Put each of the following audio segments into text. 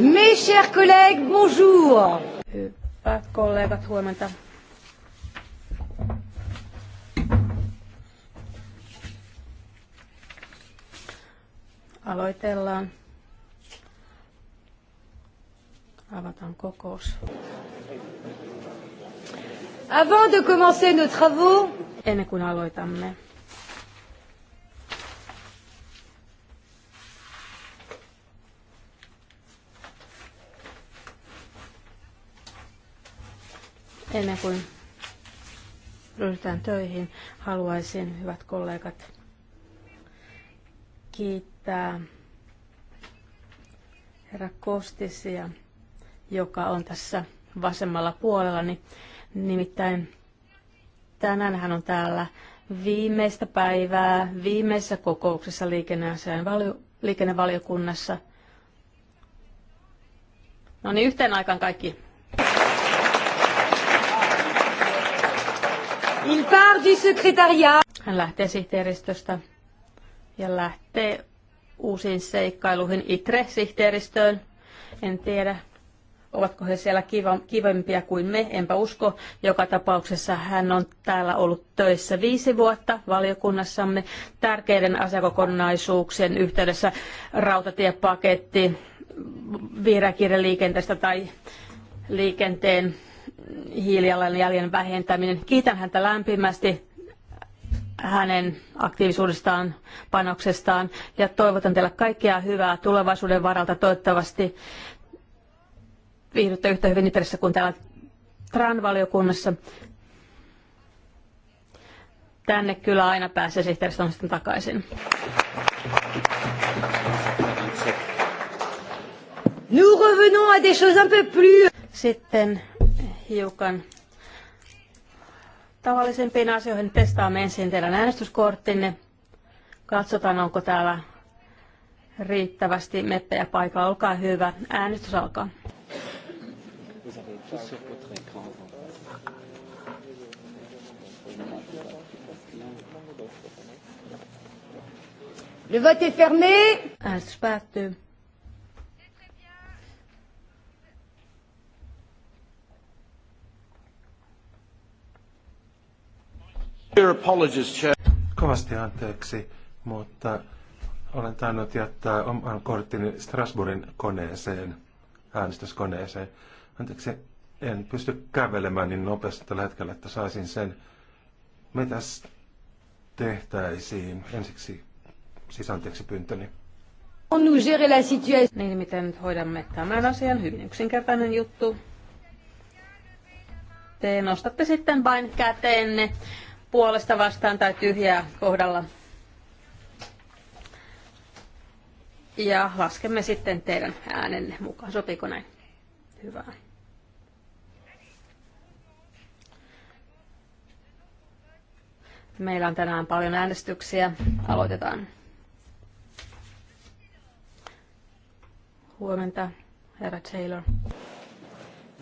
Mes chers collègues, bonjour. Hyvä kollegat, huomenta. Aloitellaan. Avataan kokous. Avant de commencer nos travaux, ennen kuin aloitamme Ennen kuin ryhdytään töihin, haluaisin, hyvät kollegat, kiittää herra Kostisia, joka on tässä vasemmalla puolellani. Nimittäin tänään hän on täällä viimeistä päivää, viimeisessä kokouksessa liikenneasian valio, liikennevaliokunnassa. No niin, yhteen aikaan kaikki Il part du secrétariat. Hän lähtee sihteeristöstä ja lähtee uusiin seikkailuihin ITRE-sihteeristöön. En tiedä, ovatko he siellä kiva, kivempiä kuin me, enpä usko. Joka tapauksessa hän on täällä ollut töissä viisi vuotta valiokunnassamme tärkeiden asiakokonaisuuksien yhteydessä rautatiepaketti, vihreäkirjaliikenteestä tai liikenteen hiilijalanjäljen vähentäminen. Kiitän häntä lämpimästi hänen aktiivisuudestaan, panoksestaan ja toivotan teille kaikkea hyvää tulevaisuuden varalta. Toivottavasti viihdytte yhtä hyvin Iterissä kuin täällä TRAN-valiokunnassa. Tänne kyllä aina pääsee sihteeristön sitten takaisin. Nous revenons à des choses un peu plus... Sitten hiukan tavallisempiin asioihin. Testaamme ensin teidän äänestyskorttinne. Katsotaan, onko täällä riittävästi meppejä paikalla. Olkaa hyvä. Äänestys alkaa. Le vote est fermé. Äänestys päättyy. Kovasti anteeksi, mutta olen tainnut jättää oman korttini Strasbourgin koneeseen, äänestyskoneeseen. Anteeksi, en pysty kävelemään niin nopeasti tällä hetkellä, että saisin sen. Mitäs tehtäisiin ensiksi siis anteeksi pyyntöni? Niin, miten nyt hoidamme tämän asian? Hyvin yksinkertainen juttu. Te nostatte sitten vain käteenne puolesta vastaan tai tyhjää kohdalla. Ja laskemme sitten teidän äänenne mukaan. Sopiiko näin? Hyvä. Meillä on tänään paljon äänestyksiä. Aloitetaan. Huomenta, herra Taylor.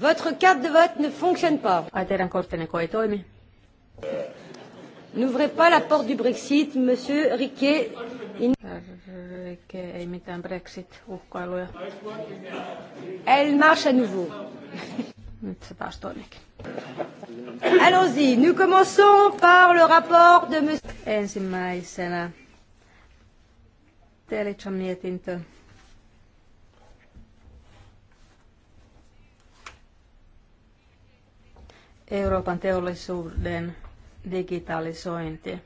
Votre carte de vote ne fonctionne pas. Ai teidän korttinen ei toimi. N'ouvrez pas la porte du Brexit, monsieur Riquet. In... Riquet, ei mitään Brexit-uhkailuja. Elle marche à nouveau. Nyt se taas toimikin. Allons-y, nous commençons par le rapport de monsieur... Ensimmäisenä Telitsan mietintö. Euroopan teollisuuden digitalisointi.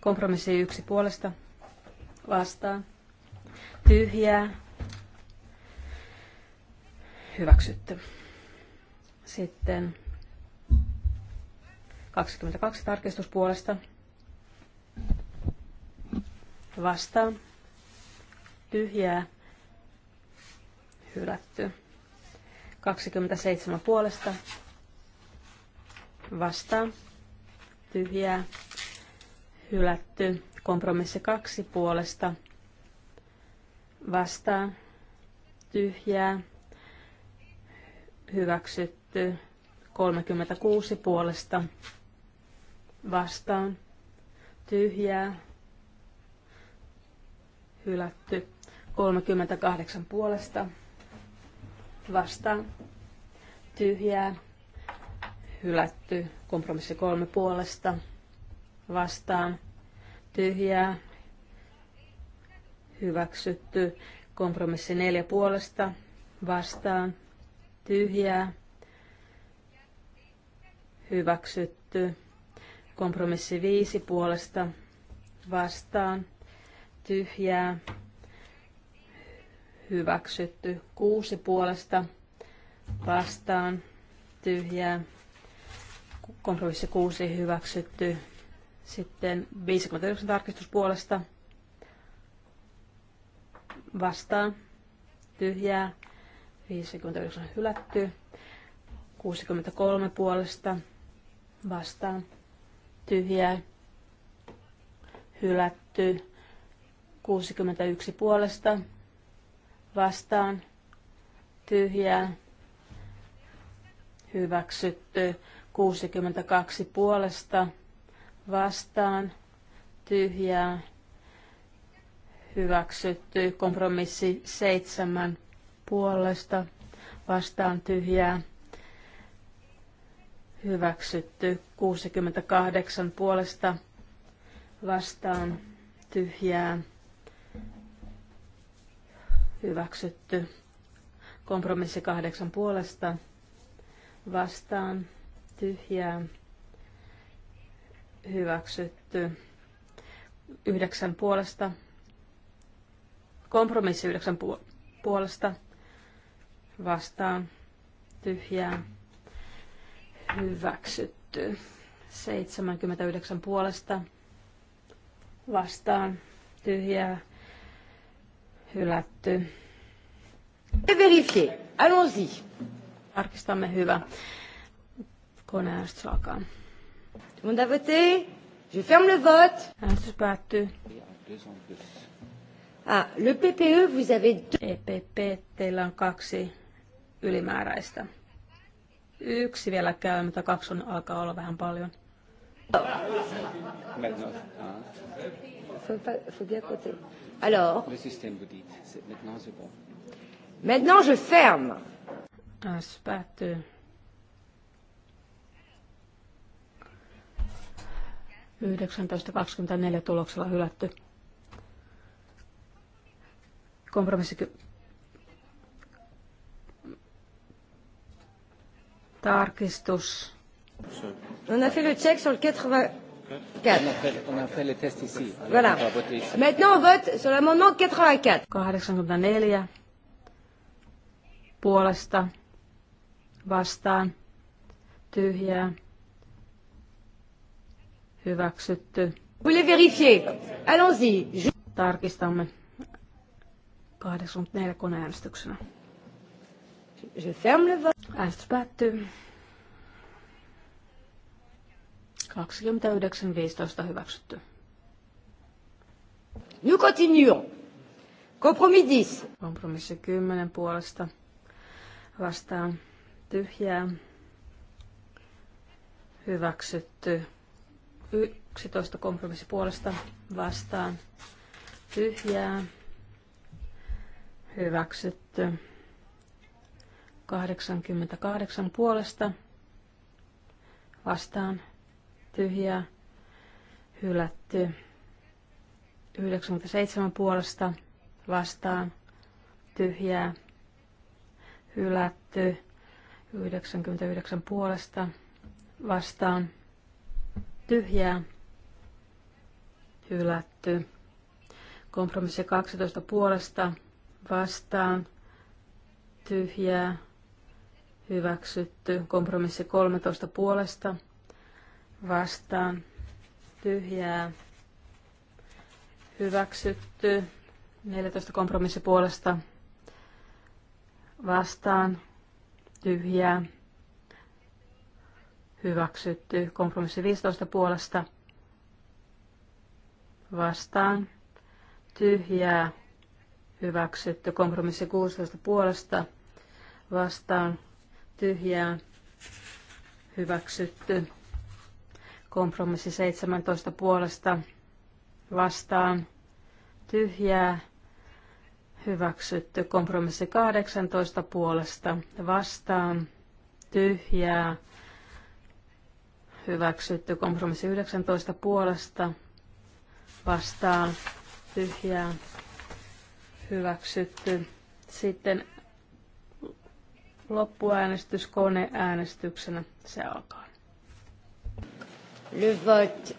Kompromissi yksi puolesta vastaan. Tyhjää. Hyväksytty. Sitten 22 tarkistuspuolesta vastaan. Tyhjää. Hylätty. 27 puolesta vastaan tyhjää hylätty. Kompromissi kaksi puolesta vastaan tyhjää hyväksytty. 36 puolesta vastaan tyhjää hylätty. 38 puolesta vastaan tyhjää hylätty. Kompromissi kolme puolesta vastaan tyhjää hyväksytty. Kompromissi neljä puolesta vastaan tyhjää hyväksytty. Kompromissi viisi puolesta vastaan tyhjää hyväksytty. Kuusi puolesta vastaan tyhjää kompromissi 6 hyväksytty. Sitten 59 tarkistuspuolesta vastaan tyhjää. 59 hylätty. 63 puolesta vastaan tyhjää. Hylätty. 61 puolesta vastaan tyhjää. Hyväksytty. 62 puolesta vastaan tyhjää hyväksytty. Kompromissi 7 puolesta vastaan tyhjää hyväksytty. 68 puolesta vastaan tyhjää hyväksytty. Kompromissi kahdeksan puolesta vastaan tyhjää hyväksytty. Yhdeksän puolesta. Kompromissi yhdeksän puolesta vastaan tyhjää hyväksytty. 79 puolesta vastaan tyhjää hylätty. Vérifier. Allons-y. Tarkistamme hyvä. Koneäänestys alkaa. Monde a voté. Je ferme le vote. Äänestys päättyy. Ah, le PPE, vous avez deux... EPP, teillä on kaksi ylimääräistä. Yksi vielä käy, mutta kaksi on, alkaa olla vähän paljon. Maintenant. Faut, pas, faut bien compter. Alors. Le système vous dites. Maintenant c'est bon. Maintenant je ferme. Äänestys päättyy. 19.24 tuloksella hylätty. Kompromissi tarkistus. On a fait le check sur le 84. On a fait le test ici. Voilà. Maintenant on vote sur l'amendement 84. 84. Puolesta. Vastaan. Tyhjää. Hyväksytty. Voulez vérifier? Allons-y. Tarkistamme 84 koneäänestyksenä. Je ferme le vote. Äänestys päättyy. 29.15 hyväksytty. Nous continuons. Compromis 10. Kompromissi 10 puolesta vastaan tyhjää. Hyväksytty. 11 kompromissi puolesta vastaan tyhjää. Hyväksytty. 88 puolesta vastaan tyhjää. Hylätty. 97 puolesta vastaan tyhjää. Hylätty. 99 puolesta vastaan tyhjää, hylätty. Kompromissi 12 puolesta vastaan, tyhjää, hyväksytty. Kompromissi 13 puolesta vastaan, tyhjää, hyväksytty. 14 kompromissi puolesta vastaan, tyhjää, hyväksytty. Kompromissi 15 puolesta vastaan tyhjää hyväksytty. Kompromissi 16 puolesta vastaan tyhjää hyväksytty. Kompromissi 17 puolesta vastaan tyhjää hyväksytty. Kompromissi 18 puolesta vastaan tyhjää hyväksytty. Kompromissi 19 puolesta vastaan tyhjää hyväksytty. Sitten loppuäänestys koneäänestyksenä. Se alkaa. Le vote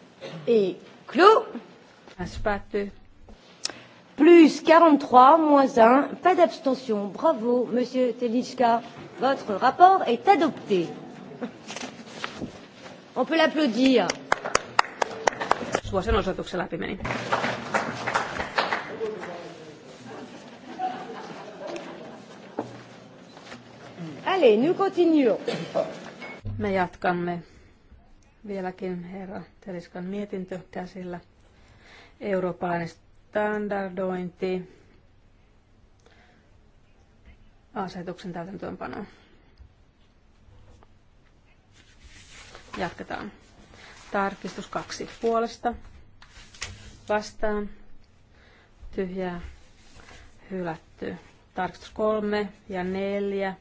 est clos. se päättyy. Plus 43, moins 1, pas d'abstention. Bravo, Monsieur Telichka. Votre rapport est adopté. On peut l'applaudir. Suosion osoituksen läpi meni. Allez, nous continuons. Me jatkamme. Vieläkin herra Teriskan mietintö käsillä. Eurooppalainen standardointi asetuksen täytäntöönpanoon. Jatketaan. Tarkistus kaksi puolesta. Vastaan. Tyhjää. Hylätty. Tarkistus kolme ja neljä.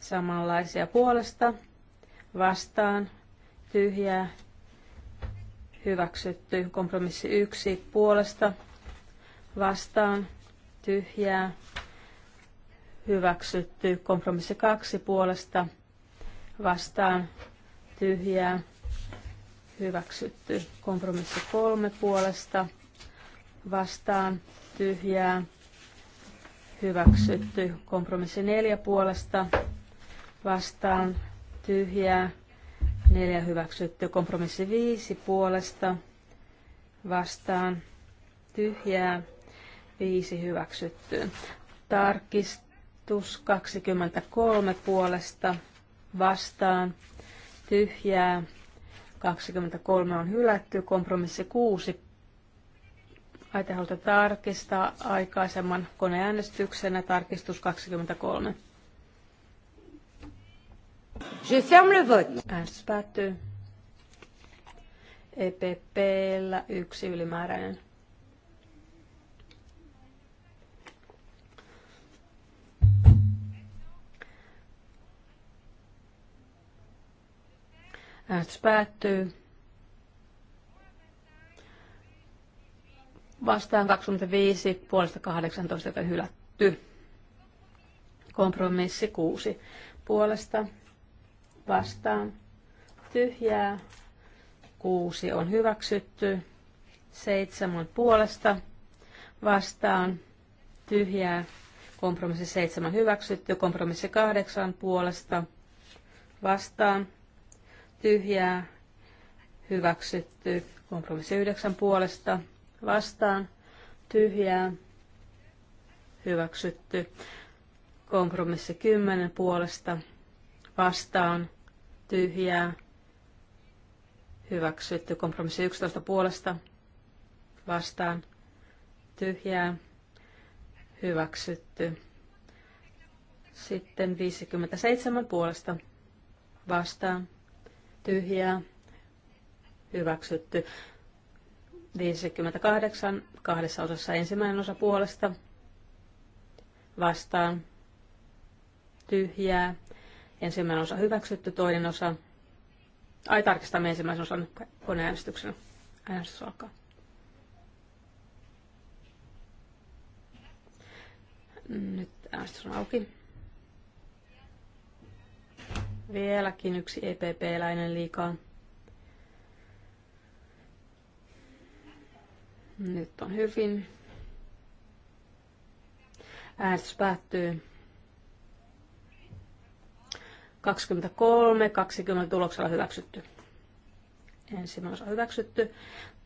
Samanlaisia puolesta. Vastaan. Tyhjää. Hyväksytty. Kompromissi yksi puolesta. Vastaan. Tyhjää. Hyväksytty. Kompromissi kaksi puolesta. Vastaan tyhjää, hyväksytty. Kompromissi kolme puolesta, vastaan, tyhjää, hyväksytty. Kompromissi neljä puolesta, vastaan, tyhjää, neljä hyväksytty. Kompromissi viisi puolesta, vastaan, tyhjää, viisi hyväksytty. Tarkistus 23 puolesta, vastaan, tyhjää, 23 on hylätty, kompromissi 6. Aite haluta tarkistaa aikaisemman koneäänestyksenä, tarkistus 23. Je ferme le vote. Äänestys päättyy. EPPllä yksi ylimääräinen. Äänestys päättyy. Vastaan 25, puolesta 18, joten hylätty. Kompromissi 6. Puolesta vastaan tyhjää. 6 on hyväksytty. 7 puolesta vastaan tyhjää. Kompromissi 7 hyväksytty. Kompromissi 8 puolesta vastaan tyhjää, hyväksytty. Kompromissi yhdeksän puolesta vastaan, tyhjää, hyväksytty. Kompromissi kymmenen puolesta vastaan, tyhjää, hyväksytty. Kompromissi yksitoista puolesta vastaan, tyhjää, hyväksytty. Sitten 57 puolesta vastaan, tyhjää hyväksytty. 58 kahdessa osassa ensimmäinen osa puolesta vastaan tyhjää. Ensimmäinen osa hyväksytty, toinen osa. Ai tarkistamme ensimmäisen osan koneäänestyksen. Äänestys alkaa. Nyt äänestys on auki. Vieläkin yksi EPP-läinen liikaa. Nyt on hyvin. Äänestys päättyy. 23, 20 tuloksella hyväksytty. Ensimmäinen osa hyväksytty.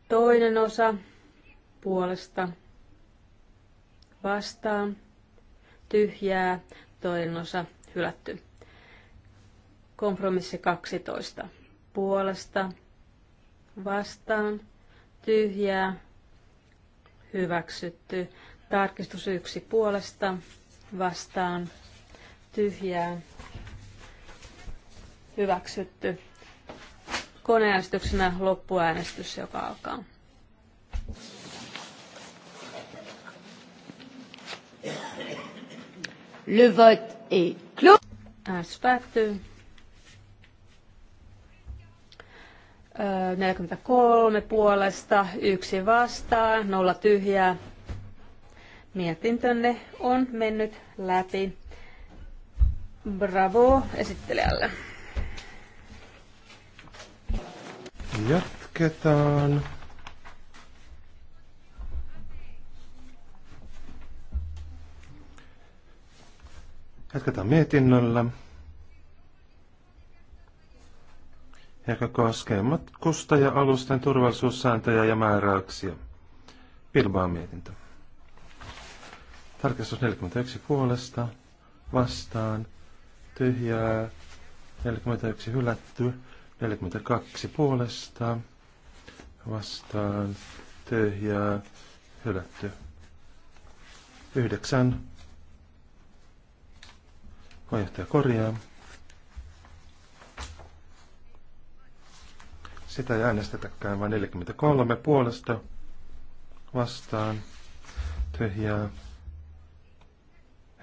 Toinen osa puolesta vastaan. Tyhjää. Toinen osa hylätty. Kompromissi 12. Puolesta vastaan tyhjää hyväksytty. Tarkistus 1 puolesta vastaan tyhjää hyväksytty. Koneäänestyksenä loppuäänestys, joka alkaa. Le vote est clos. 43 äh, puolesta, yksi vastaan, nolla tyhjää. Mietintönne on mennyt läpi. Bravo esittelijälle. Jatketaan. Jatketaan mietinnöllä. joka koskee matkusta ja alusten turvallisuussääntöjä ja määräyksiä. Pilbaan mietintö. Tarkastus 41 puolesta, vastaan, tyhjää, 41 hylätty, 42 puolesta, vastaan, tyhjää, hylätty. 9. Puheenjohtaja korjaa. Sitä ei äänestetäkään, vaan 43 puolesta vastaan tyhjää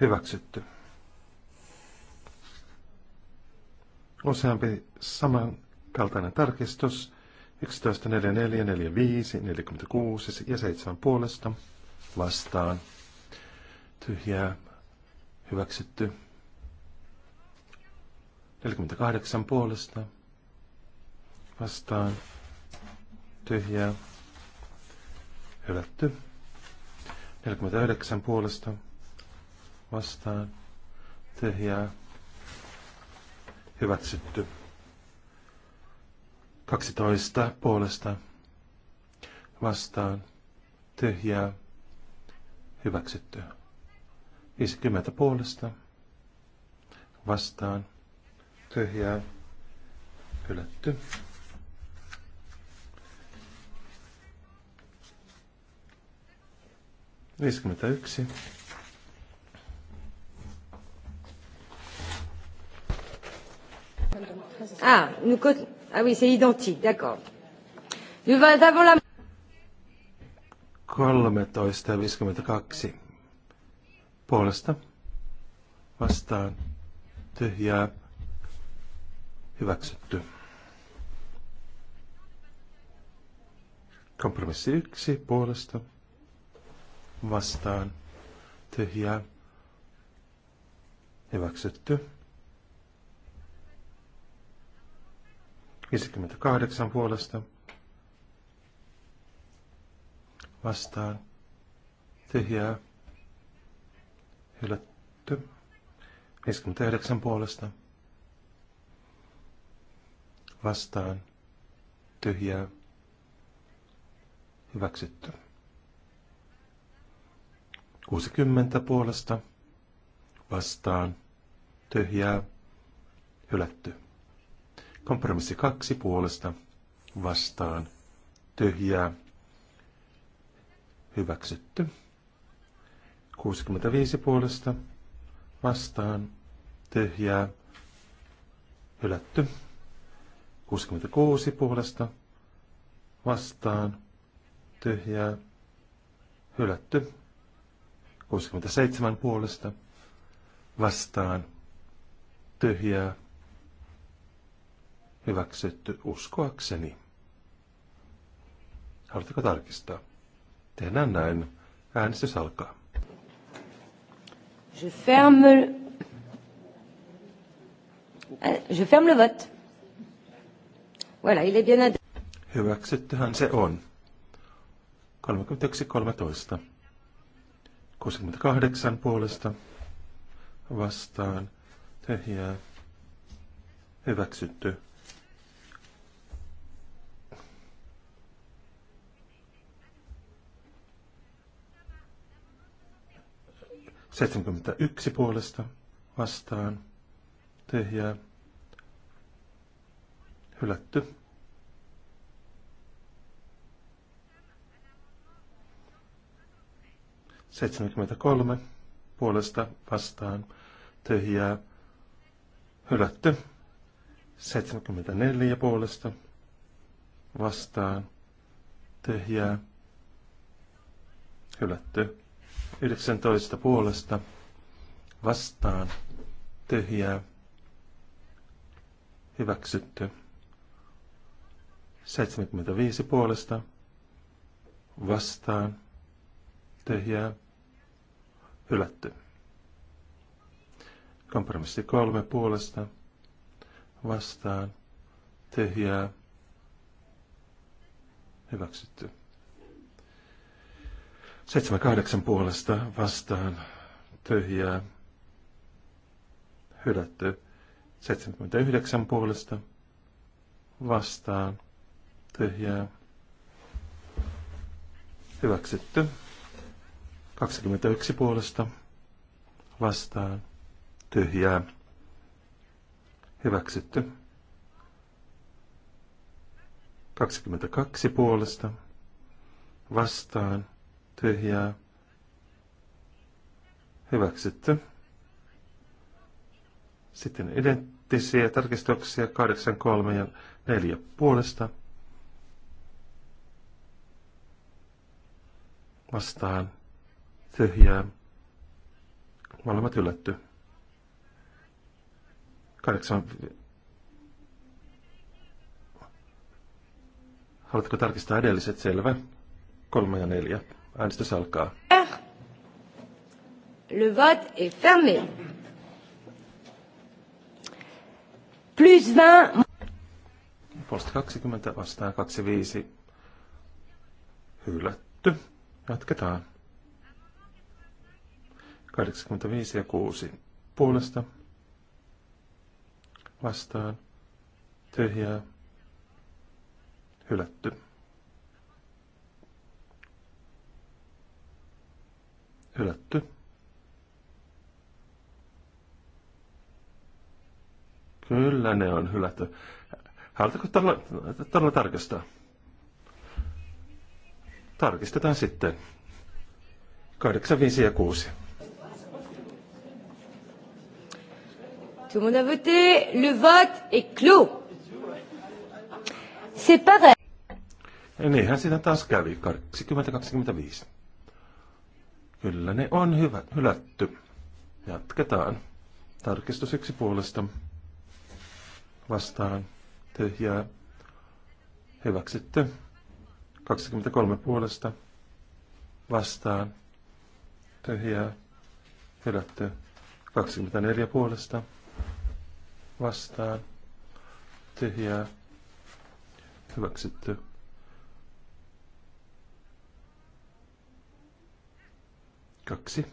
hyväksytty. Useampi samankaltainen tarkistus 11, 44, 45, 46 ja 7 puolesta vastaan tyhjää hyväksytty. 48 puolesta vastaan tyhjää hylätty. 49 puolesta vastaan tyhjää hyväksytty. 12 puolesta vastaan tyhjää hyväksytty. 50 puolesta vastaan tyhjää hylätty. 51. Ah, nous co- ah oui, c'est identique, d'accord. Nous avons la... 13 ja 52. Puolesta. Vastaan. Tyhjää. Hyväksytty. Kompromissi yksi puolesta vastaan tyhjää hyväksytty. 58 puolesta vastaan tyhjää hylätty. 59 puolesta vastaan tyhjää hyväksytty. 60 puolesta vastaan tyhjää hylätty. Kompromissi 2 puolesta vastaan tyhjää hyväksytty. 65 puolesta vastaan tyhjää hylätty. 66 puolesta vastaan tyhjää hylätty. 67 puolesta vastaan tyhjää hyväksytty uskoakseni. Haluatteko tarkistaa? Tehdään näin. Äänestys alkaa. Je ferme, eh, je ferme le vote. Voilà, il est bien Hyväksyttyhän se on. 31.13. 68 puolesta vastaan tehjää hyväksytty. yksi puolesta vastaan tehjää hylätty. 73 puolesta vastaan tyhjää hylätty. 74 puolesta vastaan tyhjää hylätty. 19 puolesta vastaan tyhjää hyväksytty. 75 puolesta vastaan tehjää hylätty. Kompromissi kolme puolesta, vastaan, tehjää hyväksytty. Seitsemän kahdeksan puolesta, vastaan, tyhjää, hylätty. 79 puolesta, vastaan, tyhjää, hyväksytty. 21 puolesta vastaan tyhjää hyväksytty. 22 puolesta vastaan tyhjää hyväksytty. Sitten identtisiä tarkistuksia 8, 3 ja 4 puolesta vastaan Tyhjää. Molemmat yllätty. 8. Haluatko tarkistaa edelliset? Selvä. Kolme ja neljä. Äänestys alkaa. Le vote est fermé. Plus 20. Post 20 vastaan 25. Hylätty. Jatketaan. 85 ja 6 puolesta vastaan tyhjää hylätty. Hylätty. Kyllä ne on hylätty. Haluatko todella, todella tarkistaa? Tarkistetaan sitten. 8, 5 ja 6. Tout le monde a voté. Le vote est clos. C'est pareil. Ja niinhän siinä taas kävi, 20-25. Kyllä ne on hyvä, hylätty. Jatketaan. Tarkistus yksi puolesta. Vastaan. Tyhjää. Hyväksytty. 23 puolesta. Vastaan. Tyhjää. Hylätty. 24 puolesta vastaan tyhjää hyväksytty. Kaksi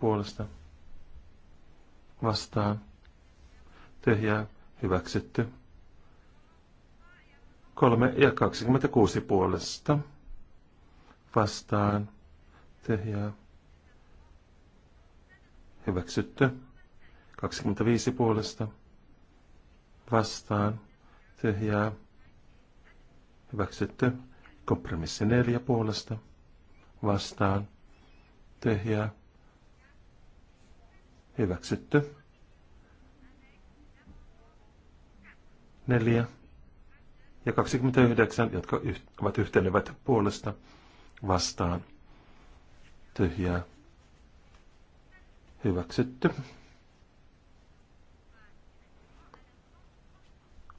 puolesta vastaan tyhjää hyväksytty. Kolme ja kuusi puolesta vastaan tyhjää hyväksytty. 25 puolesta vastaan, tyhjää, hyväksytty. Kompromissi neljä puolesta, vastaan, tyhjää, hyväksytty. Neljä ja 29, jotka ovat yhtenevät puolesta, vastaan, tyhjää, hyväksytty.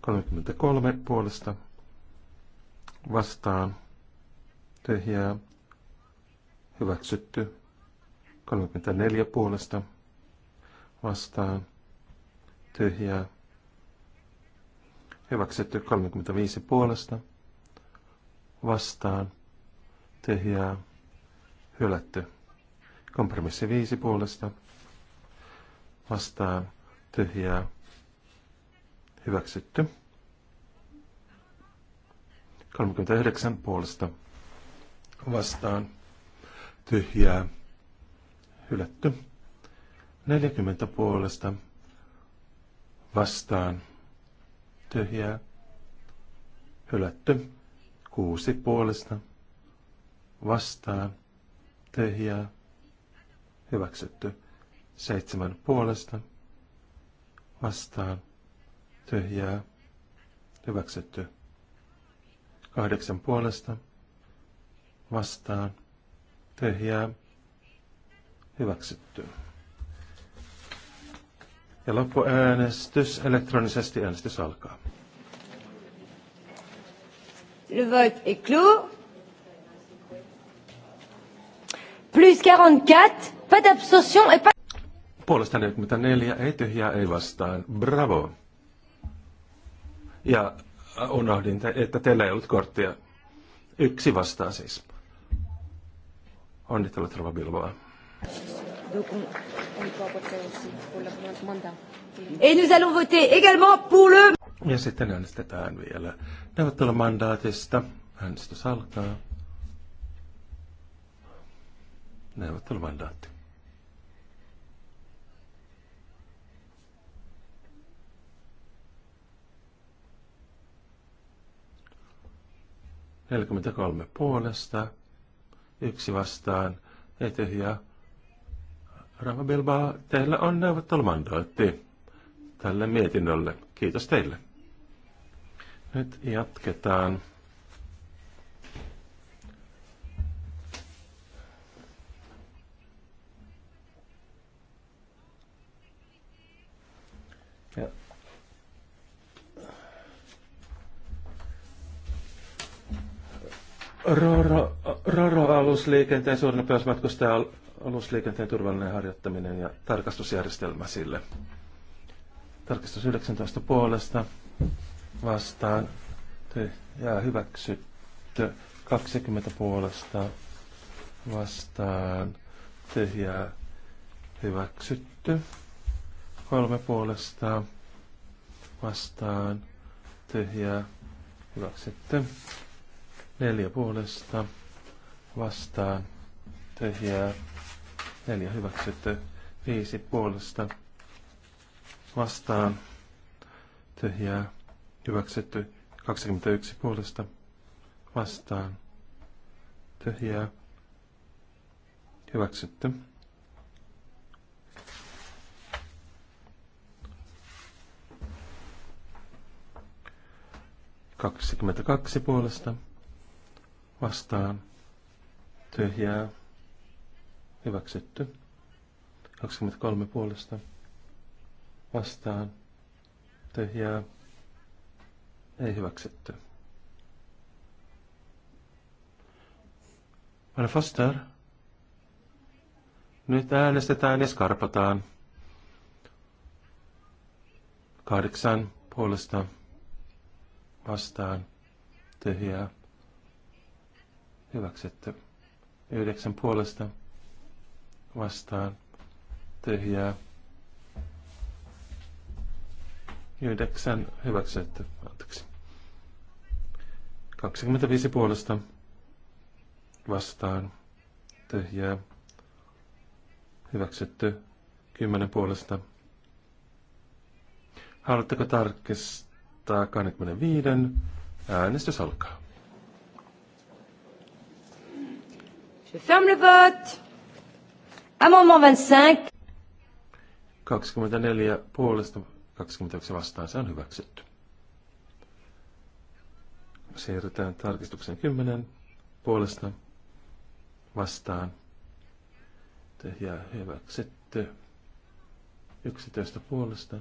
33 puolesta vastaan tyhjää hyväksytty. 34 puolesta vastaan tyhjää hyväksytty. 35 puolesta vastaan tyhjää hylätty. Kompromissi 5 puolesta vastaan tyhjää Hyväksytty. 39 puolesta vastaan tyhjää hylätty. 40 puolesta vastaan tyhjää hylätty. 6 puolesta vastaan tyhjää hyväksytty. 7 puolesta vastaan tyhjää, hyväksytty. Kahdeksan puolesta, vastaan, tyhjää, hyväksytty. Ja loppuäänestys, elektronisesti äänestys alkaa. Le vote est clos. Plus 44, pas d'abstention et pas... Puolesta 44, ei tyhjää, ei vastaan. Bravo! Ja äh, unohdin, että teillä ei ollut korttia. Yksi vastaa siis. Onnittelut, Rova Bilboa. Et nous allons voter également pour le... Ja sitten äänestetään vielä neuvottelumandaatista. Äänestys alkaa. Neuvottelumandaatti. 43 puolesta, yksi vastaan, ei tyhjää. Rama Bilbao, teillä on neuvottelumandaatti tälle mietinnölle. Kiitos teille. Nyt jatketaan. Roro-alusliikenteen suurnopeusmatkustaja alusliikenteen turvallinen harjoittaminen ja tarkastusjärjestelmä sille. Tarkastus 19 puolesta vastaan ja hyväksytty 20 puolesta vastaan tyhjää hyväksytty. Kolme puolesta vastaan tyhjää hyväksytty. Neljä puolesta vastaan tyhjää. Neljä hyväksytty. Viisi puolesta vastaan tyhjää. Hyväksytty. 21 puolesta vastaan tyhjää. Hyväksytty. kaksi puolesta vastaan tyhjää hyväksytty. 23 puolesta vastaan tyhjää ei hyväksytty. Anna Foster. Nyt äänestetään ja skarpataan. Kahdeksan puolesta vastaan tyhjää Hyväksytty. Yhdeksän puolesta vastaan tyhjää. Yhdeksän hyväksytty. Anteeksi. 25 puolesta vastaan tyhjää. Hyväksytty. 10 puolesta. Haluatteko tarkistaa 25? Äänestys alkaa. Je ferme le vote. Amendement 25. 24 puolesta, 21 vastaan, se on hyväksytty. Siirrytään tarkistuksen 10 puolesta vastaan. Ja hyväksytty. 11 puolesta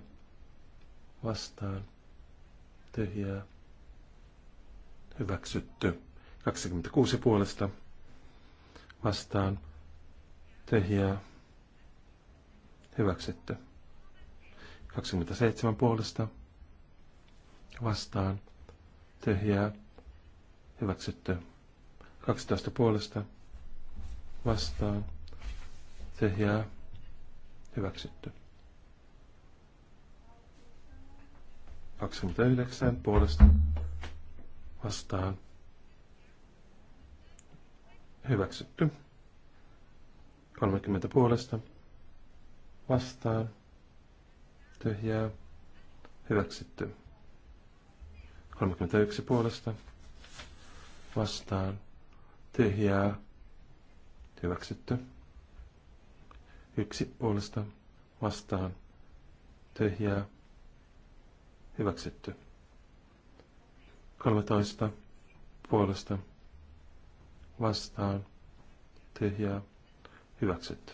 vastaan. Tyhjää. Hyväksytty. 26 puolesta vastaan tyhjää hyväksytty. 27 puolesta vastaan tyhjää hyväksytty. 12 puolesta vastaan tyhjää hyväksytty. 29 puolesta vastaan Hyväksytty. 30 puolesta. Vastaan. Tyhjää. Hyväksytty. 31 puolesta. Vastaan. Tyhjää. Hyväksytty. Yksi puolesta. Vastaan. Tyhjää. Hyväksytty. 13 puolesta vastaan, tyhjää, hyväksytty.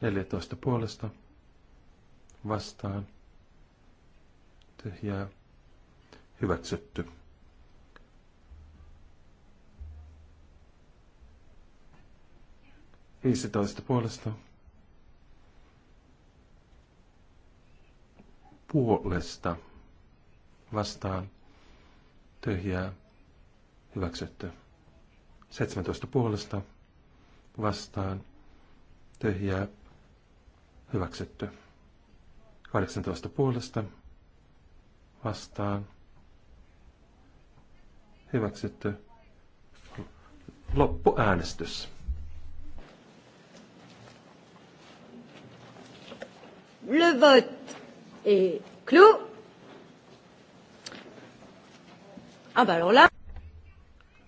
14 puolesta, vastaan, tyhjää, hyväksytty. Viisitoista puolesta. Puolesta vastaan tyhjää hyväksytty. 17 puolesta vastaan tyhjää hyväksytty. 18 puolesta vastaan hyväksytty loppuäänestys. Le vote est clos. Ah bah alors là.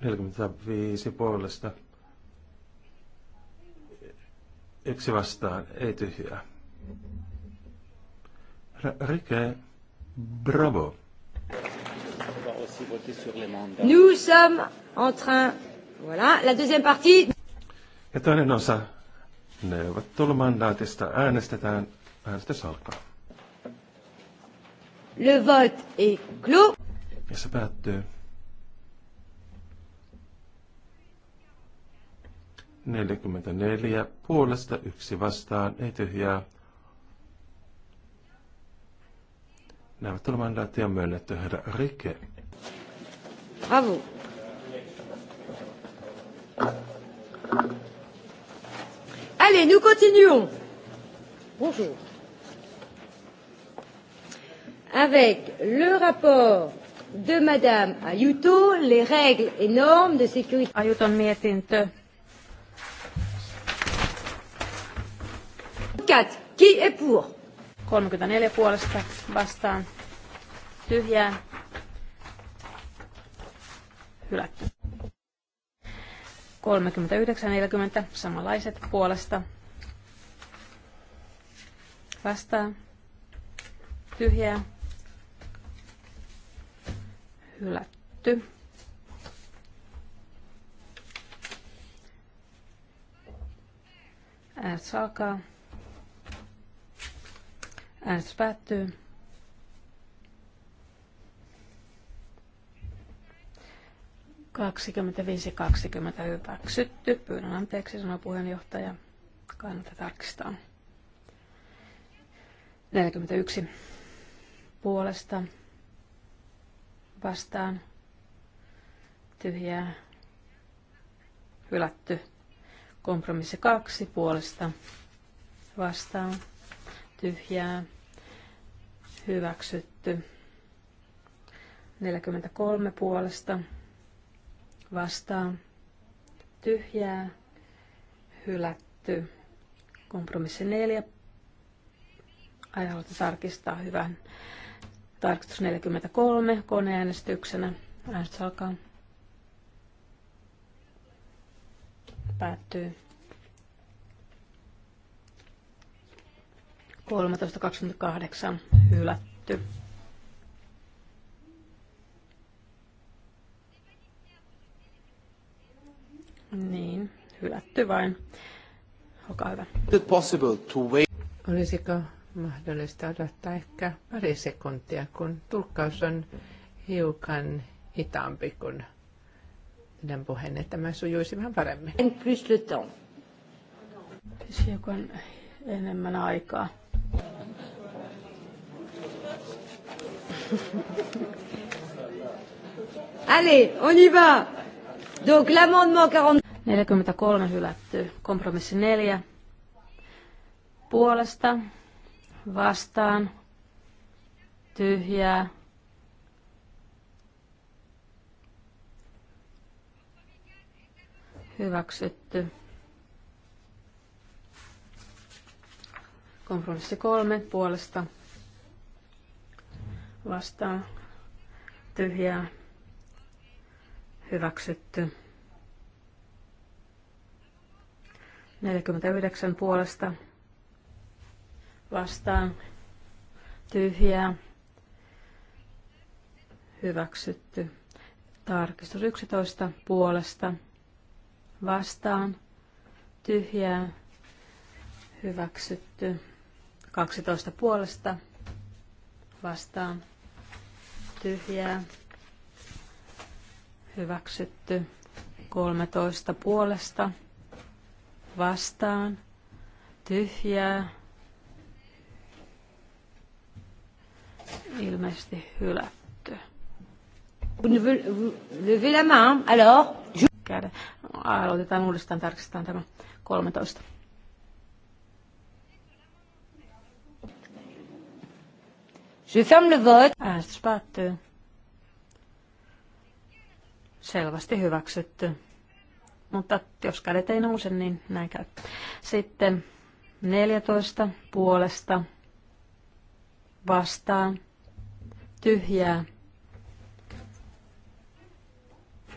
45 puolesta. Yksi vastaan, ei tyhjää. Rike, bravo. Nous sommes en train... Voilà, la deuxième partie. Ja toinen osa neuvottelumandaatista äänestetään. Äänestys alkaa. Le vote est clos. Ja se päättyy. 44 puolesta, yksi vastaan, ei tyhjää. Nämä Neuvottelumandaatti on myönnetty herra Rike. Bravo. Allez, nous continuons. Bonjour. Avec le rapport de Madame Ayuto, les règles et normes de sécurité. Ayuton mietintö 34. Qui est pour? 34 puolesta vastaan. Tyhjää. Hylätty. 39-40 samanlaiset puolesta. Vastaan. Tyhjää. Hylätty. Äänestys Äänestys päättyy. Kaksikymmentäviisi kaksikymmentä hyväksytty. Pyydän anteeksi, sanoi puheenjohtaja. Kannattaa tarkistaa. 41 puolesta vastaan tyhjää hylätty. Kompromissi 2 puolesta vastaan tyhjää hyväksytty. 43 puolesta vastaan tyhjää hylätty. Kompromissi 4. Ai haluatte tarkistaa hyvän. Tarkistus 43 koneäänestyksenä. Äänestys alkaa. Päättyy. 13.28 hylätty. Niin, hylätty vain. Olkaa hyvä. Olisiko mahdollista odottaa ehkä pari sekuntia, kun tulkkaus on hiukan hitaampi kuin teidän että Tämä sujuisi vähän paremmin. En plus le hiukan enemmän aikaa. Allez, on y va. Donc l'amendement 43 hylätty. Kompromissi 4. Puolesta. Vastaan. Tyhjää. Hyväksytty. Kompromissi kolme puolesta vastaan tyhjää hyväksytty. 49 puolesta vastaan tyhjää hyväksytty. Tarkistus 11 puolesta vastaan tyhjää hyväksytty. 12 puolesta vastaan tyhjää. Hyväksytty 13 puolesta vastaan tyhjää. Ilmeisesti hylätty. Kädet. Aloitetaan uudestaan, tarkistetaan tämä 13. Je ferme le vote. Äänestys päättyy. Selvästi hyväksytty. Mutta jos kädet ei nouse, niin näin käy. Sitten 14 puolesta vastaan tyhjää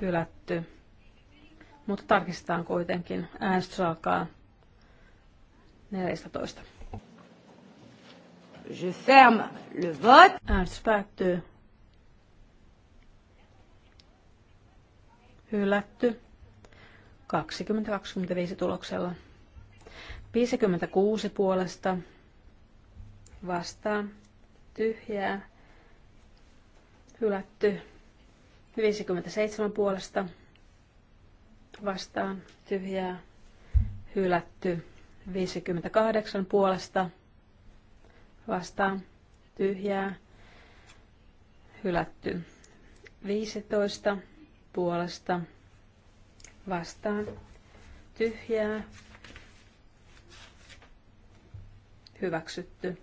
hylätty. Mutta tarkistetaan kuitenkin. Äänestys alkaa 14. Je ferme le vote. Äänestys päättyy. Hylätty. 20-25 tuloksella. 56 puolesta vastaan. Tyhjää. Hylätty. 57 puolesta vastaan. Tyhjää. Hylätty. 58 puolesta vastaan tyhjää hylätty. 15 puolesta vastaan tyhjää hyväksytty.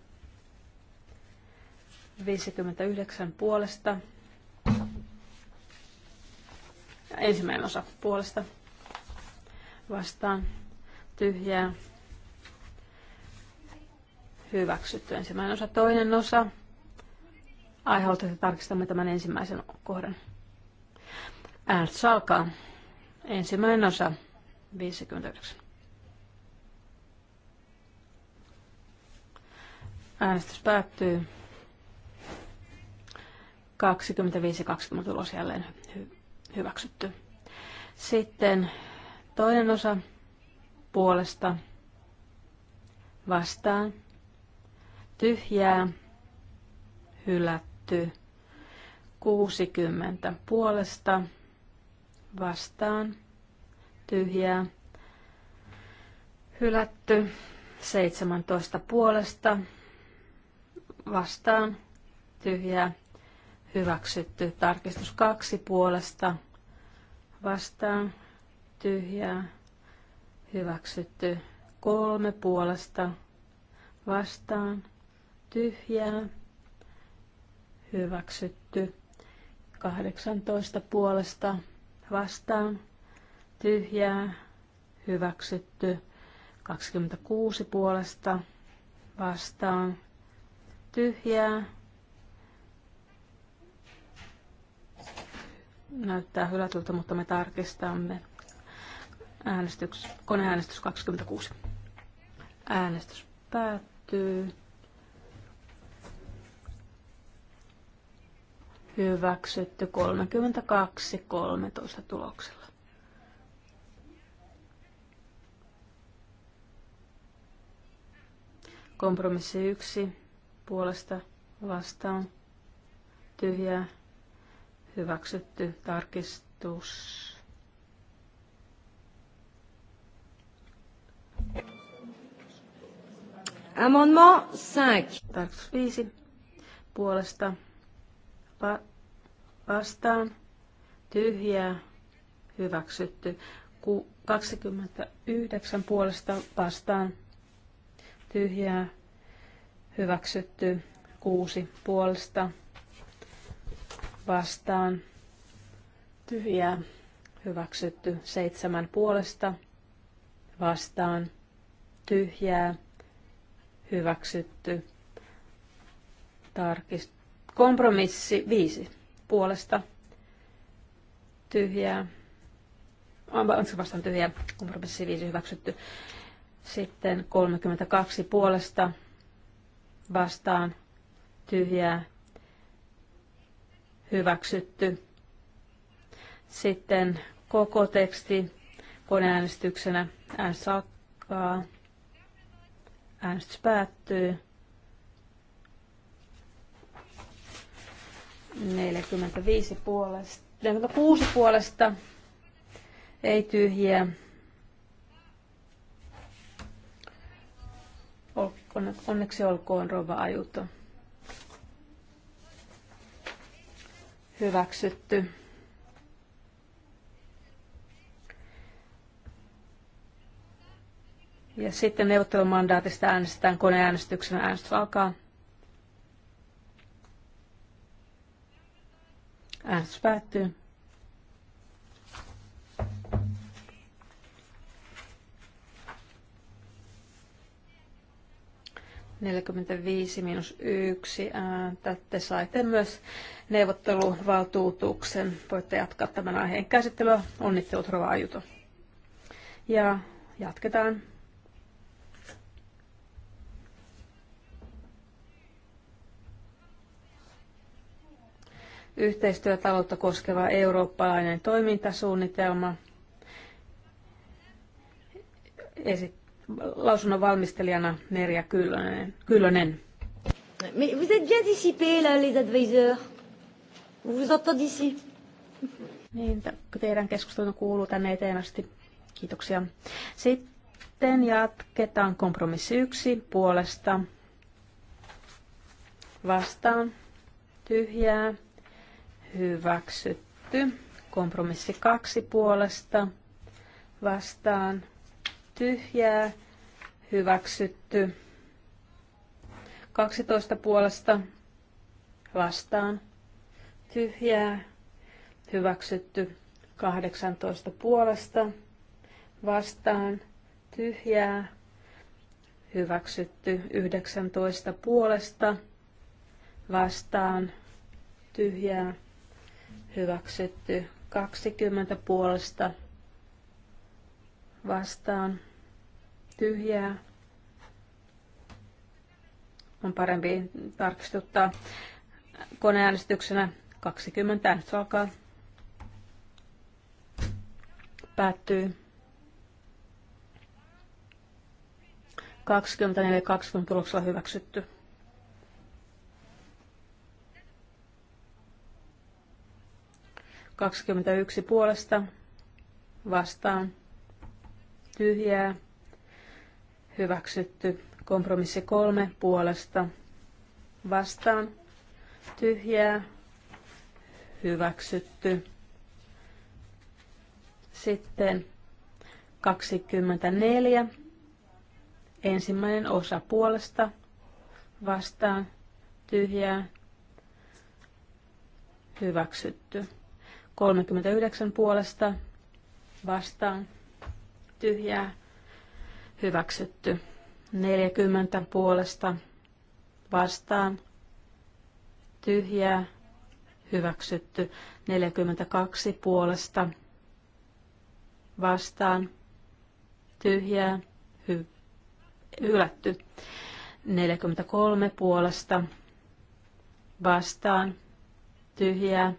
59 puolesta. Ensimmäinen osa puolesta vastaan tyhjää hyväksytty. Ensimmäinen osa, toinen osa. Aiheuttaa, että tarkistamme tämän ensimmäisen kohdan. Äänestys alkaa. Ensimmäinen osa, 59. Äänestys päättyy. 25-20 tulos jälleen hy- hyväksytty. Sitten toinen osa puolesta vastaan tyhjää, hylätty. 60 puolesta vastaan, tyhjää, hylätty. 17 puolesta vastaan, tyhjää, hyväksytty. Tarkistus 2 puolesta vastaan, tyhjää, hyväksytty. 3 puolesta vastaan, tyhjää, hyväksytty. 18 puolesta vastaan, tyhjää, hyväksytty. 26 puolesta vastaan, tyhjää. Näyttää hylätyltä, mutta me tarkistamme. äänestys, koneäänestys 26. Äänestys päättyy. hyväksytty 32-13 tuloksella. Kompromissi 1 puolesta vastaan tyhjää hyväksytty tarkistus. Amendement 5. Tarkistus 5 puolesta Va- vastaan. Tyhjää. Hyväksytty. Ku- 29 puolesta vastaan. Tyhjää. Hyväksytty. 6 puolesta vastaan. Tyhjää. Hyväksytty. 7 puolesta vastaan. Tyhjää. Hyväksytty. Tarkistus Kompromissi 5 puolesta tyhjää. Ah, Onko vastaan tyhjää? Kompromissi 5 hyväksytty. Sitten 32 puolesta vastaan tyhjää hyväksytty. Sitten koko teksti koneäänestyksenä. Äänestys alkaa. Äänestys päättyy. 45 puolesta, 46 puolesta, ei tyhjiä. Onneksi olkoon Rova Ajuto. Hyväksytty. Ja sitten neuvottelumandaatista äänestetään koneäänestyksenä. Äänestys alkaa. Äänestys minus 1 Tätte ääntä. Te saitte myös neuvotteluvaltuutuksen. Voitte jatkaa tämän aiheen käsittelyä. Onnittelut Rova Ajuto. Ja jatketaan. yhteistyötaloutta koskeva eurooppalainen toimintasuunnitelma. Esit- lausunnon valmistelijana Merja Kyllönen. Kyllönen. Mais vous êtes bien dissipés là, les advisors. Vous vous entendez ici. Niin, teidän keskustelun kuuluu tänne eteen asti. Kiitoksia. Sitten jatketaan kompromissi yksi puolesta. Vastaan. Tyhjää hyväksytty. Kompromissi kaksi puolesta vastaan tyhjää hyväksytty. 12 puolesta vastaan tyhjää hyväksytty. 18 puolesta vastaan tyhjää hyväksytty. 19 puolesta vastaan tyhjää hyväksytty 20 puolesta vastaan tyhjää. On parempi tarkistuttaa koneäänestyksenä 20 Nyt alkaa. Päättyy. 24-20 tuloksella hyväksytty. 21 puolesta vastaan tyhjää hyväksytty. Kompromissi 3 puolesta vastaan tyhjää hyväksytty. Sitten 24 ensimmäinen osa puolesta vastaan tyhjää hyväksytty. 39 puolesta vastaan tyhjää hyväksytty. 40 puolesta vastaan tyhjää hyväksytty. 42 puolesta vastaan tyhjää hy- hylätty. 43 puolesta vastaan tyhjää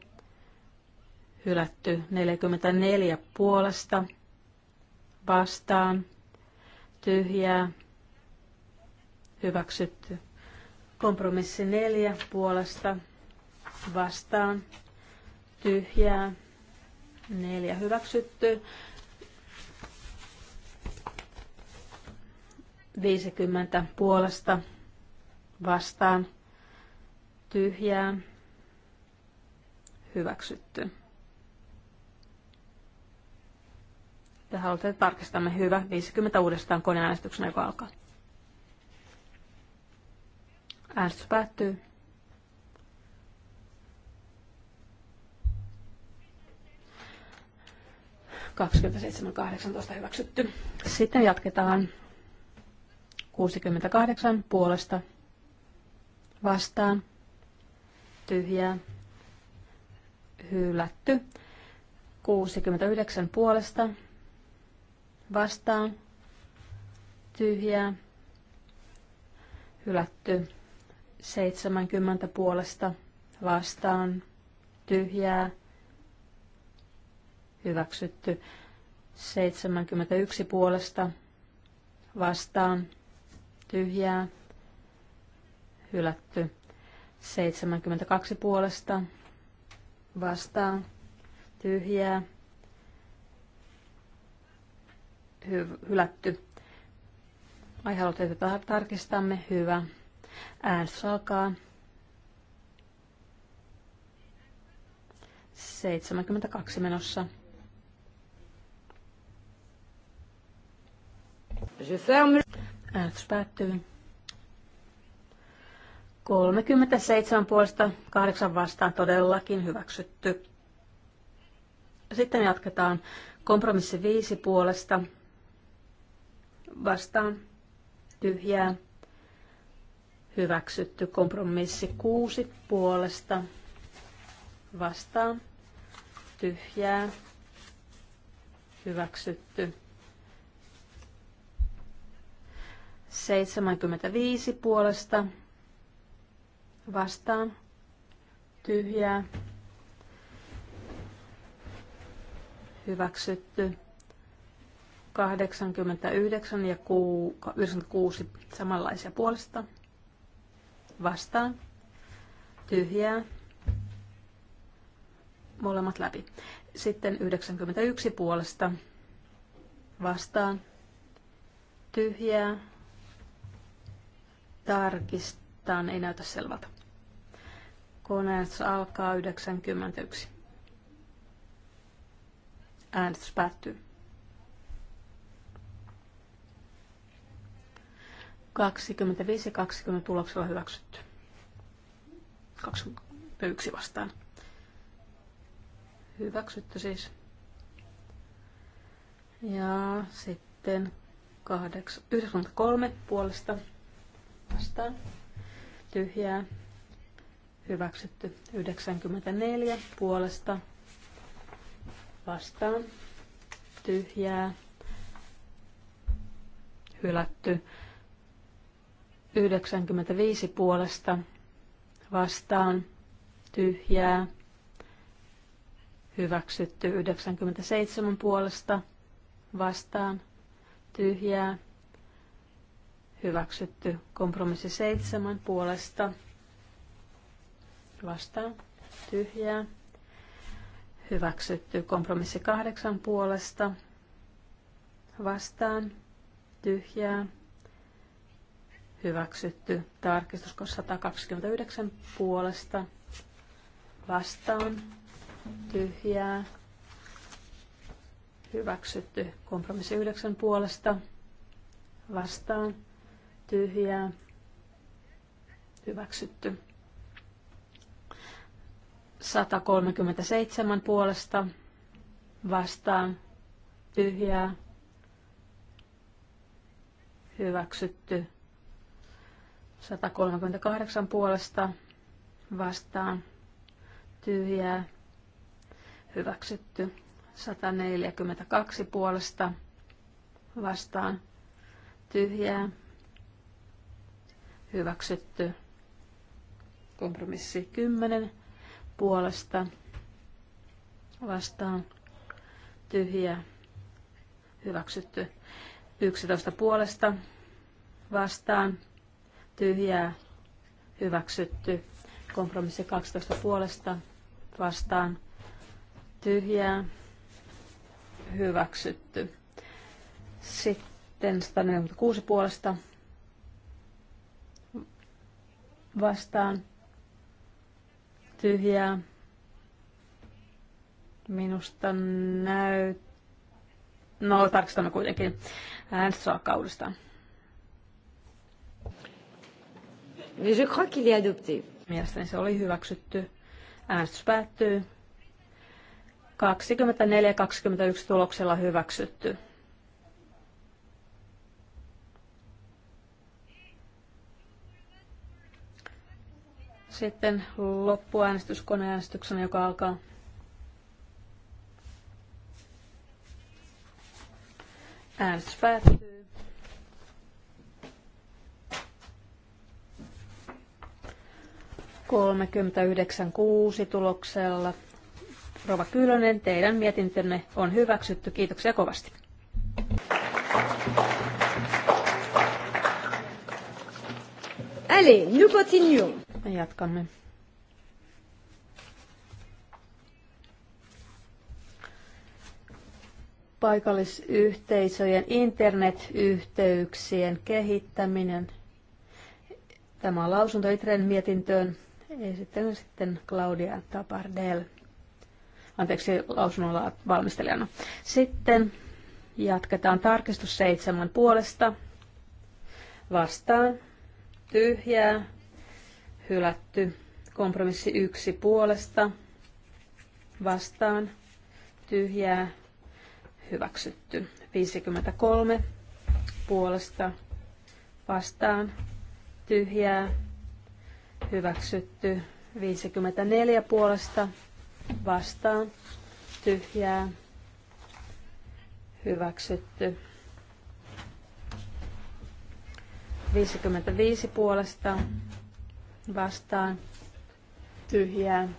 hylätty 44 puolesta vastaan tyhjää hyväksytty. Kompromissi 4 puolesta vastaan tyhjää neljä hyväksytty. 50 puolesta vastaan tyhjää hyväksytty. Te haluatte, että tarkistamme. Hyvä. 50 uudestaan koneäänestyksenä, joka alkaa. Äänestys päättyy. kahdeksantoista hyväksytty. Sitten jatketaan 68 puolesta vastaan tyhjää hylätty. 69 puolesta vastaan tyhjää hylätty 70 puolesta vastaan tyhjää hyväksytty 71 puolesta vastaan tyhjää hylätty 72 puolesta vastaan tyhjää hy- hylätty. Ai että tar- tarkistamme? Hyvä. Äänestys alkaa. 72 menossa. Äänestys päättyy. 37 puolesta, 8 vastaan todellakin hyväksytty. Sitten jatketaan kompromissi 5 puolesta vastaan tyhjää hyväksytty. Kompromissi 6 puolesta vastaan tyhjää hyväksytty. 75 puolesta vastaan tyhjää hyväksytty. 89 ja 96 samanlaisia puolesta. Vastaan. Tyhjää. Molemmat läpi. Sitten 91 puolesta. Vastaan. Tyhjää. Tarkistaan. Ei näytä selvältä. koneet alkaa 91. Äänestys päättyy. 25-20 tuloksella hyväksytty. 21 vastaan. Hyväksytty siis. Ja sitten 8, 93 puolesta vastaan. Tyhjää. Hyväksytty. 94 puolesta vastaan. Tyhjää. Hylätty. 95 puolesta vastaan tyhjää. Hyväksytty 97 puolesta vastaan tyhjää. Hyväksytty kompromissi 7 puolesta vastaan tyhjää. Hyväksytty kompromissi 8 puolesta vastaan tyhjää hyväksytty. Tarkistus 129 puolesta vastaan tyhjää hyväksytty. Kompromissi 9 puolesta vastaan tyhjää hyväksytty. 137 puolesta vastaan tyhjää hyväksytty 138 puolesta vastaan tyhjää hyväksytty. 142 puolesta vastaan tyhjää hyväksytty. Kompromissi 10 puolesta vastaan tyhjää hyväksytty. 11 puolesta vastaan tyhjää hyväksytty. Kompromissi 12 puolesta vastaan tyhjää hyväksytty. Sitten 146 puolesta vastaan tyhjää. Minusta näyt... No, tarkistamme kuitenkin äänestys Mais je crois qu'il est adopté. Mielestäni se oli hyväksytty. Äänestys päättyy. 24-21 tuloksella hyväksytty. Sitten loppuäänestys joka alkaa. Äänestys päättyy. 39.6 tuloksella. Rova Kylönen, teidän mietintönne on hyväksytty. Kiitoksia kovasti. Allez, nous continuons. Jatkamme. paikallisyhteisöjen internetyhteyksien kehittäminen. Tämä on lausunto Itren mietintöön. Esittely sitten Claudia Tapardel. Anteeksi, lausunnolla valmistelijana. Sitten jatketaan tarkistus seitsemän puolesta. Vastaan. Tyhjää. Hylätty. Kompromissi yksi puolesta. Vastaan. Tyhjää. Hyväksytty. 53 puolesta. Vastaan. Tyhjää hyväksytty 54 puolesta vastaan tyhjää hyväksytty 55 puolesta vastaan tyhjää.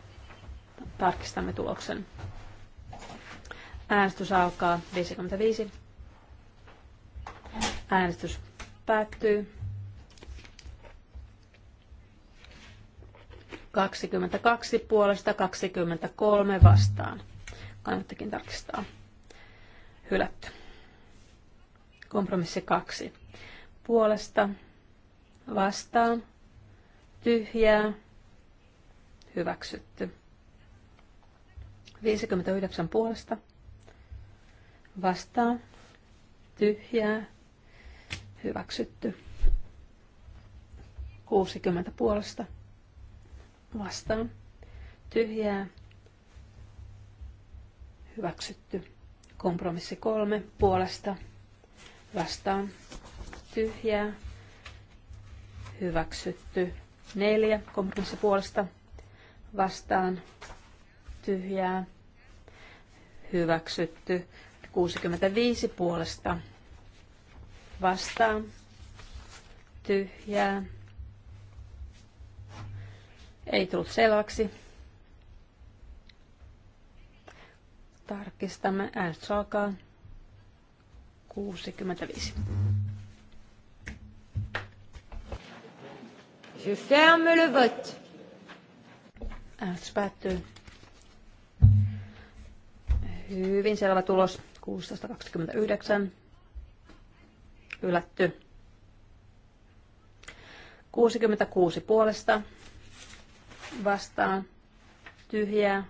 Tarkistamme tuloksen. Äänestys alkaa 55. Äänestys päättyy. 22 puolesta 23 vastaan. Kannattakin tarkistaa. Hylätty. Kompromissi 2. Puolesta vastaan. Tyhjää. Hyväksytty. 59 puolesta vastaan. Tyhjää. Hyväksytty. 60 puolesta vastaan tyhjää hyväksytty. Kompromissi kolme puolesta vastaan tyhjää hyväksytty. Neljä kompromissi puolesta vastaan tyhjää hyväksytty. 65 puolesta vastaan tyhjää ei tullut selväksi. Tarkistamme. Äänestys alkaa. 65. Je ferme le vote. Äänestys päättyy. Hyvin selvä tulos. 16.29. Ylätty. 66 puolesta vastaan tyhjää.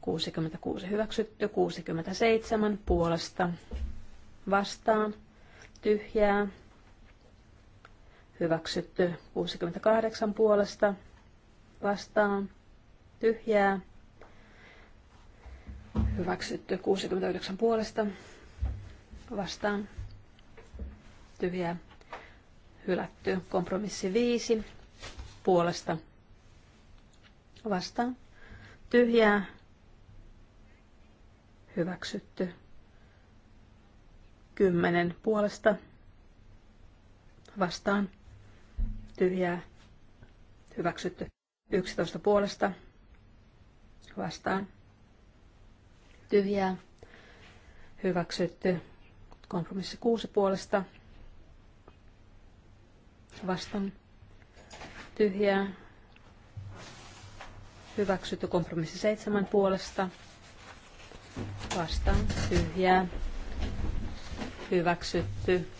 66 hyväksytty, 67 puolesta vastaan tyhjää. Hyväksytty 68 puolesta vastaan tyhjää. Hyväksytty 69 puolesta vastaan tyhjää. Hylätty kompromissi 5 puolesta Vastaan. Tyhjää. Hyväksytty. Kymmenen puolesta. Vastaan. Tyhjää. Hyväksytty. Yksitoista puolesta. Vastaan. Tyhjää. Hyväksytty. Kompromissi kuusi puolesta. Vastaan. Tyhjää Hyväksytty kompromissi seitsemän puolesta. Vastaan tyhjää. Hyväksytty.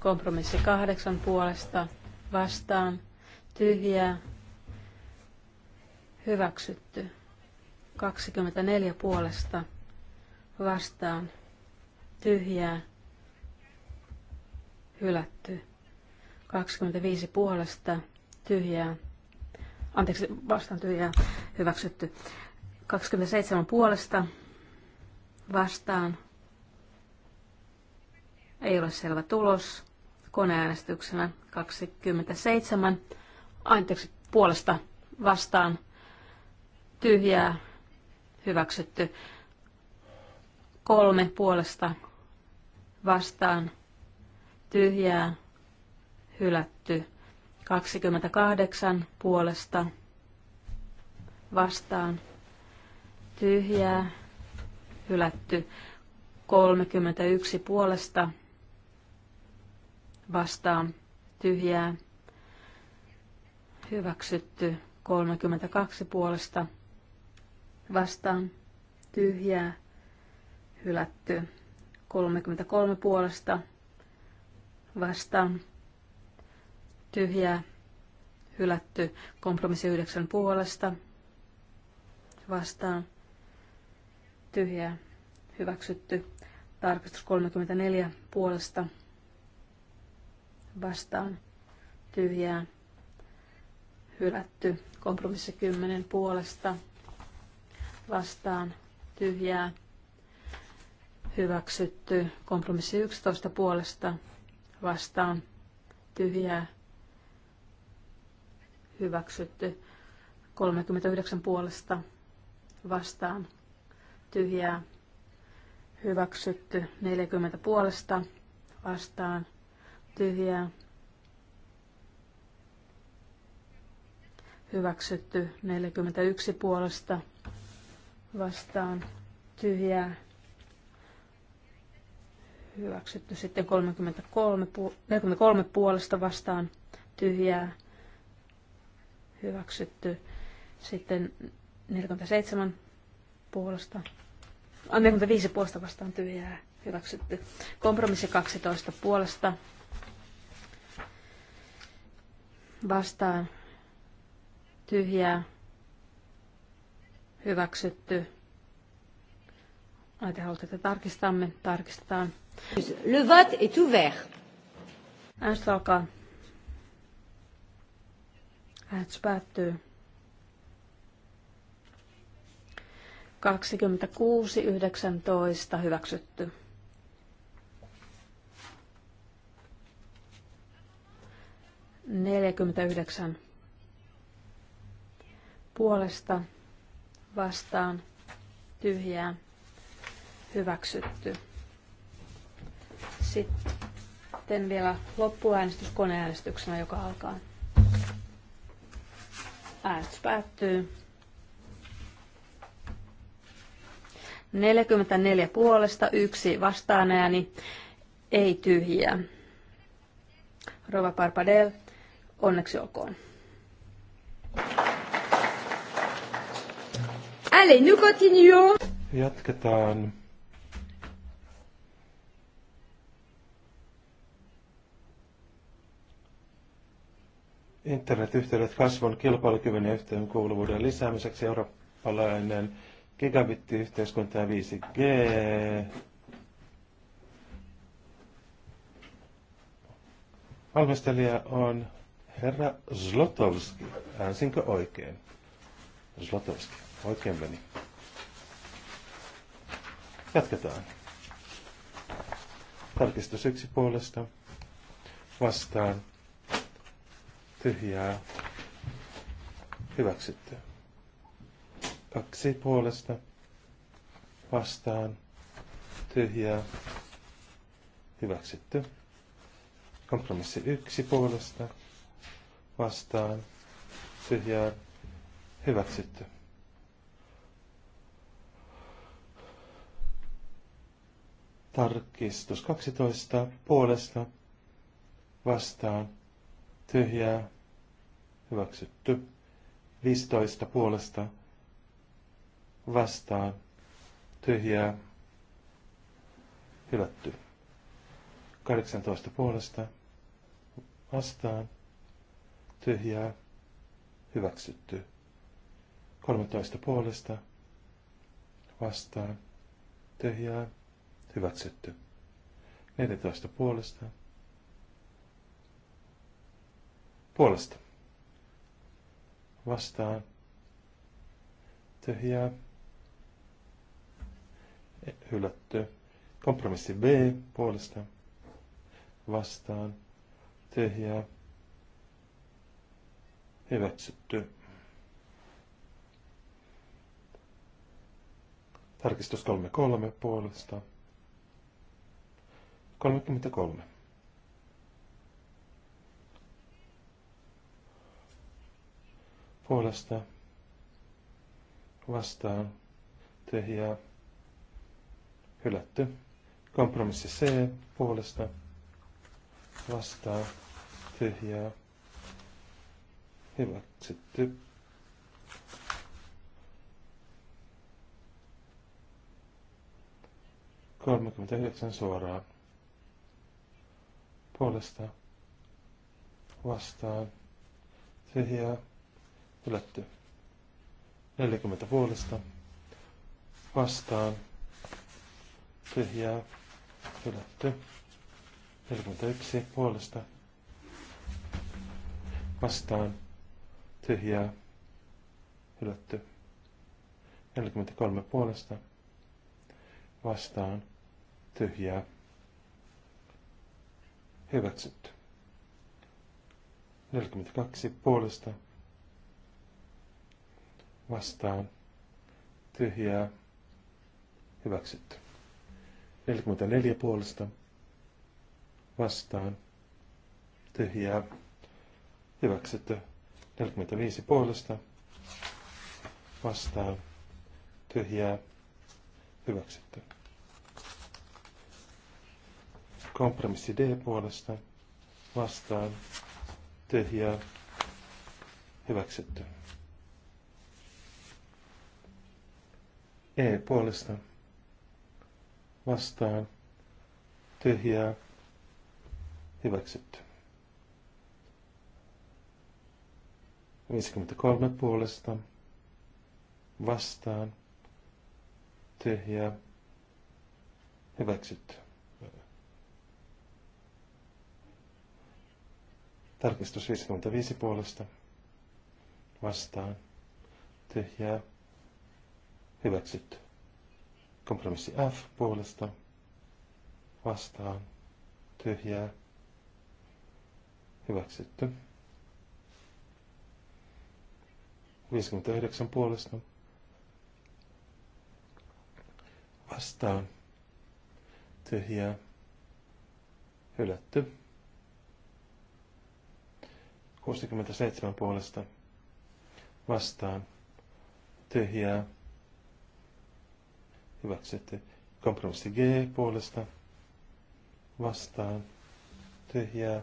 Kompromissi kahdeksan puolesta. Vastaan tyhjää. Hyväksytty. 24 puolesta. Vastaan tyhjää. Hylätty. 25 puolesta tyhjää Anteeksi, vastaan ja hyväksytty. 27 puolesta vastaan. Ei ole selvä tulos. Koneäänestyksenä 27. Anteeksi, puolesta vastaan. Tyhjää hyväksytty. Kolme puolesta vastaan. Tyhjää hylätty. 28 puolesta vastaan tyhjää, hylätty 31 puolesta vastaan tyhjää, hyväksytty 32 puolesta vastaan tyhjää, hylätty 33 puolesta vastaan tyhjää, hylätty. Kompromissi yhdeksän puolesta vastaan, tyhjää, hyväksytty. Tarkastus 34 puolesta vastaan, tyhjää, hylätty. Kompromissi 10 puolesta vastaan, tyhjää, hyväksytty. Kompromissi 11 puolesta vastaan, tyhjää, hyväksytty 39 puolesta vastaan tyhjää hyväksytty 40 puolesta vastaan tyhjää hyväksytty 41 puolesta vastaan tyhjää hyväksytty sitten 33, 43 puolesta vastaan tyhjää hyväksytty. Sitten 47 puolesta, 45 puolesta vastaan tyhjää hyväksytty. Kompromissi 12 puolesta vastaan tyhjää hyväksytty. Ai te haluatte, että tarkistamme. Tarkistetaan. Le vote est ouvert. Äänestys alkaa. Lähetys päättyy. 26.19 hyväksytty. Neljäkymmentäyhdeksän puolesta vastaan tyhjää hyväksytty. Sitten vielä loppuäänestys koneäänestyksenä, joka alkaa. Äänestys päättyy. 44 puolesta, yksi vastaan ääni, ei tyhjiä. Rova Parpadel, onneksi olkoon. Allez, nous continuons. Jatketaan. Internetyhteydet kasvun kilpailukyvyn ja yhteenkuuluvuuden lisäämiseksi eurooppalainen gigabittiyhteiskunta ja 5G. Valmistelija on herra Zlotowski. Äänsinkö oikein? Zlotowski. Oikein meni. Jatketaan. Tarkistus yksi puolesta. Vastaan tyhjää hyväksytty. Kaksi puolesta vastaan tyhjää hyväksytty. Kompromissi yksi puolesta vastaan tyhjää hyväksytty. Tarkistus 12 puolesta vastaan tyhjää, hyväksytty. 15 puolesta vastaan, tyhjää, hylätty. 18 puolesta vastaan, tyhjää, hyväksytty. 13 puolesta vastaan, tyhjää, hyväksytty. 14 puolesta puolesta. Vastaan. Tyhjää. E, hylätty. Kompromissi B puolesta. Vastaan. Tyhjää. Hyväksytty. Tarkistus 33 puolesta. 33. puolesta vastaan tehiä hylätty. Kompromissi C puolesta vastaan tehiä hyväksytty. yhdeksän suoraan puolesta vastaan tyhjää Hylätty. 40 puolesta. Vastaan. Tyhjää. Hylätty. 41 puolesta. Vastaan. Tyhjää. Hylätty. 43 puolesta. Vastaan. Tyhjää. Hyväksytty. 42 puolesta vastaan tyhjää hyväksytty. 44 puolesta vastaan tyhjää hyväksytty. 45 puolesta vastaan tyhjää hyväksytty. Kompromissi D puolesta vastaan tyhjää hyväksytty. E puolesta vastaan tyhjää hyväksytty. 53 puolesta vastaan tyhjää hyväksytty. Tarkistus 55 puolesta vastaan tyhjää Hyväksytty. Kompromissi F puolesta vastaan tyhjää. Hyväksytty. 59 puolesta vastaan tyhjää. Hylätty. 67 puolesta vastaan tyhjää Hyväksytty. Kompromissi G puolesta vastaan. Tyhjää.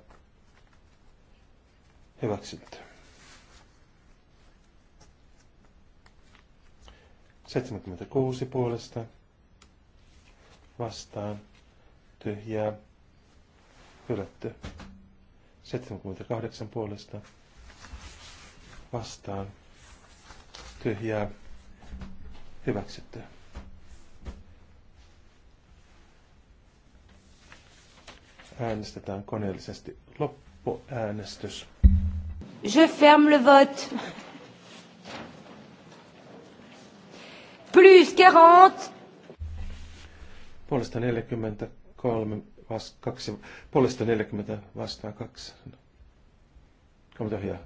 Hyväksytty. 76 puolesta vastaan. Tyhjää. Hylätty. 78 puolesta vastaan. Tyhjää. Hyväksytty. Äänestetään koneellisesti. Loppuäänestys. Je ferme le vote. Plus 40. Puolesta 43, vasta, kaksi, puolesta 40 vastaan kaksi. Kommentoida hyvä.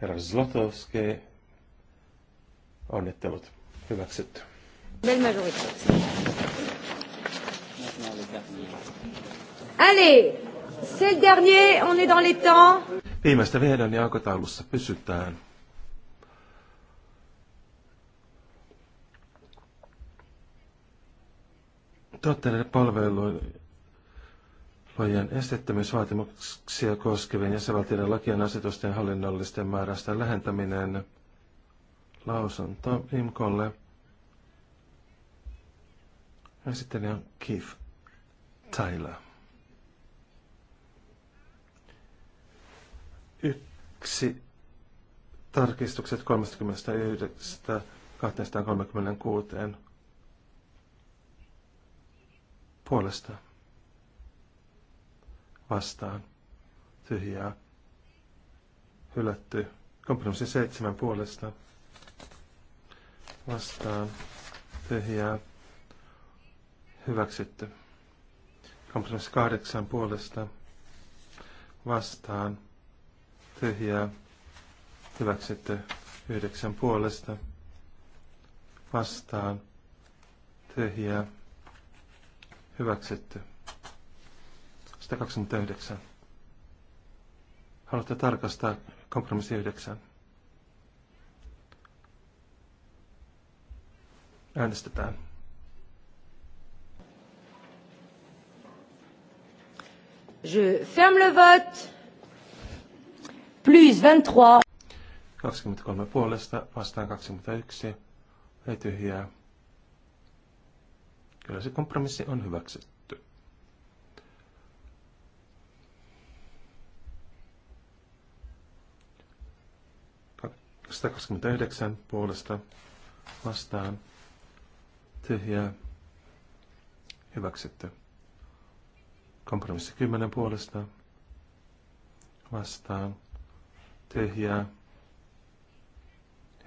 Herra Zlotowski, onnittelut. Hyväksytty. Belle majorité. Allez, c'est le dernier, on est dans les temps. Viimeistä viedään ja aikataulussa pysytään. Tuotteiden palvelujen esteettömyysvaatimuksia koskevien jäsenvaltioiden lakien asetusten hallinnollisten määrästä lähentäminen. Lausunto IMKOlle. Esittelijä on Keith. Tyler. Yksi tarkistukset 31 236 puolesta vastaan tyhjää hylätty kompromissi 7 puolesta vastaan tyhjää hyväksytty. Kompromissi kahdeksan puolesta vastaan. Tyhjää. Hyväksytty. Yhdeksän puolesta vastaan. Tyhjää. Hyväksytty. 129. Haluatte tarkastaa kompromissi 9. Äänestetään. Je ferme le vote. Plus 23. 23 puolesta vastaan 21. Ei tyhjää. Kyllä se kompromissi on hyväksytty. Ka 129 puolesta vastaan tyhjää hyväksytty. Kompromissi 10 puolesta vastaan tyhjää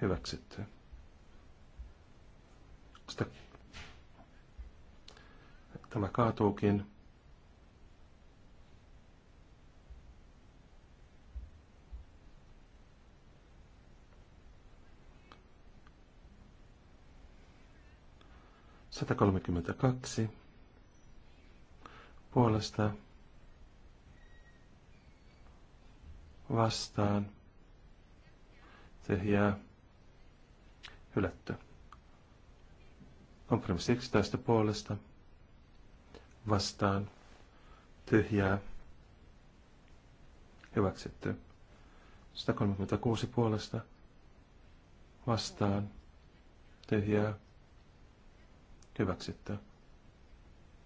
hyväksytty. Sitä, tämä kaatuukin. Satakolmekymmentäkaksi puolesta vastaan tehjää hylätty. Kompromissi 11 puolesta vastaan tyhjää hyväksytty. 136 puolesta vastaan tyhjää hyväksytty.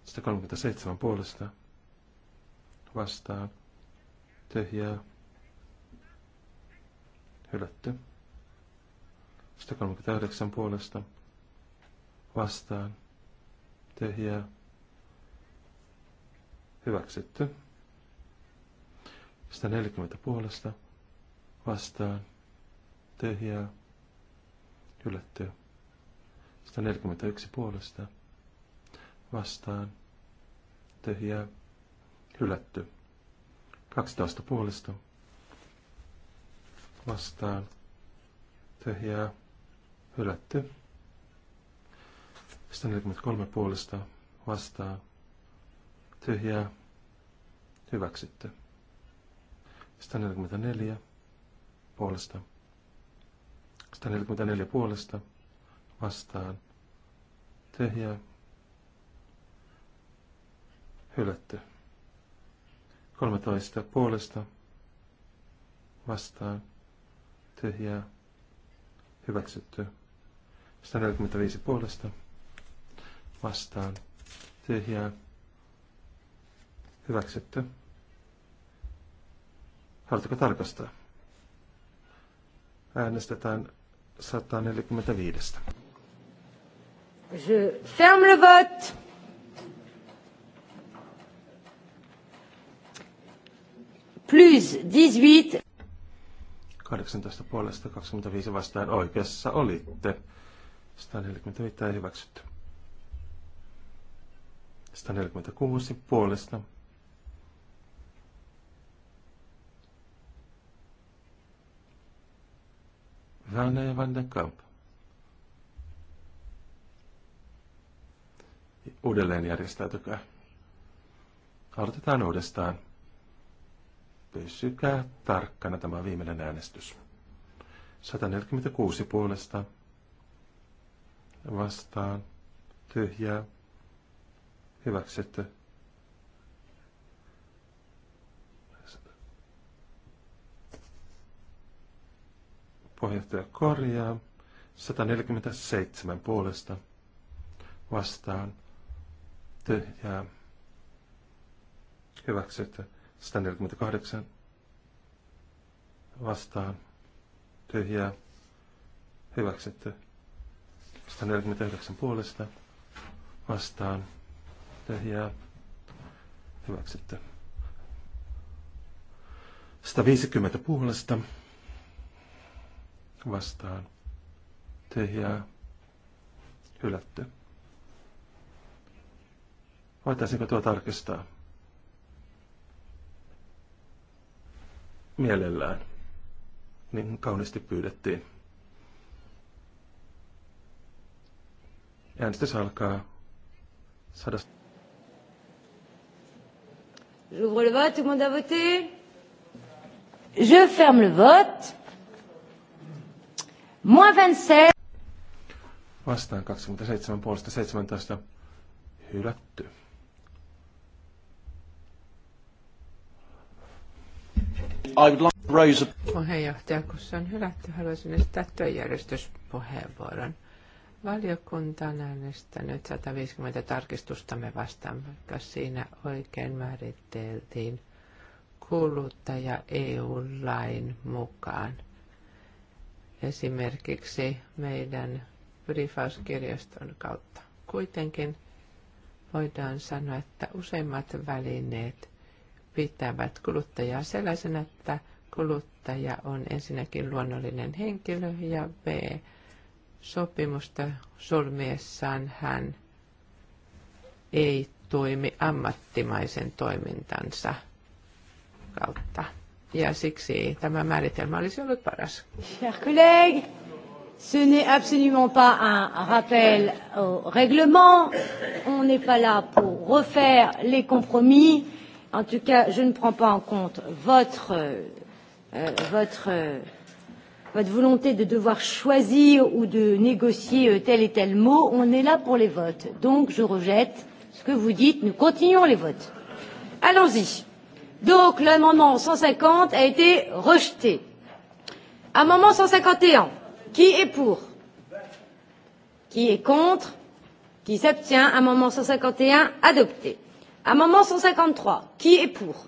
137 puolesta vastaan tyhjää hylätty. 139 puolesta vastaan tyhjää hyväksytty. 140 puolesta vastaan tyhjää hylätty. 141 puolesta vastaan tyhjää hylätty. 12 puolesta vastaan tyhjää hylätty. 143 puolesta vastaan tyhjää hyväksytty. 144 puolesta 144 puolesta vastaan tyhjää hylätty. 13 puolesta vastaan tyhjää hyväksytty. 145 puolesta vastaan tyhjää hyväksytty. Haluatko tarkastaa? Äänestetään 145. Je ferme le vote. plus 18. 18 puolesta 25 vastaan oikeassa olitte. 145 ei hyväksytty. 146 puolesta. Werner van de Kamp. Uudelleen järjestäytykää. Aloitetaan uudestaan. Pysykää tarkkana tämä viimeinen äänestys. 146 puolesta vastaan tyhjää hyväksytty. Puheenjohtaja korjaa 147 puolesta vastaan tyhjää hyväksytty. 148 vastaan tyhjää hyväksytty. 149 puolesta vastaan tyhjää hyväksytty. 150 puolesta vastaan tyhjää hylätty. Voitaisinko tuo tarkistaa? mielellään, niin kauniisti pyydettiin. Äänestys alkaa sadasta. J'ouvre le vote, tout le monde a voté. Je ferme le vote. Moins 27. Vastaan 27, puolesta 17. Hylätty. Puheenjohtaja, kun se on hylätty, haluaisin esittää työjärjestyspuheenvuoron. Valiokunta on äänestänyt 150 tarkistustamme vastaan, vaikka siinä oikein määriteltiin kuluttaja EU-lain mukaan. Esimerkiksi meidän briefauskirjaston kautta. Kuitenkin voidaan sanoa, että useimmat välineet – pitävät kuluttajaa sellaisena, että kuluttaja on ensinnäkin luonnollinen henkilö ja B. Sopimusta solmiessaan hän ei toimi ammattimaisen toimintansa kautta. Ja siksi tämä määritelmä olisi ollut paras. Chers collègues, ce n'est absolument pas un rappel au règlement. On n'est pas là pour refaire les compromis en tout cas, je ne prends pas en compte votre, euh, euh votre, euh, votre volonté de devoir choisir ou de négocier euh, tel et tel mot. On est là pour les votes. Donc, je rejette ce que vous dites. Nous continuons les votes. Allons-y. Donc, l'amendement 150 a été rejeté. Amendement 151. Qui est pour Qui est contre Qui s'abstient Amendement 151 adopté. Amendement 153. Qui est pour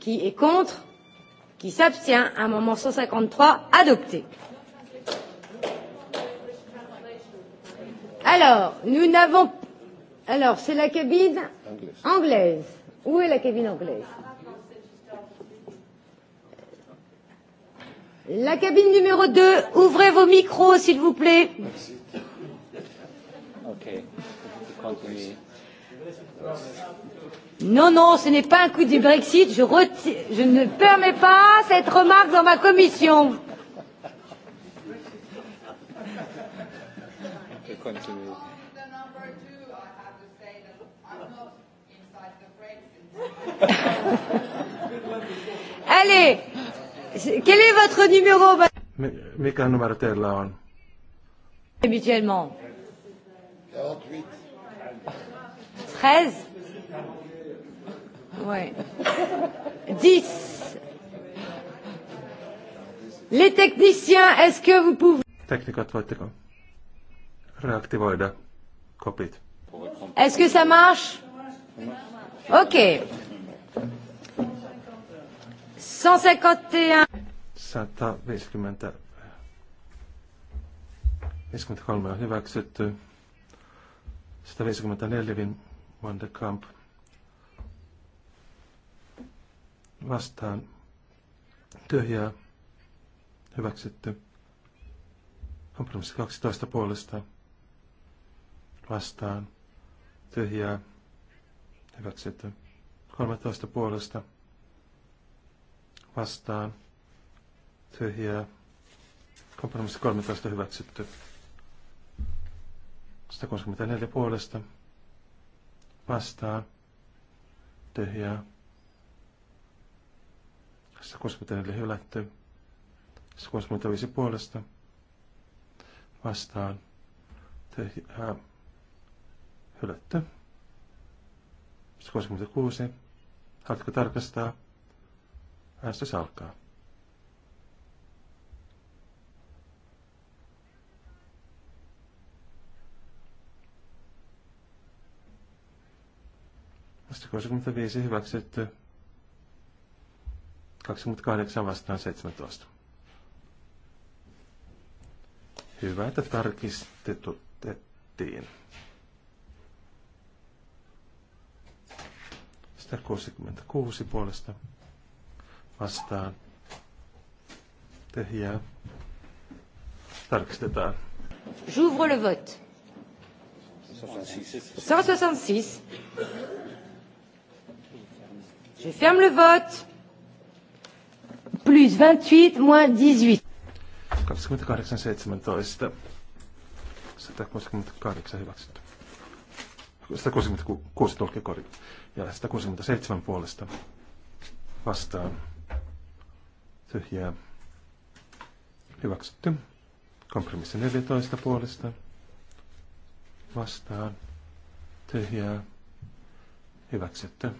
Qui est contre Qui s'abstient Amendement 153 adopté. Alors, nous n'avons. Alors, c'est la cabine anglaise. Où est la cabine anglaise La cabine numéro 2, ouvrez vos micros, s'il vous plaît. Merci. Okay. Non, non, ce n'est pas un coup du Brexit. Je, reti... je ne permets pas cette remarque dans ma commission. Allez, quel est votre numéro Mais Mikä numero teillä là Habituellement. 48. 13 Ouais. 10 Les techniciens, est-ce que vous pouvez... Teknikot, voitteko reaktivoida kopit? Est-ce que ça marche? Ok. 151. 150. 153 on hyväksytty. 154 Van de Kamp. Vastaan. Tyhjää. Hyväksytty. Kompromissi 12 puolesta. Vastaan. Tyhjää. Hyväksytty. 13 puolesta. Vastaan. Tyhjää. Kompromissi 13 hyväksytty. 164 puolesta vastaa tyhjää. oli hylätty. 165 puolesta vastaan tyhjää hylätty. kuusi Haluatko tarkastaa? Äänestys alkaa. 65 hyväksytty. 28 vastaan 17. Hyvä, että tarkistetettiin. 166 puolesta vastaan tehjää. Tarkistetaan. J'ouvre le vote. 166. 166. Je ferme le vote. Plus 28, moins 18. 28, 17. 168 hyväksytty. 166 tulkikori ja 167 puolesta vastaan tyhjää hyväksytty. Kompromissi 14 puolesta vastaan tyhjää hyväksytty.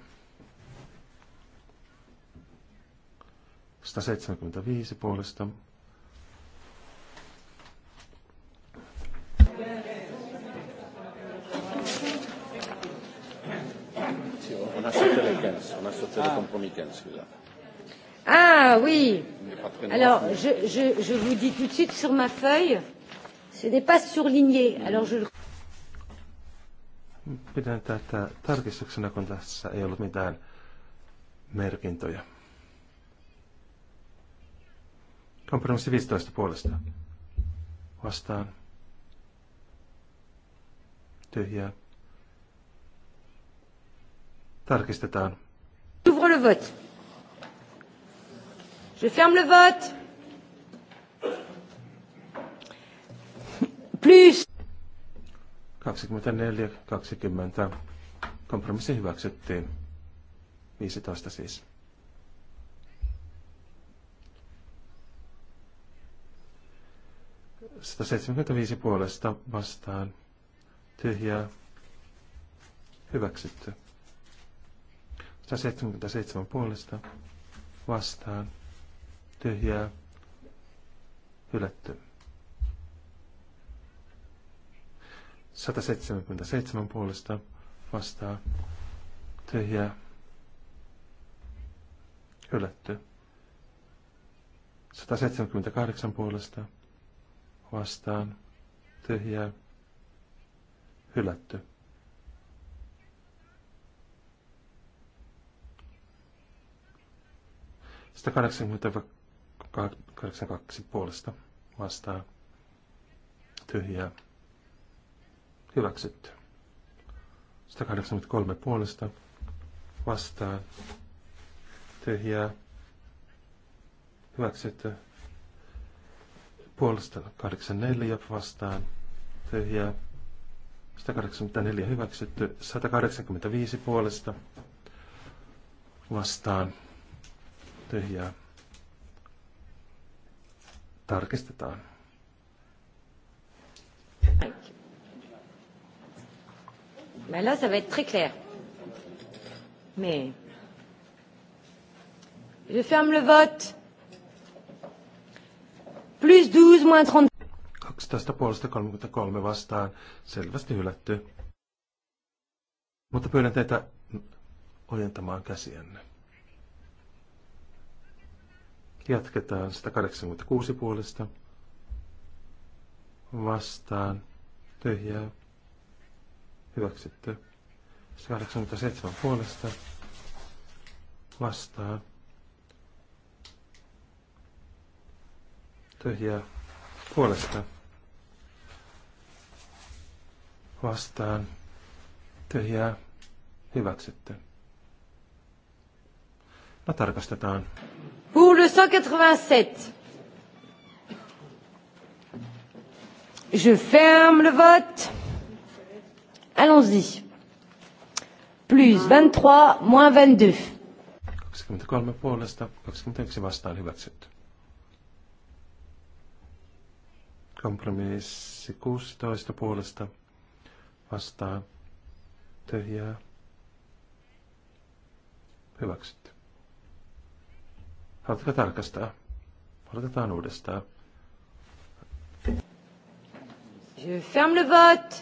175 puolesta. Ah. ah oui. Alors, je, je, je vous dis tout de suite sur ma feuille, ce n'est pas surligné. Alors je... Pidän tätä tarkistuksena, kun tässä ei ollut mitään merkintöjä. Kompromissi 15 puolesta. Vastaan. Tyhjää. Tarkistetaan. Ouvre le vote. Je ferme le vote. Plus. 24, 20. Kompromissi hyväksyttiin. 15 siis. 175 puolesta vastaan. Tyhjää. Hyväksytty. 177 puolesta vastaan. Tyhjää. Hylätty. 177 puolesta vastaa. Tyhjää. Hylätty. 178 puolesta vastaan vastaan tyhjää hylätty. Sitä 82 puolesta vastaan tyhjää hyväksytty. 183 puolesta vastaan tyhjää hyväksytty puolesta 84 vastaan tyhjää. 184 hyväksytty, 185 puolesta vastaan tyhjää. Tarkistetaan. Mais là, ça va être très clair. Mais... Je ferme le vote. Plus 12, moins 30. 12 puolesta 33 vastaan. Selvästi hylätty. Mutta pyydän teitä ojentamaan käsiänne. Jatketaan 186 puolesta. Vastaan. Tyhjää. Hyväksytty. 187 puolesta. Vastaan. tyhjää puolesta vastaan tyhjää hyväksytty. No tarkastetaan. Pour le 187. Je ferme le vote. Allons-y. Plus 23, moins 22. 23 puolesta, 21 vastaan hyväksytty. Kompromissi 16 puolesta vastaa tyhjää. Hyväksytty. Haluatko tarkastaa? Aloitetaan uudestaan. Je ferme le vote.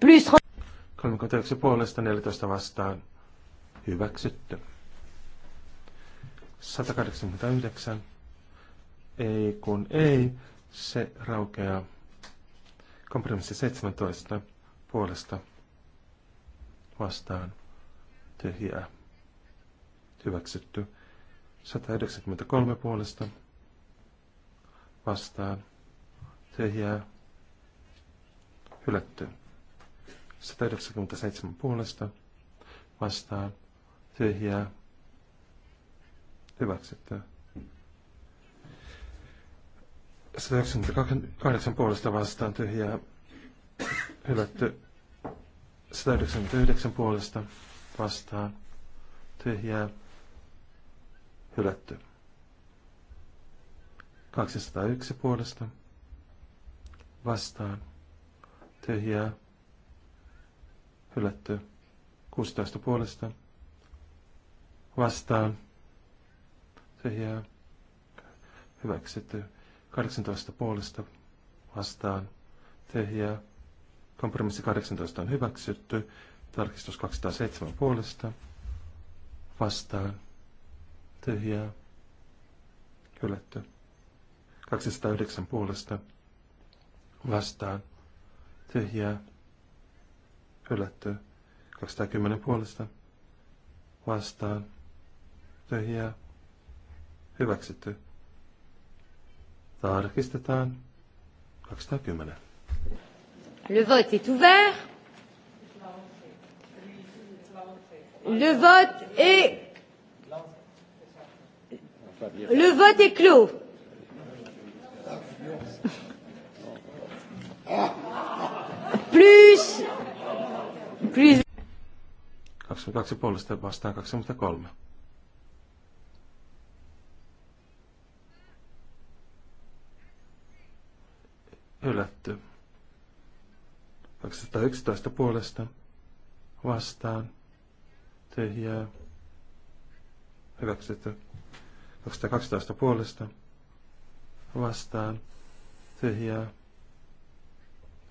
Plus... 39 puolesta 14 vastaan. Hyväksytty. 189 ei kun ei, se raukeaa. Kompromissi 17 puolesta vastaan tyhjää. Hyväksytty. 193 puolesta vastaan tyhjää. Hylätty. 197 puolesta vastaan tyhjää. Hyväksytty. 198 puolesta vastaan tyhjää hylätty. 199 puolesta vastaan tyhjää hylätty. 201 puolesta vastaan tyhjää hylätty. 16 puolesta vastaan tyhjää hyväksytty. 18 puolesta vastaan tyhjää. Kompromissi 18 on hyväksytty. Tarkistus 207 puolesta vastaan tyhjää. Hylätty. 209 puolesta vastaan tyhjää. Hylätty. 210 puolesta vastaan tyhjää. Hyväksytty. Tarkistetaan. 210. Le vote est ouvert. Le vote est... Le vote est clos. Plus... Plus... 22 puolesta vastaan 23. hylätty. 211 puolesta vastaan tyhjää hyväksytty. 212 puolesta vastaan tyhjää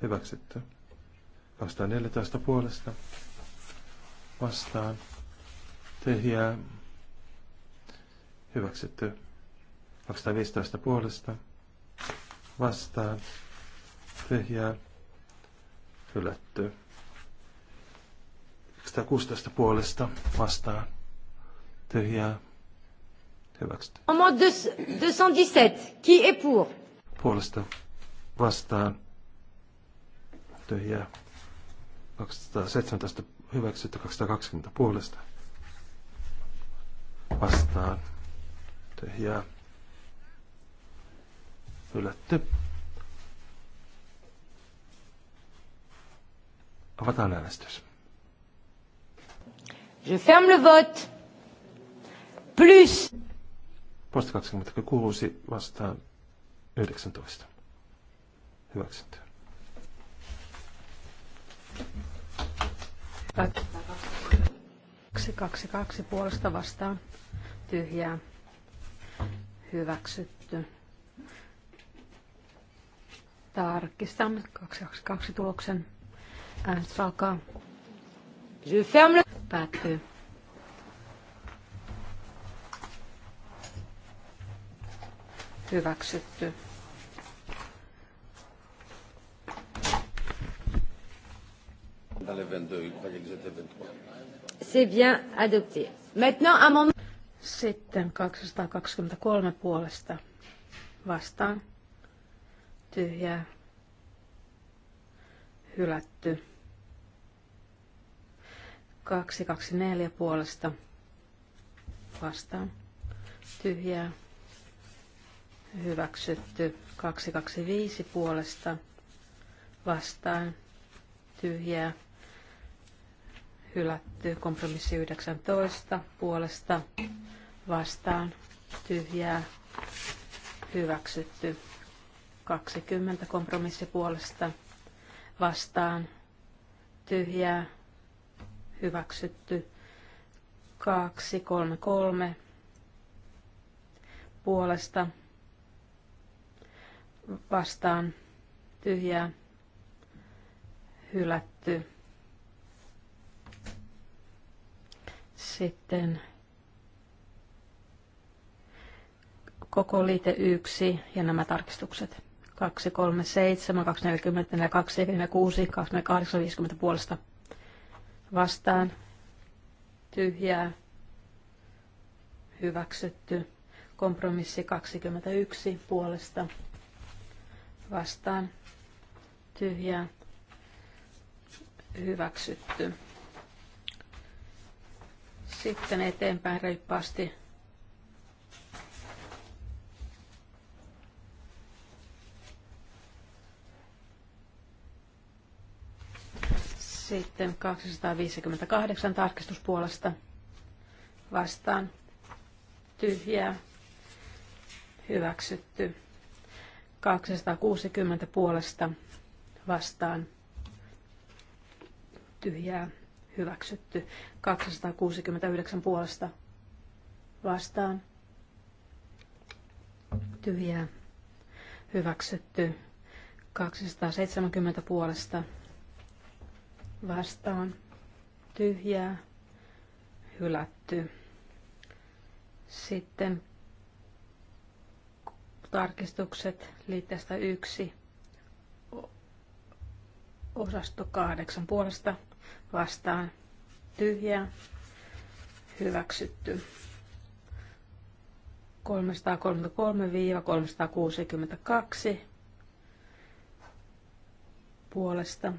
hyväksytty. 214 puolesta vastaan tyhjää hyväksytty. 215 puolesta vastaan tyhjää hylätty. 116 puolesta vastaan tyhjää hyväksytty. 217, qui est pour? Puolesta vastaan tyhjää 217 hyväksytty 220 puolesta vastaan tyhjää hylätty. Avataan äänestys. Je ferme le vote. Plus. Posta 26 vastaan 19. Hyväksytty. Kaksi, kaksi, kaksi puolesta vastaan. Tyhjää. Hyväksytty. Tarkistamme 222 tuloksen. Äänestys alkaa. Je ferme le... Pas que. Je vais accepter. Dans les 22, il croyait que j'étais 23. C'est bien adopté. Maintenant, amendement... Sitten 223 puolesta vastaan. Tyhjää hylätty. 224 puolesta vastaan tyhjää hyväksytty. 225 puolesta vastaan tyhjää hylätty. Kompromissi 19 puolesta vastaan tyhjää hyväksytty. 20 kompromissi puolesta vastaan tyhjää hyväksytty 233 puolesta vastaan tyhjää hylätty. Sitten koko liite 1 ja nämä tarkistukset. 237, 240, 246, 248, 50 puolesta vastaan. Tyhjää. Hyväksytty. Kompromissi 21 puolesta vastaan. Tyhjää. Hyväksytty. Sitten eteenpäin reippaasti Sitten 258 tarkistuspuolesta vastaan tyhjää hyväksytty. 260 puolesta vastaan tyhjää hyväksytty. 269 puolesta vastaan tyhjää hyväksytty. 270 puolesta vastaan vastaan tyhjää hylätty. Sitten tarkistukset liitteestä yksi osasto kahdeksan puolesta vastaan tyhjää hyväksytty. 333-362 puolesta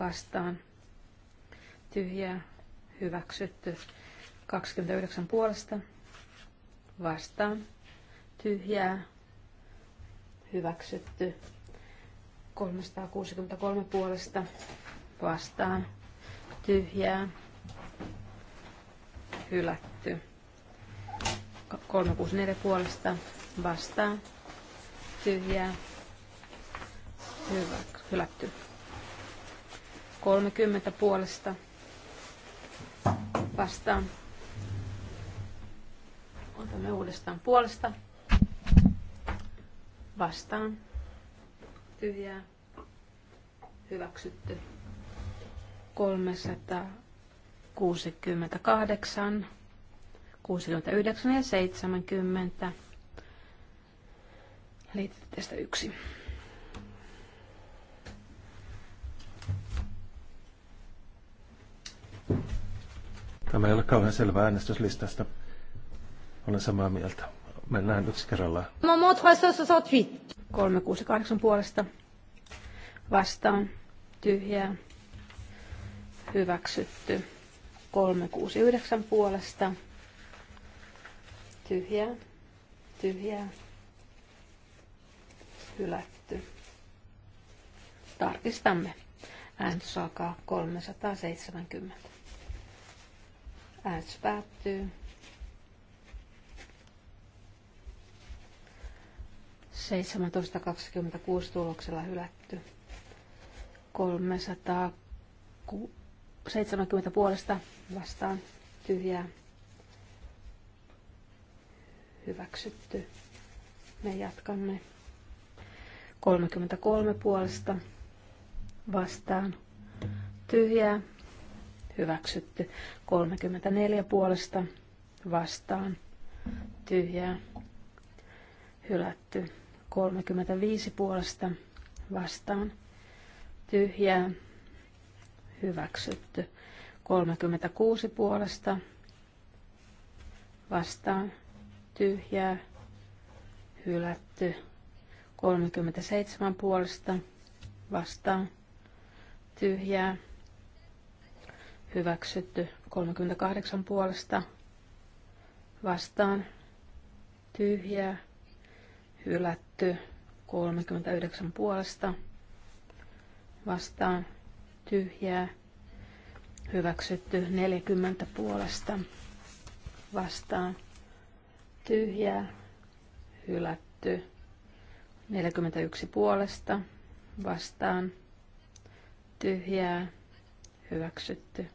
vastaan tyhjää hyväksytty 29 puolesta vastaan tyhjää hyväksytty 363 puolesta vastaan tyhjää hylätty 364 puolesta vastaan tyhjää hyvä, hylätty 30 puolesta vastaan. Otamme uudestaan puolesta. Vastaan. Tyhjää. Hyväksytty. 368, 69 ja 70. Liitteestä yksi. Tämä ei ole kauhean selvä äänestyslistasta. Olen samaa mieltä. Mennään yksi kerrallaan. Mä 368 puolesta vastaan tyhjää hyväksytty. 369 puolesta tyhjää, tyhjää, hylätty. Tarkistamme. Äänestys alkaa 370. Äänestys päättyy. Seitsemäntoista kaksikymmentäkuusi tuloksella hylätty. 370 puolesta vastaan tyhjää hyväksytty. Me jatkamme 33 puolesta vastaan tyhjää hyväksytty. 34 puolesta vastaan tyhjää hylätty. 35 puolesta vastaan tyhjää hyväksytty. 36 puolesta vastaan tyhjää hylätty. 37 puolesta vastaan tyhjää hyväksytty 38 puolesta vastaan tyhjää, hylätty 39 puolesta vastaan tyhjää, hyväksytty 40 puolesta vastaan tyhjää, hylätty 41 puolesta vastaan tyhjää, hyväksytty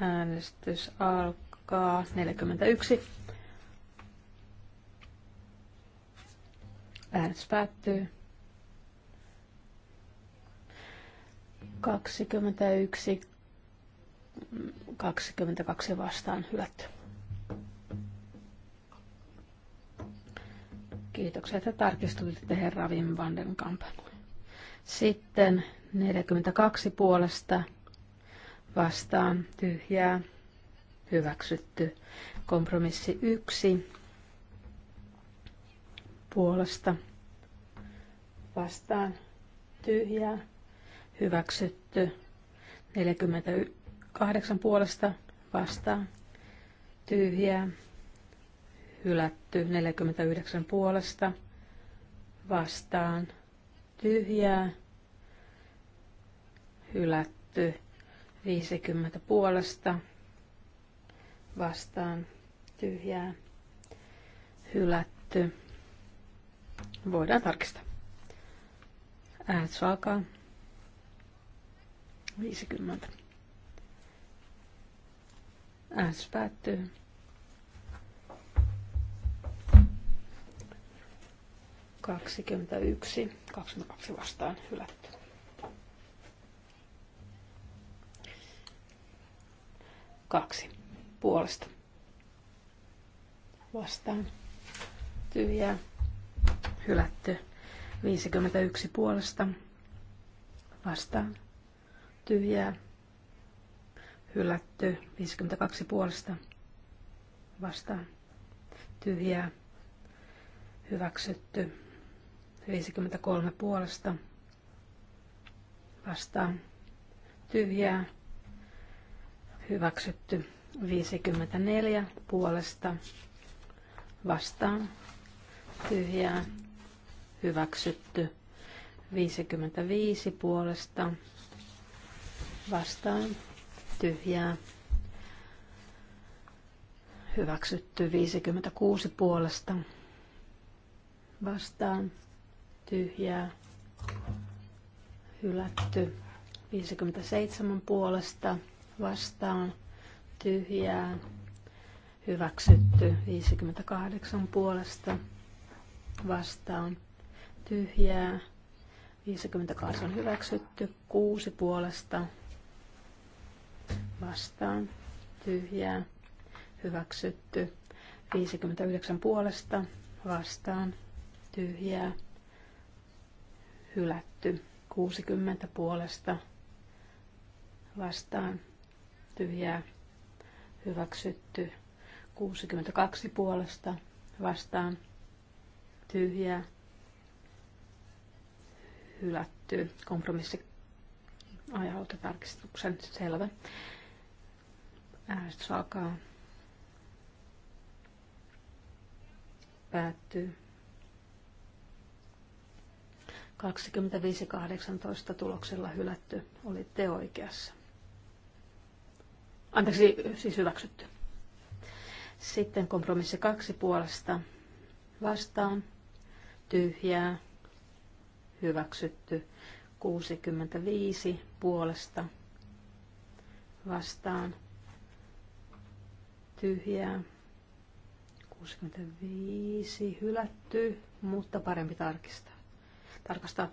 Äänestys alkaa 41. Äänestys päättyy. 21, 22 vastaan hylätty. Kiitoksia, että tarkistutitte herra Wim Vandenkamp. Sitten 42 puolesta vastaan tyhjää hyväksytty. Kompromissi yksi puolesta vastaan tyhjää hyväksytty. 48 puolesta vastaan tyhjää hylätty. 49 puolesta vastaan tyhjää hylätty. 50 puolesta vastaan tyhjää hylätty. Voidaan tarkistaa. Äänestys saakaa. 50. Äänestys päättyy. Kaksikymmentä yksi, kaksikymmentä kaksi vastaan hylätty. kaksi puolesta. Vastaan. Tyhjää. Hylätty. 51 puolesta. Vastaan. Tyhjää. Hylätty. 52 puolesta. Vastaan. Tyhjää. Hyväksytty. 53 puolesta. Vastaan. Tyhjää Hyväksytty 54 puolesta vastaan. Tyhjää. Hyväksytty 55 puolesta vastaan. Tyhjää. Hyväksytty 56 puolesta vastaan. Tyhjää. Hylätty 57 puolesta vastaan tyhjää hyväksytty 58 puolesta vastaan tyhjää 58 hyväksytty 6 puolesta vastaan tyhjää hyväksytty 59 puolesta vastaan tyhjää hylätty 60 puolesta vastaan tyhjää hyväksytty 62 puolesta vastaan tyhjää hylätty kompromissi ajanhoitotarkistuksen selvä. Äänestys alkaa. Päättyy. 25.18 tuloksella hylätty. Olitte oikeassa. Anteeksi, siis hyväksytty. Sitten kompromissi kaksi puolesta vastaan, tyhjää, hyväksytty. 65 puolesta vastaan, tyhjää, 65 hylätty, mutta parempi tarkistaa. Tarkastaa.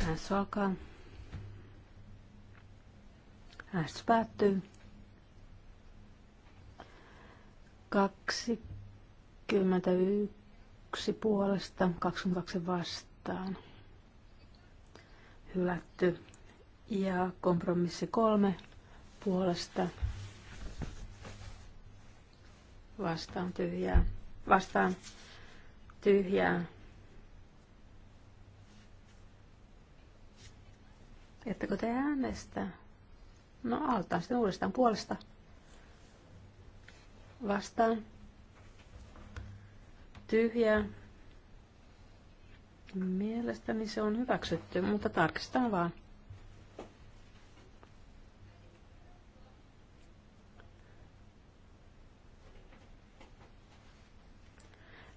Äänestys alkaa. Äänestys päättyy. 21 puolesta, 22 vastaan. Hylätty. Ja kompromissi 3 puolesta vastaan tyhjää. Vastaan tyhjää. Ettekö te äänestä? No aloitetaan sitten uudestaan puolesta vastaan. tyhjä. Mielestäni se on hyväksytty, mutta tarkistetaan vaan.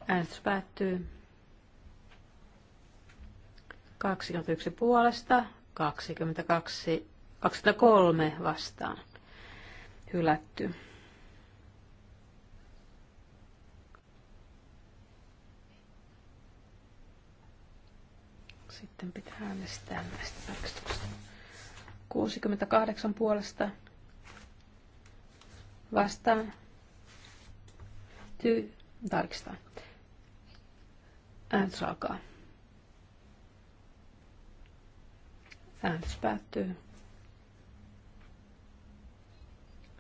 Äänestys päättyy. Kaksi yksi puolesta, 22, 23 vastaan. Hylätty. Sitten pitää äänestää näistä tarkistuksista. 68 puolesta vastaan. Ty- tarkistaa. Äänestys alkaa. Äänestys päättyy.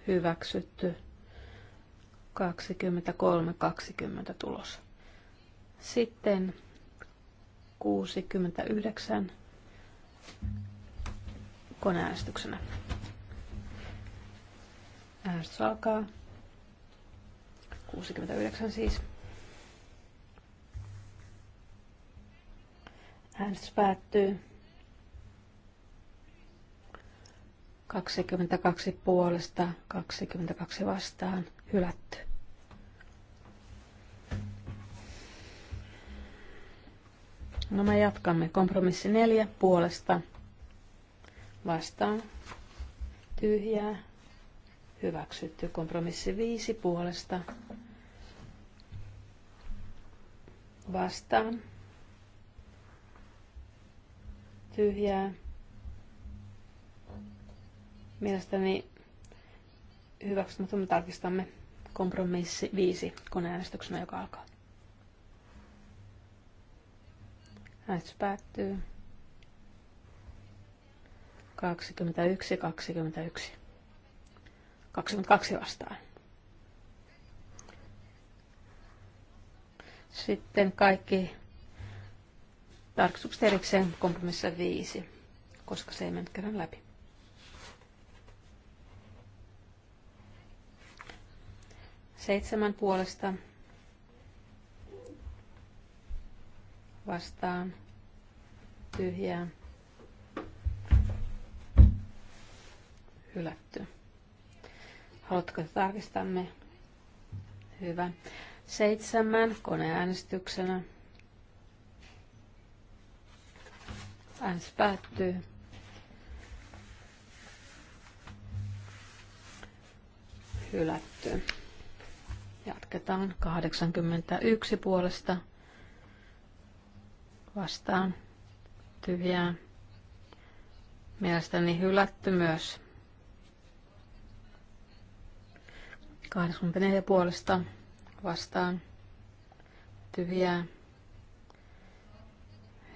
Hyväksytty. 23.20 tulos. Sitten 69 koneäänestyksenä. Äänestys alkaa. 69 siis. Äänestys päättyy. 22 puolesta, 22 vastaan, hylätty. No me jatkamme. Kompromissi neljä puolesta vastaan. Tyhjää. Hyväksytty. Kompromissi viisi puolesta vastaan. Tyhjää. Mielestäni hyväksymätön tarkistamme kompromissi 5 koneäänestyksenä, joka alkaa. Äänestys päättyy. 21, 21. 22 vastaan. Sitten kaikki tarkistukset erikseen kompromissa 5, koska se ei mennyt kerran läpi. Seitsemän puolesta vastaan tyhjää hylätty. Haluatko tarkistamme? Hyvä. Seitsemän koneäänestyksenä. Äänestys päättyy. Hylätty. Jatketaan 81 puolesta vastaan tyhjää. Mielestäni hylätty myös. 84 puolesta vastaan tyhjää.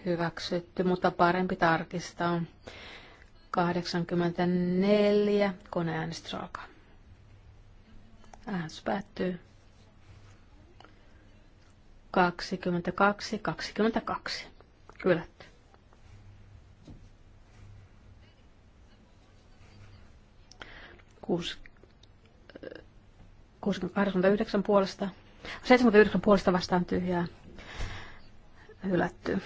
Hyväksytty, mutta parempi tarkistaa. 84 koneäänestys alkaa. Äänestys päättyy. 22, 22. Hylätty. Kuusi. puolesta, 79 puolesta vastaan tyhjää, hylätty.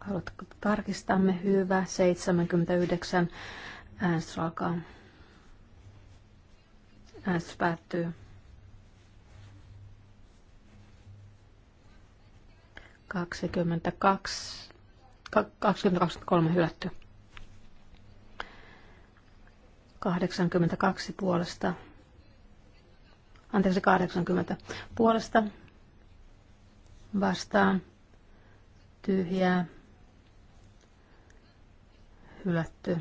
Haluatko tarkistamme? Hyvä, 79, äänestys alkaa. Äänestys päättyy. 22, 2023 hylätty. 82 puolesta. Anteeksi, 80 puolesta. Vastaan. Tyhjää. Hylätty.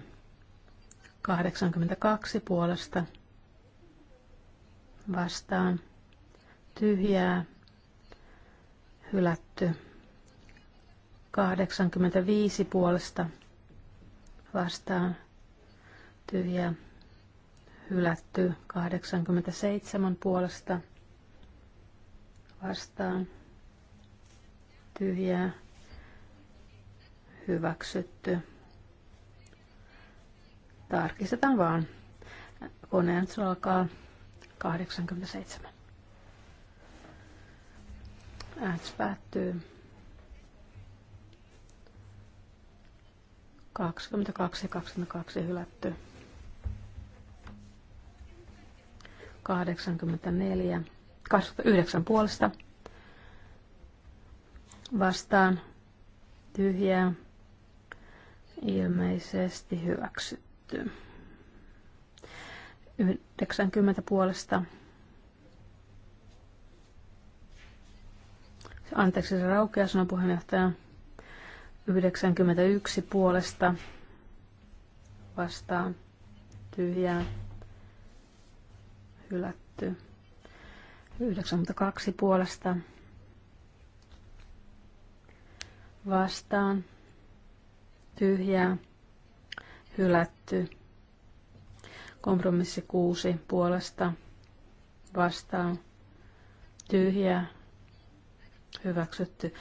82 puolesta. Vastaan. Tyhjää. Hylätty. 85 puolesta vastaan tyhjä hylätty 87 puolesta vastaan tyhjää hyväksytty. Tarkistetaan vaan. Koneen alkaa 87. Äänestys päättyy. 22, 22 hylätty. 84, 29 puolesta vastaan tyhjää ilmeisesti hyväksytty. 90 puolesta Anteeksi, se raukeaa, sanoi puheenjohtaja. 91 puolesta vastaan tyhjää hylätty. 92 puolesta vastaan tyhjää hylätty. Kompromissi 6 puolesta vastaan tyhjää hyväksytty.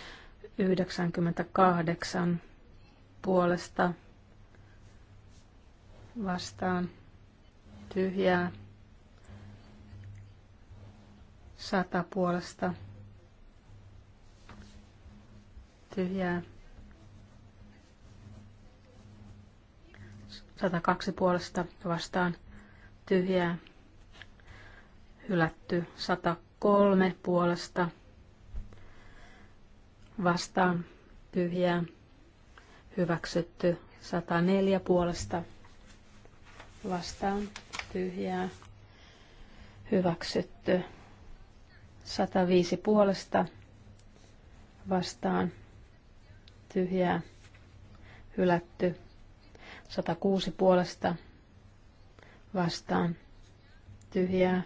98 puolesta vastaan tyhjää. 100 puolesta tyhjää. 102 puolesta vastaan tyhjää. Hylätty 103 puolesta vastaan tyhjää hyväksytty 104 puolesta vastaan tyhjää hyväksytty 105 puolesta vastaan tyhjää hylätty 106 puolesta vastaan tyhjää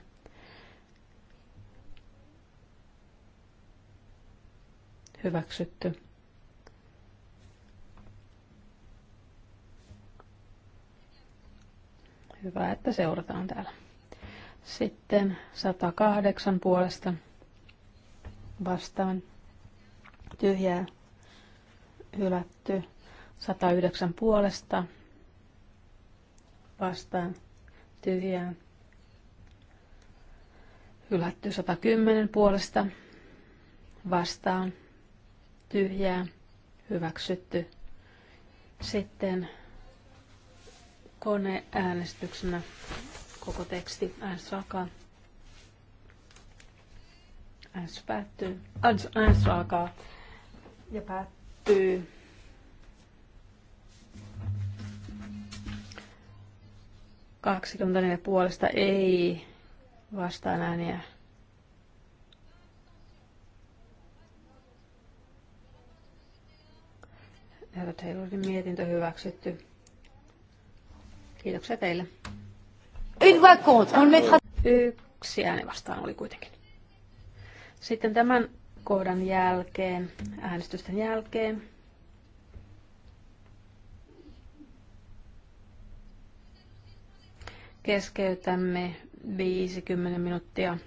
hyväksytty. Hyvä, että seurataan täällä. Sitten 108 puolesta vastaan tyhjää hylätty. 109 puolesta vastaan tyhjää hylätty. 110 puolesta vastaan tyhjää, hyväksytty. Sitten koneäänestyksenä koko teksti. Äänestys alkaa. Äänestys päättyy. Äänestys alkaa ja päättyy. Kaksikymmentäneljä puolesta ei vastaan ääniä Herra Taylorin mietintö hyväksytty. Kiitoksia teille. Yksi ääni vastaan oli kuitenkin. Sitten tämän kohdan jälkeen, äänestysten jälkeen, keskeytämme 50 minuuttia,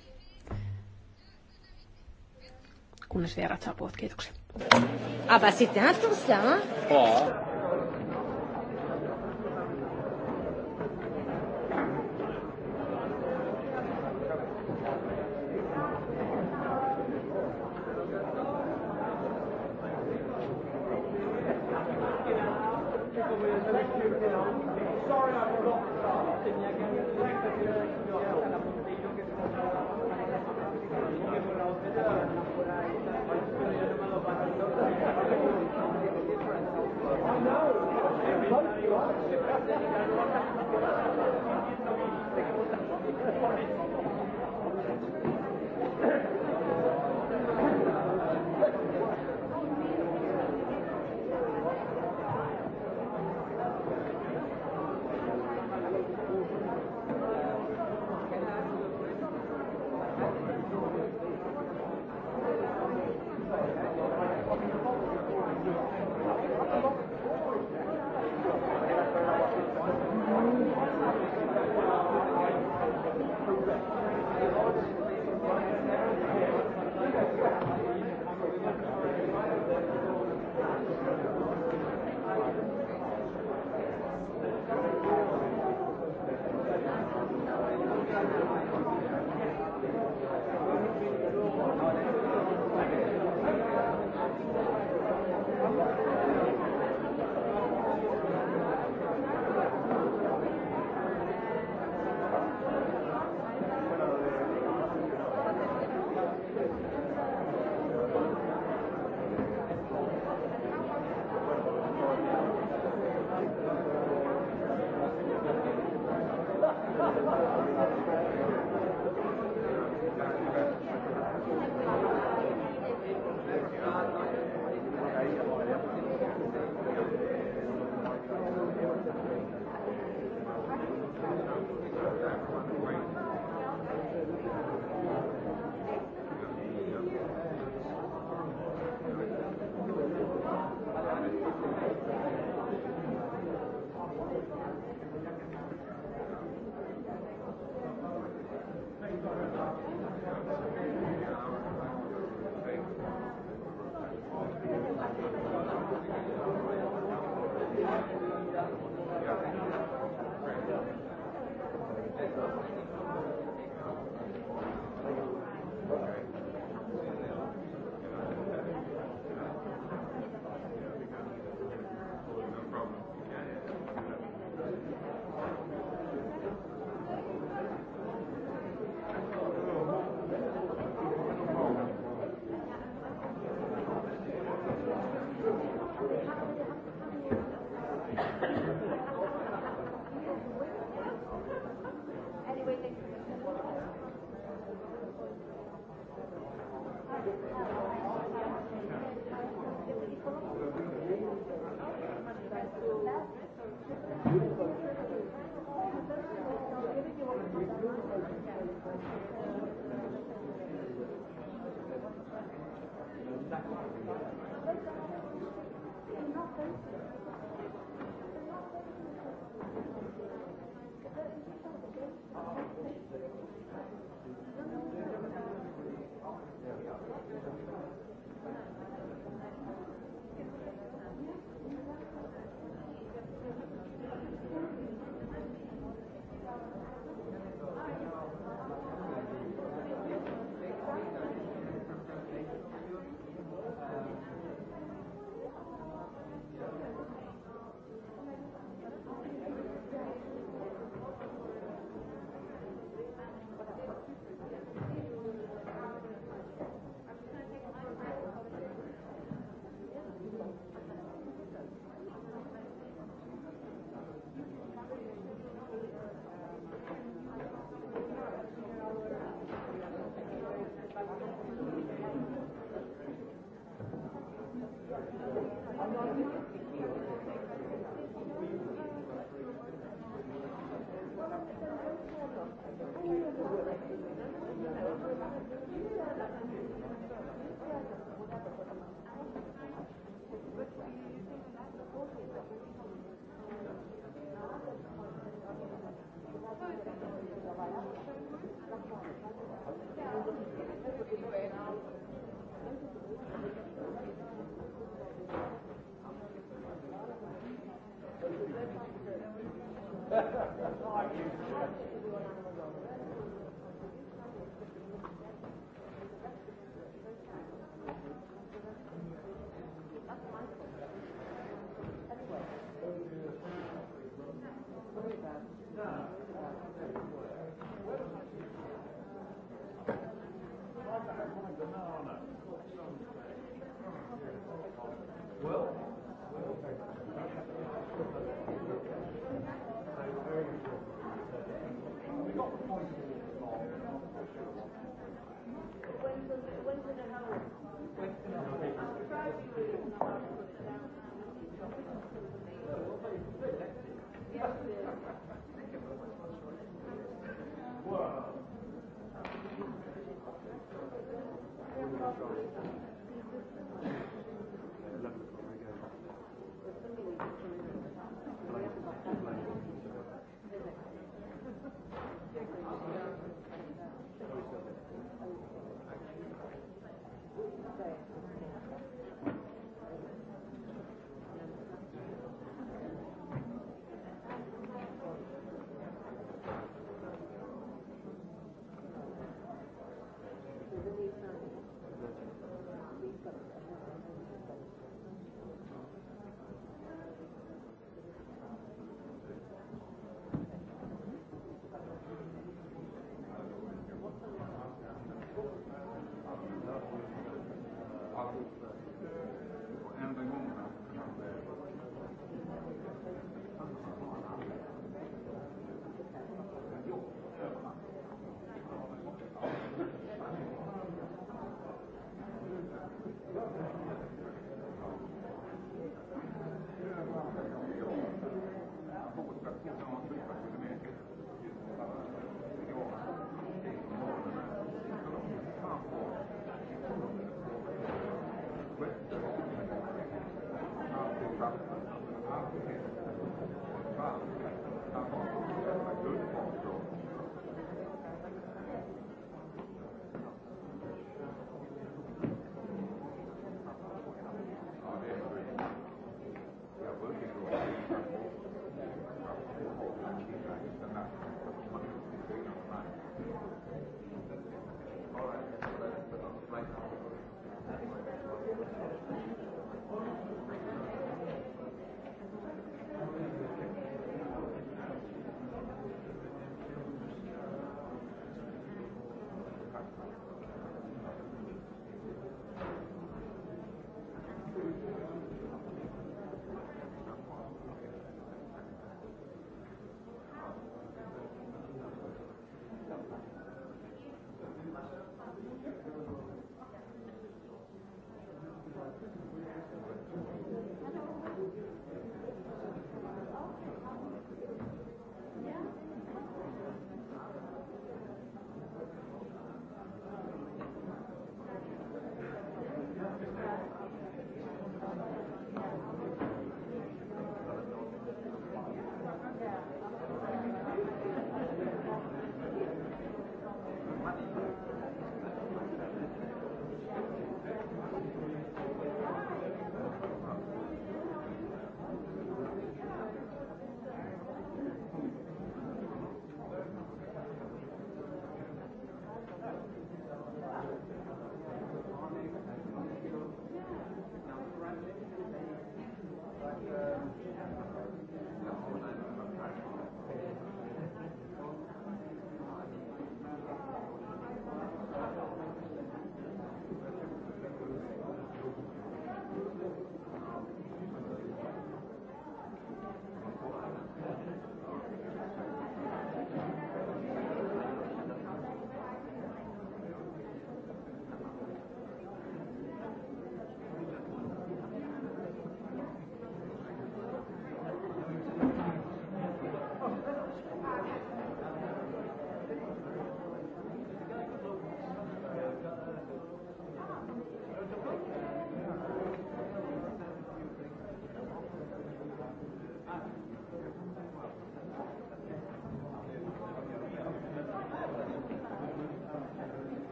kunnes vierat saapuvat. Kiitoksia. Ah bah c'était intense là hein Oh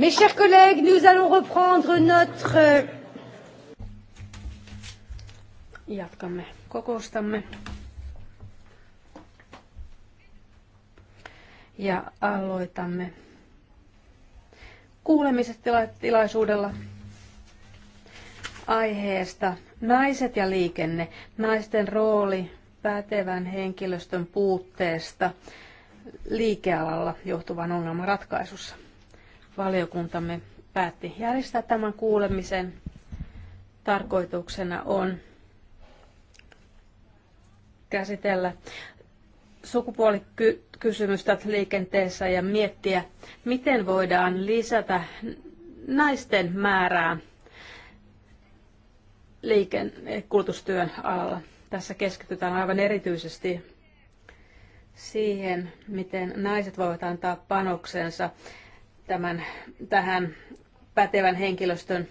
Mes chers collègues, nous allons reprendre notre... Euh, Jatkamme kokoustamme. Ja aloitamme tilaisuudella aiheesta Naiset ja liikenne, naisten rooli pätevän henkilöstön puutteesta liikealalla johtuvan ongelman ratkaisussa valiokuntamme päätti järjestää tämän kuulemisen. Tarkoituksena on käsitellä sukupuolikysymystä liikenteessä ja miettiä, miten voidaan lisätä naisten määrää liikennekulutustyön alalla. Tässä keskitytään aivan erityisesti siihen, miten naiset voivat antaa panoksensa tämän, tähän pätevän henkilöstön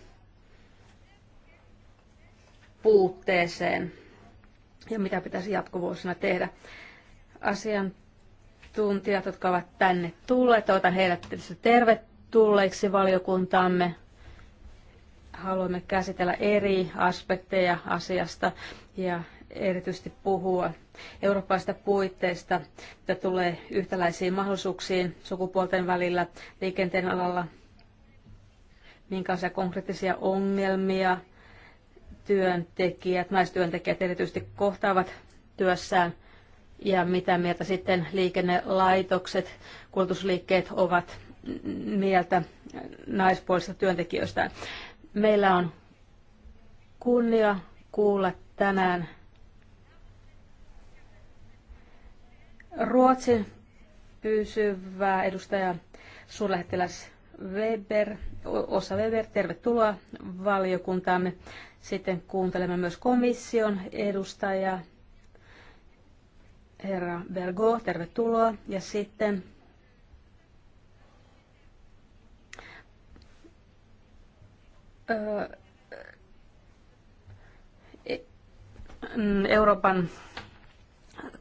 puutteeseen ja mitä pitäisi jatkuvuosina tehdä. Asiantuntijat, jotka ovat tänne tulleet, toivotan heidät tietysti tervetulleiksi valiokuntaamme. Haluamme käsitellä eri aspekteja asiasta ja erityisesti puhua eurooppalaisista puitteista, mitä tulee yhtäläisiin mahdollisuuksiin sukupuolten välillä liikenteen alalla, minkälaisia konkreettisia ongelmia työntekijät, naistyöntekijät erityisesti kohtaavat työssään ja mitä mieltä sitten liikennelaitokset, kulutusliikkeet ovat mieltä naispuolista työntekijöistä. Meillä on kunnia kuulla tänään Ruotsin pysyvä edustaja suurlähettiläs Weber, Osa Weber, tervetuloa valiokuntaamme. Sitten kuuntelemme myös komission edustajaa, herra Bergo, tervetuloa. Ja sitten e- mm, Euroopan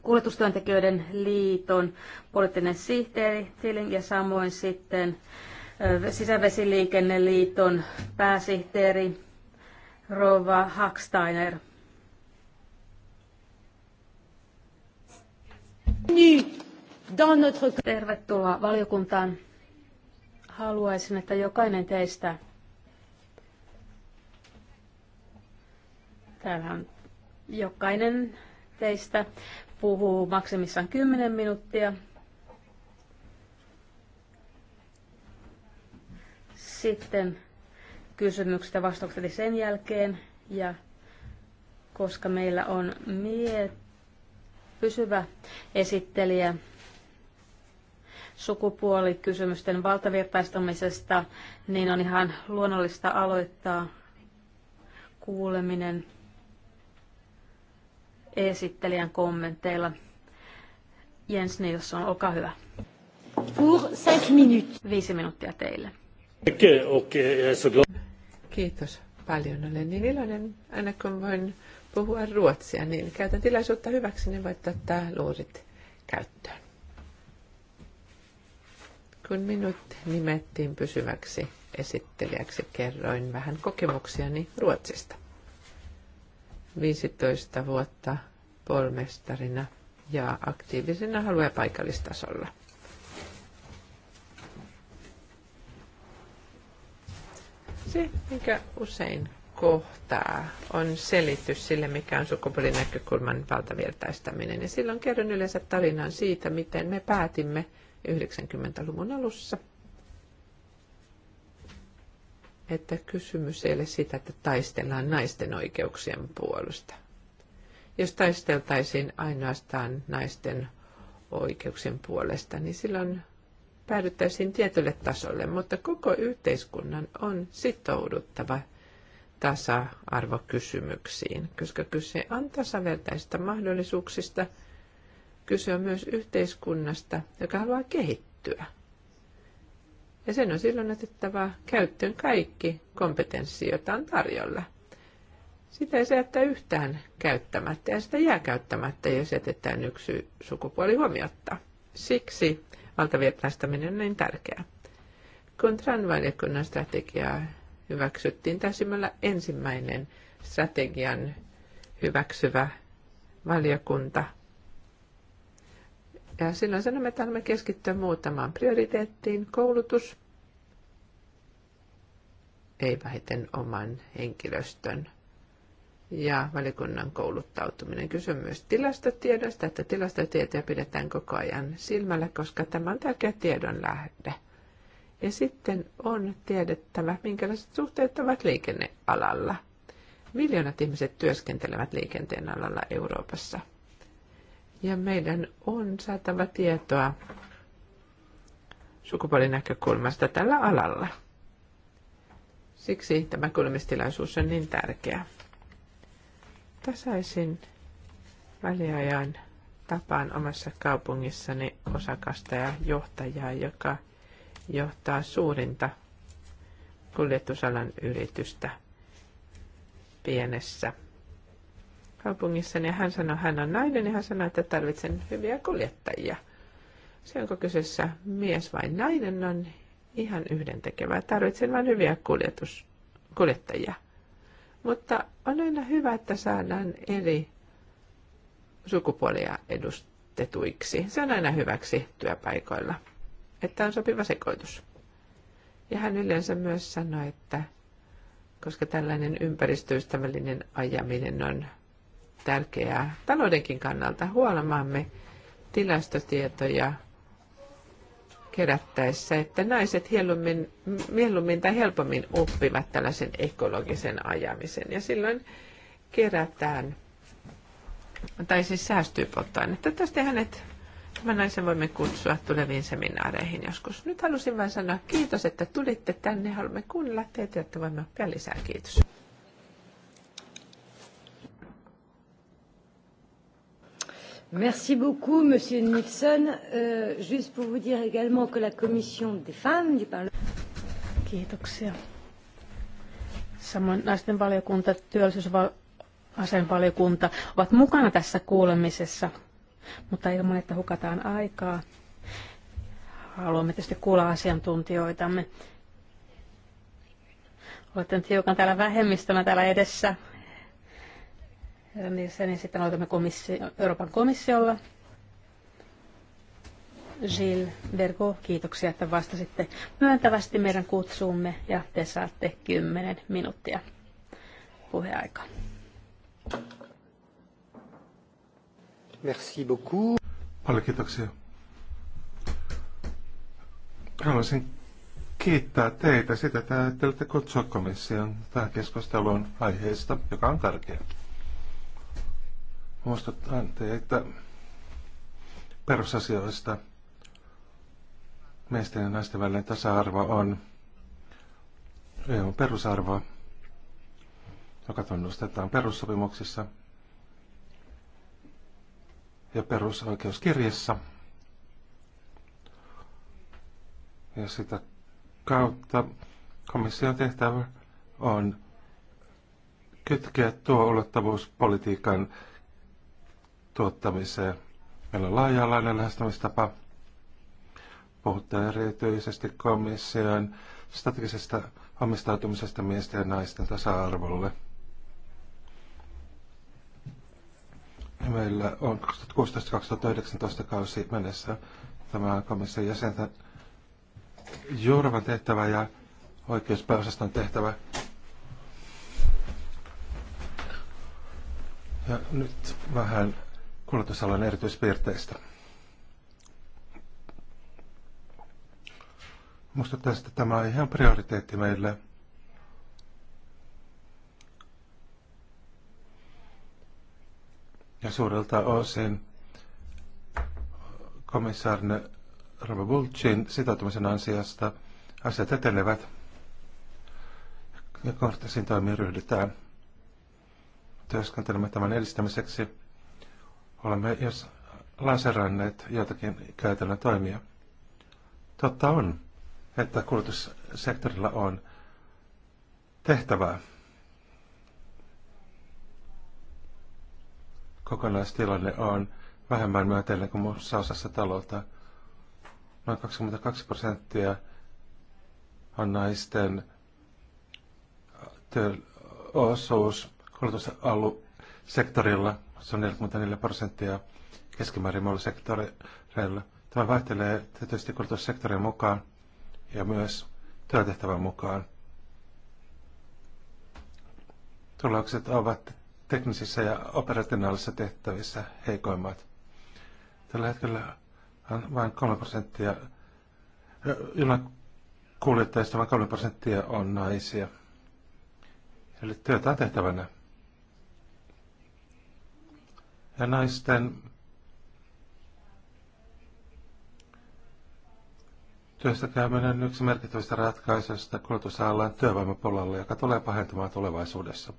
kuljetustyöntekijöiden liiton poliittinen sihteeri Tilling ja samoin sitten sisävesiliikenneliiton pääsihteeri Rova Hacksteiner. Tervetuloa valiokuntaan. Haluaisin, että jokainen teistä Täällä on jokainen teistä puhuu maksimissaan 10 minuuttia. Sitten kysymykset ja vastaukset sen jälkeen. Ja koska meillä on mie- pysyvä esittelijä sukupuolikysymysten valtavirtaistamisesta, niin on ihan luonnollista aloittaa kuuleminen esittelijän kommenteilla. Jens Nilsson, olkaa hyvä. Pour cinq minutes. Viisi minuuttia teille. Okay, okay, so Kiitos paljon. Olen niin iloinen, aina kun voin puhua ruotsia, niin käytän tilaisuutta hyväksi, niin voit ottaa luurit käyttöön. Kun minut nimettiin pysyväksi esittelijäksi, kerroin vähän kokemuksiani Ruotsista. 15 vuotta pormestarina ja aktiivisena alue- paikallistasolla. Se, mikä usein kohtaa, on selitys sille, mikä on sukupuolinäkökulman valtavirtaistaminen. Ja silloin kerron yleensä tarinan siitä, miten me päätimme 90-luvun alussa, että kysymys ei ole sitä, että taistellaan naisten oikeuksien puolusta, jos taisteltaisiin ainoastaan naisten oikeuksien puolesta, niin silloin päädyttäisiin tietylle tasolle, mutta koko yhteiskunnan on sitouduttava tasa-arvokysymyksiin, koska kyse on tasavertaisista mahdollisuuksista. Kyse on myös yhteiskunnasta, joka haluaa kehittyä. Ja sen on silloin otettava käyttöön kaikki kompetenssi, jota on tarjolla – sitä ei se yhtään käyttämättä ja sitä jää käyttämättä, jos jätetään yksi sukupuoli huomiotta. Siksi valtavirtaistaminen on niin tärkeää. Kun transvaliokunnan strategiaa hyväksyttiin, täsimällä ensimmäinen strategian hyväksyvä valiokunta. Ja silloin sanomme, että haluamme keskittyä muutamaan prioriteettiin, koulutus, ei vähiten oman henkilöstön ja valikunnan kouluttautuminen. Kyse myös tilastotiedosta, että tilastotietoja pidetään koko ajan silmällä, koska tämä on tärkeä tiedon lähde. Ja sitten on tiedettävä, minkälaiset suhteet ovat liikennealalla. Miljoonat ihmiset työskentelevät liikenteen alalla Euroopassa. Ja meidän on saatava tietoa sukupuolinäkökulmasta tällä alalla. Siksi tämä kuulemistilaisuus on niin tärkeä tasaisin väliajan tapaan omassa kaupungissani osakasta ja johtajaa, joka johtaa suurinta kuljetusalan yritystä pienessä kaupungissa, niin hän sanoi, hän on nainen, ja hän sanoi, että tarvitsen hyviä kuljettajia. Se, onko kyseessä mies vai nainen, on ihan yhdentekevää. Tarvitsen vain hyviä kuljetus, kuljettajia. Mutta on aina hyvä, että saadaan eri sukupuolia edustetuiksi. Se on aina hyväksi työpaikoilla, että on sopiva sekoitus. Ja hän yleensä myös sanoi, että koska tällainen ympäristöystävällinen ajaminen on tärkeää taloudenkin kannalta, huolemamme tilastotietoja – kerättäessä, että naiset mieluummin, mieluummin tai helpommin oppivat tällaisen ekologisen ajamisen. Ja silloin kerätään, tai siis säästyy polttoainetta. Tästä hänet, tämän naisen voimme kutsua tuleviin seminaareihin joskus. Nyt halusin vain sanoa kiitos, että tulitte tänne. Haluamme kuunnella teitä, että voimme oppia lisää. Kiitos. Merci beaucoup, Monsieur Nixon. Euh, juste pour vous dire également que la Commission des femmes du Parlement... Kiitoksia. Samoin naisten valiokunta, työllisyysasianvaliokunta ovat mukana tässä kuulemisessa, mutta ilman, että hukataan aikaa. Haluamme tietysti kuulla asiantuntijoitamme. Olette nyt hiukan täällä vähemmistönä täällä edessä missä niin sitten aloitamme komissio, Euroopan komissiolla. Gilles Vergo, kiitoksia, että vastasitte myöntävästi meidän kutsuumme ja te saatte 10 minuuttia puheaikaa. Merci beaucoup. Paljon kiitoksia. Haluaisin kiittää teitä sitä, että ajattelitte kutsua komission tähän keskusteluun aiheesta, joka on tärkeä muistuttaa teitä perusasioista. Miesten ja naisten välinen tasa-arvo on EUn perusarvo, joka tunnustetaan perussopimuksissa ja perusoikeuskirjassa. Ja sitä kautta komission tehtävä on kytkeä tuo ulottuvuus politiikan tuottamiseen. Meillä on laaja-alainen lähestymistapa. Puhutaan erityisesti komission strategisesta omistautumisesta miesten ja naisten tasa-arvolle. Meillä on 2016-2019 kausi mennessä tämä komission jäsenten juurevan tehtävä ja oikeuspääosaston tehtävä. Ja nyt vähän kuljetusalan erityispiirteistä. Minusta tästä tämä on ihan prioriteetti meille. Ja suurelta osin komissaarinen Rova Bulcin sitoutumisen ansiosta asiat etenevät ja kohtaisiin toimiin ryhdytään. työskentelemään tämän edistämiseksi. Olemme jos lanseranneet joitakin käytännön toimia. Totta on, että kulutussektorilla on tehtävää. Kokonaistilanne on vähemmän myönteinen kuin muussa osassa taloutta. Noin 22 prosenttia on naisten työ- osuus kulutussektorilla – se on 44 prosenttia keskimäärin muilla sektoreilla. Tämä vaihtelee tietysti kulutussektorin mukaan ja myös työtehtävän mukaan. Tulokset ovat teknisissä ja operationaalisissa tehtävissä heikoimmat. Tällä hetkellä on vain 3 prosenttia, junakuljettajista vain 3 prosenttia on naisia. Eli työtä on tehtävänä ja naisten työstä käyminen yksi merkittävistä ratkaisuista kulutusalan työvoimapolalle, joka tulee pahentumaan tulevaisuudessa.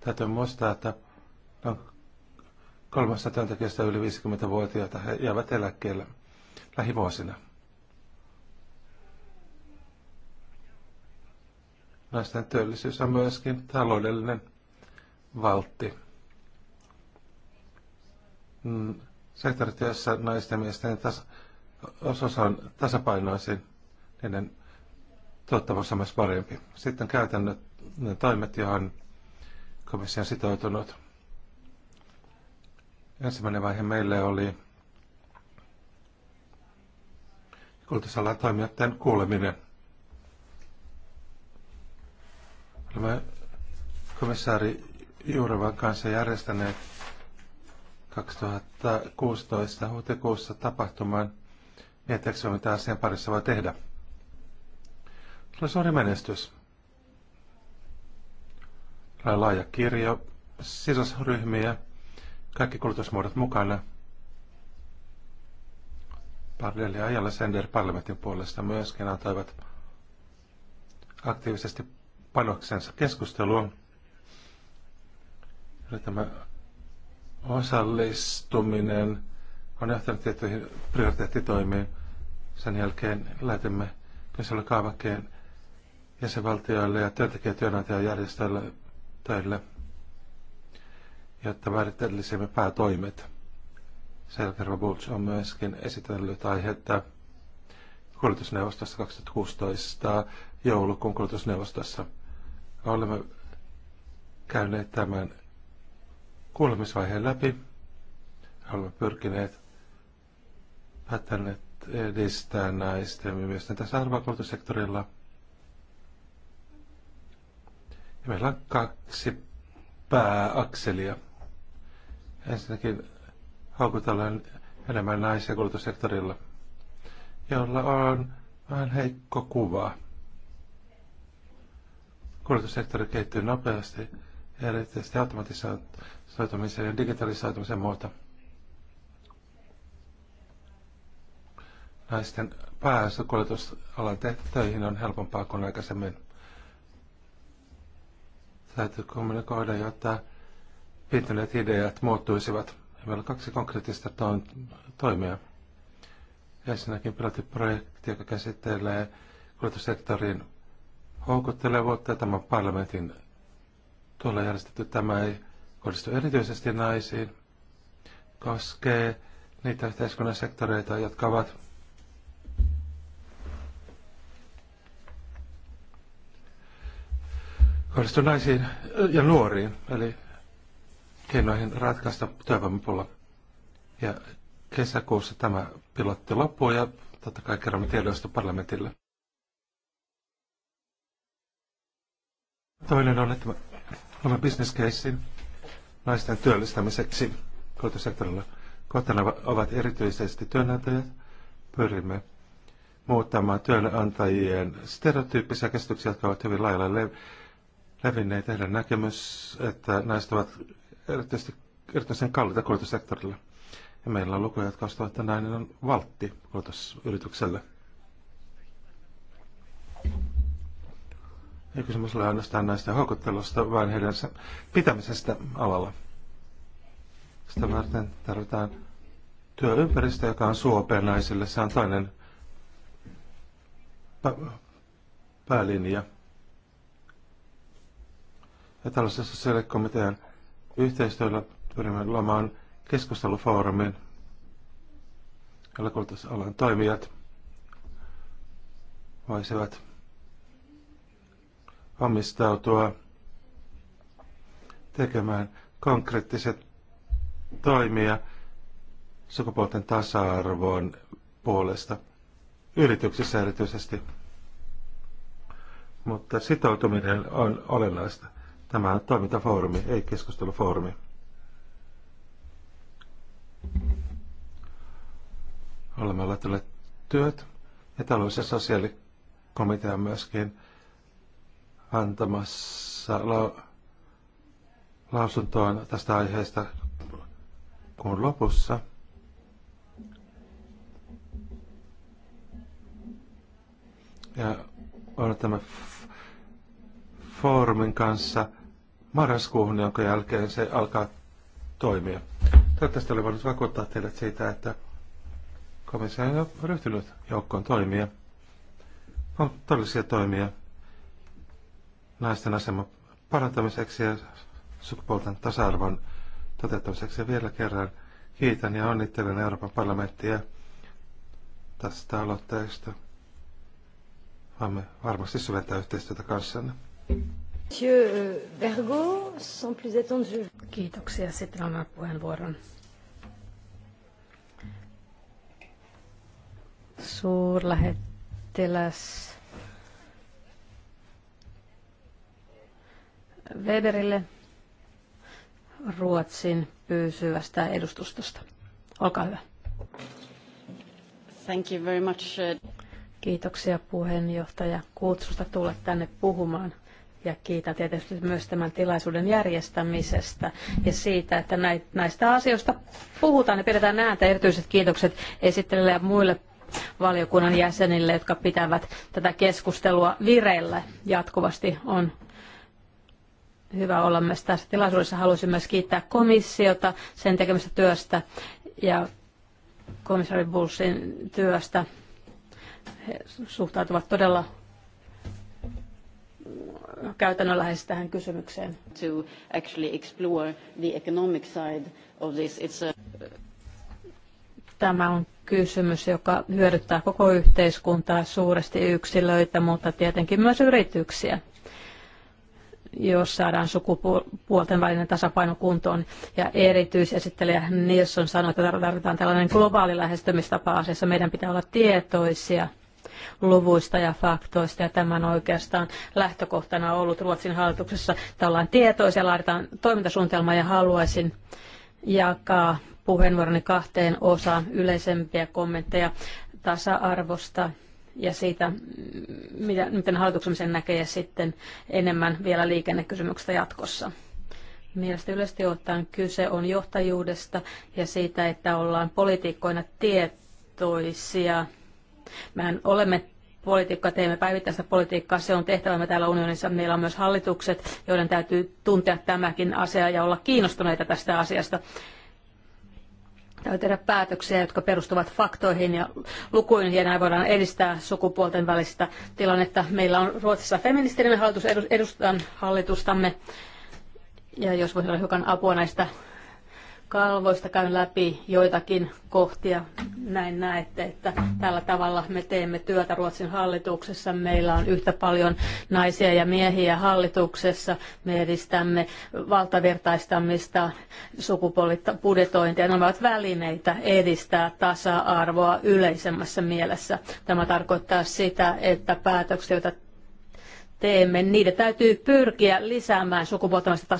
Täytyy muistaa, että no, kolmesta työntekijästä yli 50-vuotiaita he jäävät eläkkeelle lähivuosina. Naisten työllisyys on myöskin taloudellinen valtti. Mm, Sektorit, joissa naisten ja miesten tas- on tasapainoisin, niiden tuottavuus on myös parempi. Sitten käytännön toimet, johon komissio on sitoutunut. Ensimmäinen vaihe meille oli kulutusalan toimijoiden kuuleminen. Olemme komissaari Juurevan kanssa järjestäneet 2016 huhtikuussa tapahtuman se, mitä asian parissa voi tehdä. Se on suuri menestys. on laaja kirjo, sisäsryhmiä, kaikki kulutusmuodot mukana. Pardelli ja Sender parlamentin puolesta myöskin antoivat aktiivisesti panoksensa keskusteluun Eli tämä osallistuminen on johtanut tiettyihin prioriteettitoimiin. Sen jälkeen lähetimme kyseellä kaavakkeen jäsenvaltioille ja työntekijä- työnantajajärjestöille töille, jotta määrittelisimme päätoimet. Selkerva Bulch on myöskin esitellyt aihetta kuljetusneuvostossa 2016 joulukuun kuljetusneuvostossa. Olemme käyneet tämän kuulemisvaiheen läpi. Olemme pyrkineet päättäneet edistää naisten myös tässä arvakoulutussektorilla. Ja meillä on kaksi pääakselia. Ensinnäkin haukutellaan enemmän naisia kulutussektorilla, jolla on vähän heikko kuva. Kulutussektori kehittyy nopeasti erityisesti automatisoitumisen ja digitalisoitumisen muuta. Naisten pääsy kuljetusalan töihin on helpompaa kuin aikaisemmin. Täytyy kommunikoida, jotta pintyneet ideat muuttuisivat. Meillä on kaksi konkreettista to- toimia. Ensinnäkin pilottiprojekti, joka käsittelee kuljetussektorin houkuttelevuutta. ja tämän parlamentin tuolla järjestetty. Tämä ei kohdistu erityisesti naisiin. Koskee niitä yhteiskunnan sektoreita, jotka ovat kohdistu naisiin ja nuoriin, eli keinoihin ratkaista työvoimapulla. Ja kesäkuussa tämä pilotti loppuu ja totta kai kerromme tiedoista parlamentille. Toinen on, että business casein naisten työllistämiseksi koulutussektorilla. Kohtana ovat erityisesti työnantajat. Pyrimme muuttamaan työnantajien stereotyyppisiä käsityksiä, jotka ovat hyvin lailla levinneet levinneitä. Heidän näkemys, että naiset ovat erityisesti, erityisen kalliita koulutussektorilla. Ja meillä on lukuja, jotka ostavat, että nainen on valtti koulutusyritykselle. Ei kysymys ole ainoastaan näistä houkuttelusta, vaan heidän pitämisestä alalla. Sitä varten tarvitaan työympäristö, joka on suopea naisille. Se on toinen pä- päälinja. Ja tällaisen sosiaalikomitean yhteistyöllä pyrimme luomaan keskustelufoorumin, jolla kulttuurialan toimijat voisivat valmistautua tekemään konkreettiset toimia sukupuolten tasa-arvon puolesta, yrityksissä erityisesti. Mutta sitoutuminen on olennaista. Tämä on toimintafoorumi, ei keskustelufoorumi. Olemme aloittaneet työt ja talous- ja sosiaalikomitea myöskin – antamassa la- lausuntoon tästä aiheesta kuun lopussa. Ja f- foorumin kanssa marraskuuhun, jonka jälkeen se alkaa toimia. Toivottavasti olen voinut vakuuttaa teille siitä, että komissio on ryhtynyt joukkoon toimia. On todellisia toimia naisten aseman parantamiseksi ja sukupuolten tasa-arvon toteuttamiseksi. Ja vielä kerran kiitän ja onnittelen Euroopan parlamenttia tästä aloitteesta. Voimme varmasti syventää yhteistyötä kanssanne. Euh, Kiitoksia. Sitten on puheenvuoron. Suurlähettiläs Weberille Ruotsin pysyvästä edustustosta. Olkaa hyvä. Thank you very much. Uh, Kiitoksia puheenjohtaja kutsusta tulla tänne puhumaan ja kiitän tietysti myös tämän tilaisuuden järjestämisestä ja siitä, että näistä asioista puhutaan ja pidetään ääntä. Erityiset kiitokset esittelijälle ja muille valiokunnan jäsenille, jotka pitävät tätä keskustelua vireillä jatkuvasti on hyvä olla myös tässä tilaisuudessa. Haluaisin myös kiittää komissiota sen tekemästä työstä ja komissaari Bullsin työstä. He suhtautuvat todella käytännönläheisesti tähän kysymykseen. To actually explore the economic side of this. It's a... Tämä on kysymys, joka hyödyttää koko yhteiskuntaa, suuresti yksilöitä, mutta tietenkin myös yrityksiä jos saadaan sukupuolten välinen tasapaino kuntoon. Ja erityisesittelijä Nilsson sanoi, että tarvitaan tällainen globaali lähestymistapa asiassa. Meidän pitää olla tietoisia luvuista ja faktoista, ja tämän oikeastaan lähtökohtana on ollut Ruotsin hallituksessa. tällainen tietoisia, laaditaan toimintasuunnitelma, ja haluaisin jakaa puheenvuoroni kahteen osaan yleisempiä kommentteja tasa-arvosta ja siitä, mitä, miten hallituksen sen näkee sitten enemmän vielä liikennekysymyksistä jatkossa. Mielestäni yleisesti ottaen kyse on johtajuudesta ja siitä, että ollaan poliitikkoina tietoisia. Mehän olemme politiikkaa, teemme päivittäistä politiikkaa, se on tehtävämme täällä unionissa. Meillä on myös hallitukset, joiden täytyy tuntea tämäkin asia ja olla kiinnostuneita tästä asiasta täytyy tehdä päätöksiä, jotka perustuvat faktoihin ja lukuihin, ja näin voidaan edistää sukupuolten välistä tilannetta. Meillä on Ruotsissa feministinen hallitus, edustan hallitustamme, ja jos voisi olla hiukan apua näistä kalvoista käyn läpi joitakin kohtia. Näin näette, että tällä tavalla me teemme työtä Ruotsin hallituksessa. Meillä on yhtä paljon naisia ja miehiä hallituksessa. Me edistämme valtavirtaistamista, sukupuolibudjetointia. Nämä ovat välineitä edistää tasa-arvoa yleisemmässä mielessä. Tämä tarkoittaa sitä, että päätökset, joita teemme, niiden täytyy pyrkiä lisäämään sukupuoltamista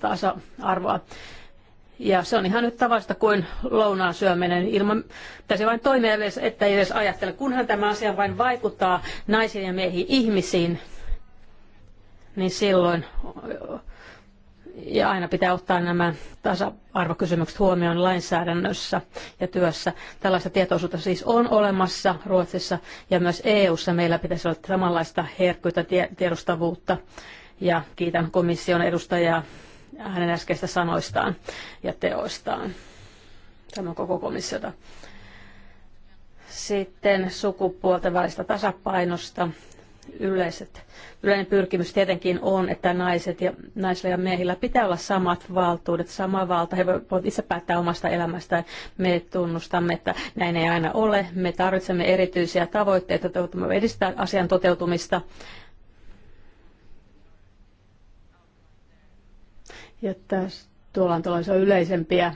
tasa-arvoa ja se on ihan nyt tavallista kuin lounaan syöminen. Ilman, se vain toimii edes, että ei edes ajattele, kunhan tämä asia vain vaikuttaa naisiin ja miehiin ihmisiin, niin silloin ja aina pitää ottaa nämä tasa-arvokysymykset huomioon lainsäädännössä ja työssä. Tällaista tietoisuutta siis on olemassa Ruotsissa ja myös EU:ssa meillä pitäisi olla samanlaista herkkyyttä tiedostavuutta. Ja kiitän komission edustajaa hänen äskeistä sanoistaan ja teoistaan. Tämä koko komissiota. Sitten sukupuolten välistä tasapainosta. Yleiset, yleinen pyrkimys tietenkin on, että naiset ja, naisilla ja miehillä pitää olla samat valtuudet, sama valta. He voivat itse päättää omasta elämästään. Me tunnustamme, että näin ei aina ole. Me tarvitsemme erityisiä tavoitteita, että edistää asian toteutumista Ja tässä tuolla on tällaisia yleisempiä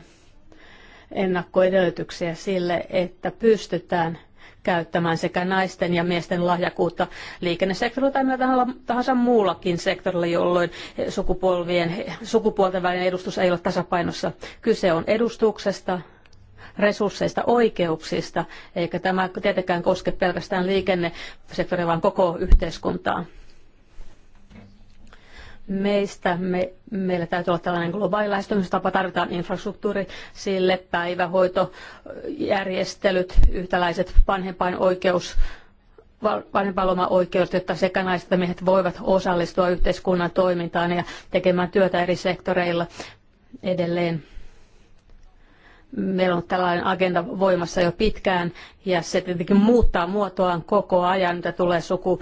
ennakkoedellytyksiä sille, että pystytään käyttämään sekä naisten ja miesten lahjakkuutta liikennesektorilla tai millä tahansa muullakin sektorilla, jolloin sukupolvien, sukupuolten välinen edustus ei ole tasapainossa. Kyse on edustuksesta, resursseista, oikeuksista, eikä tämä tietenkään koske pelkästään liikennesektoria, vaan koko yhteiskuntaa meistä. Me, meillä täytyy olla tällainen globaali lähestymistapa, tarvitaan infrastruktuuri sille, päivähoito, järjestelyt, yhtäläiset vanhempainoikeus, vanhempainlomaoikeudet, jotta sekä naiset että miehet voivat osallistua yhteiskunnan toimintaan ja tekemään työtä eri sektoreilla edelleen. Meillä on tällainen agenda voimassa jo pitkään ja se tietenkin muuttaa muotoaan koko ajan, mitä tulee suku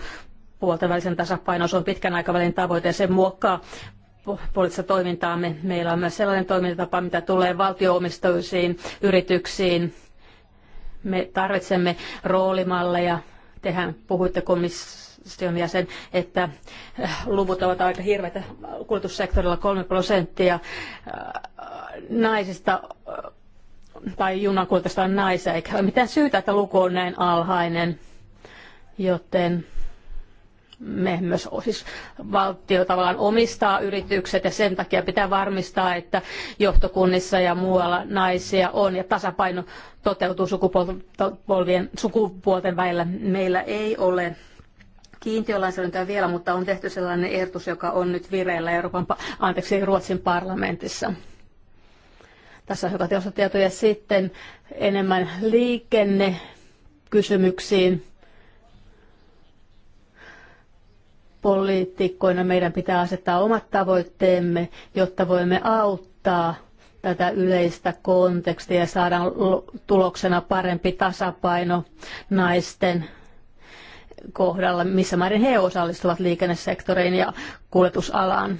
puolten välisen tasapaino on pitkän aikavälin tavoite ja se muokkaa poliittista toimintaamme. Meillä on myös sellainen toimintatapa, mitä tulee valtioomistuksiin, yrityksiin. Me tarvitsemme roolimalleja. Tehän puhuitte komission jäsen, että äh, luvut ovat aika hirveitä. Kulutussektorilla 3 prosenttia äh, naisista äh, tai junankuljetusta on naisia, eikä ole mitään syytä, että luku on näin alhainen. Joten me myös siis valtio tavallaan omistaa yritykset ja sen takia pitää varmistaa, että johtokunnissa ja muualla naisia on ja tasapaino toteutuu sukupolvien, sukupuolten välillä. Meillä ei ole kiintiölainsäädäntöä vielä, mutta on tehty sellainen ehdotus, joka on nyt vireillä Euroopan, anteeksi, Ruotsin parlamentissa. Tässä on hyvä tietoja sitten enemmän liikenne kysymyksiin poliitikkoina meidän pitää asettaa omat tavoitteemme, jotta voimme auttaa tätä yleistä kontekstia ja saada tuloksena parempi tasapaino naisten kohdalla, missä määrin he osallistuvat liikennesektoriin ja kuljetusalaan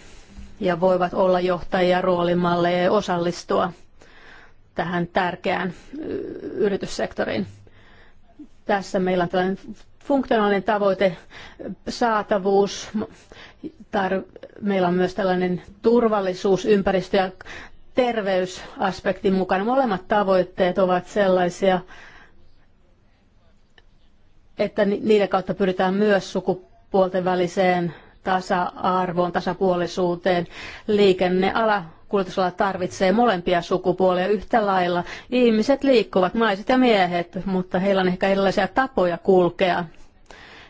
ja voivat olla johtajia roolimalleja ja osallistua tähän tärkeään yrityssektoriin. Tässä meillä on tällainen Funktionaalinen tavoite, saatavuus, tar- meillä on myös tällainen turvallisuus, ympäristö ja terveysaspekti mukana. Molemmat tavoitteet ovat sellaisia, että niiden kautta pyritään myös sukupuolten väliseen tasa-arvoon, tasapuolisuuteen. Liikenneala kuljetusala tarvitsee molempia sukupuolia yhtä lailla. Ihmiset liikkuvat, naiset ja miehet, mutta heillä on ehkä erilaisia tapoja kulkea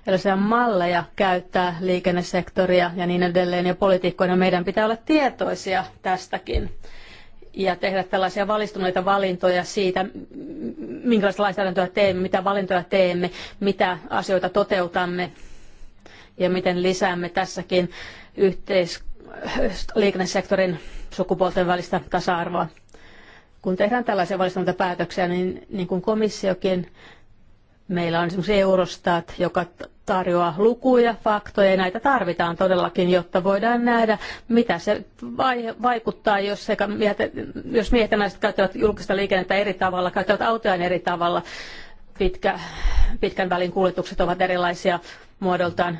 erilaisia malleja käyttää liikennesektoria ja niin edelleen. Ja poliitikkoina meidän pitää olla tietoisia tästäkin ja tehdä tällaisia valistuneita valintoja siitä, minkälaista lainsäädäntöä teemme, mitä valintoja teemme, mitä asioita toteutamme ja miten lisäämme tässäkin yhteis- liikennesektorin sukupuolten välistä tasa-arvoa. Kun tehdään tällaisia valistuneita päätöksiä, niin, niin kuin komissiokin, meillä on esimerkiksi Eurostat, joka tarjoaa lukuja, faktoja, ja näitä tarvitaan todellakin, jotta voidaan nähdä, mitä se vai, vaikuttaa, jos, sekä miehet, jos miehet ja naiset käyttävät julkista liikennettä eri tavalla, käyttävät autojaan eri tavalla, pitkä, pitkän välin kuljetukset ovat erilaisia muodoltaan.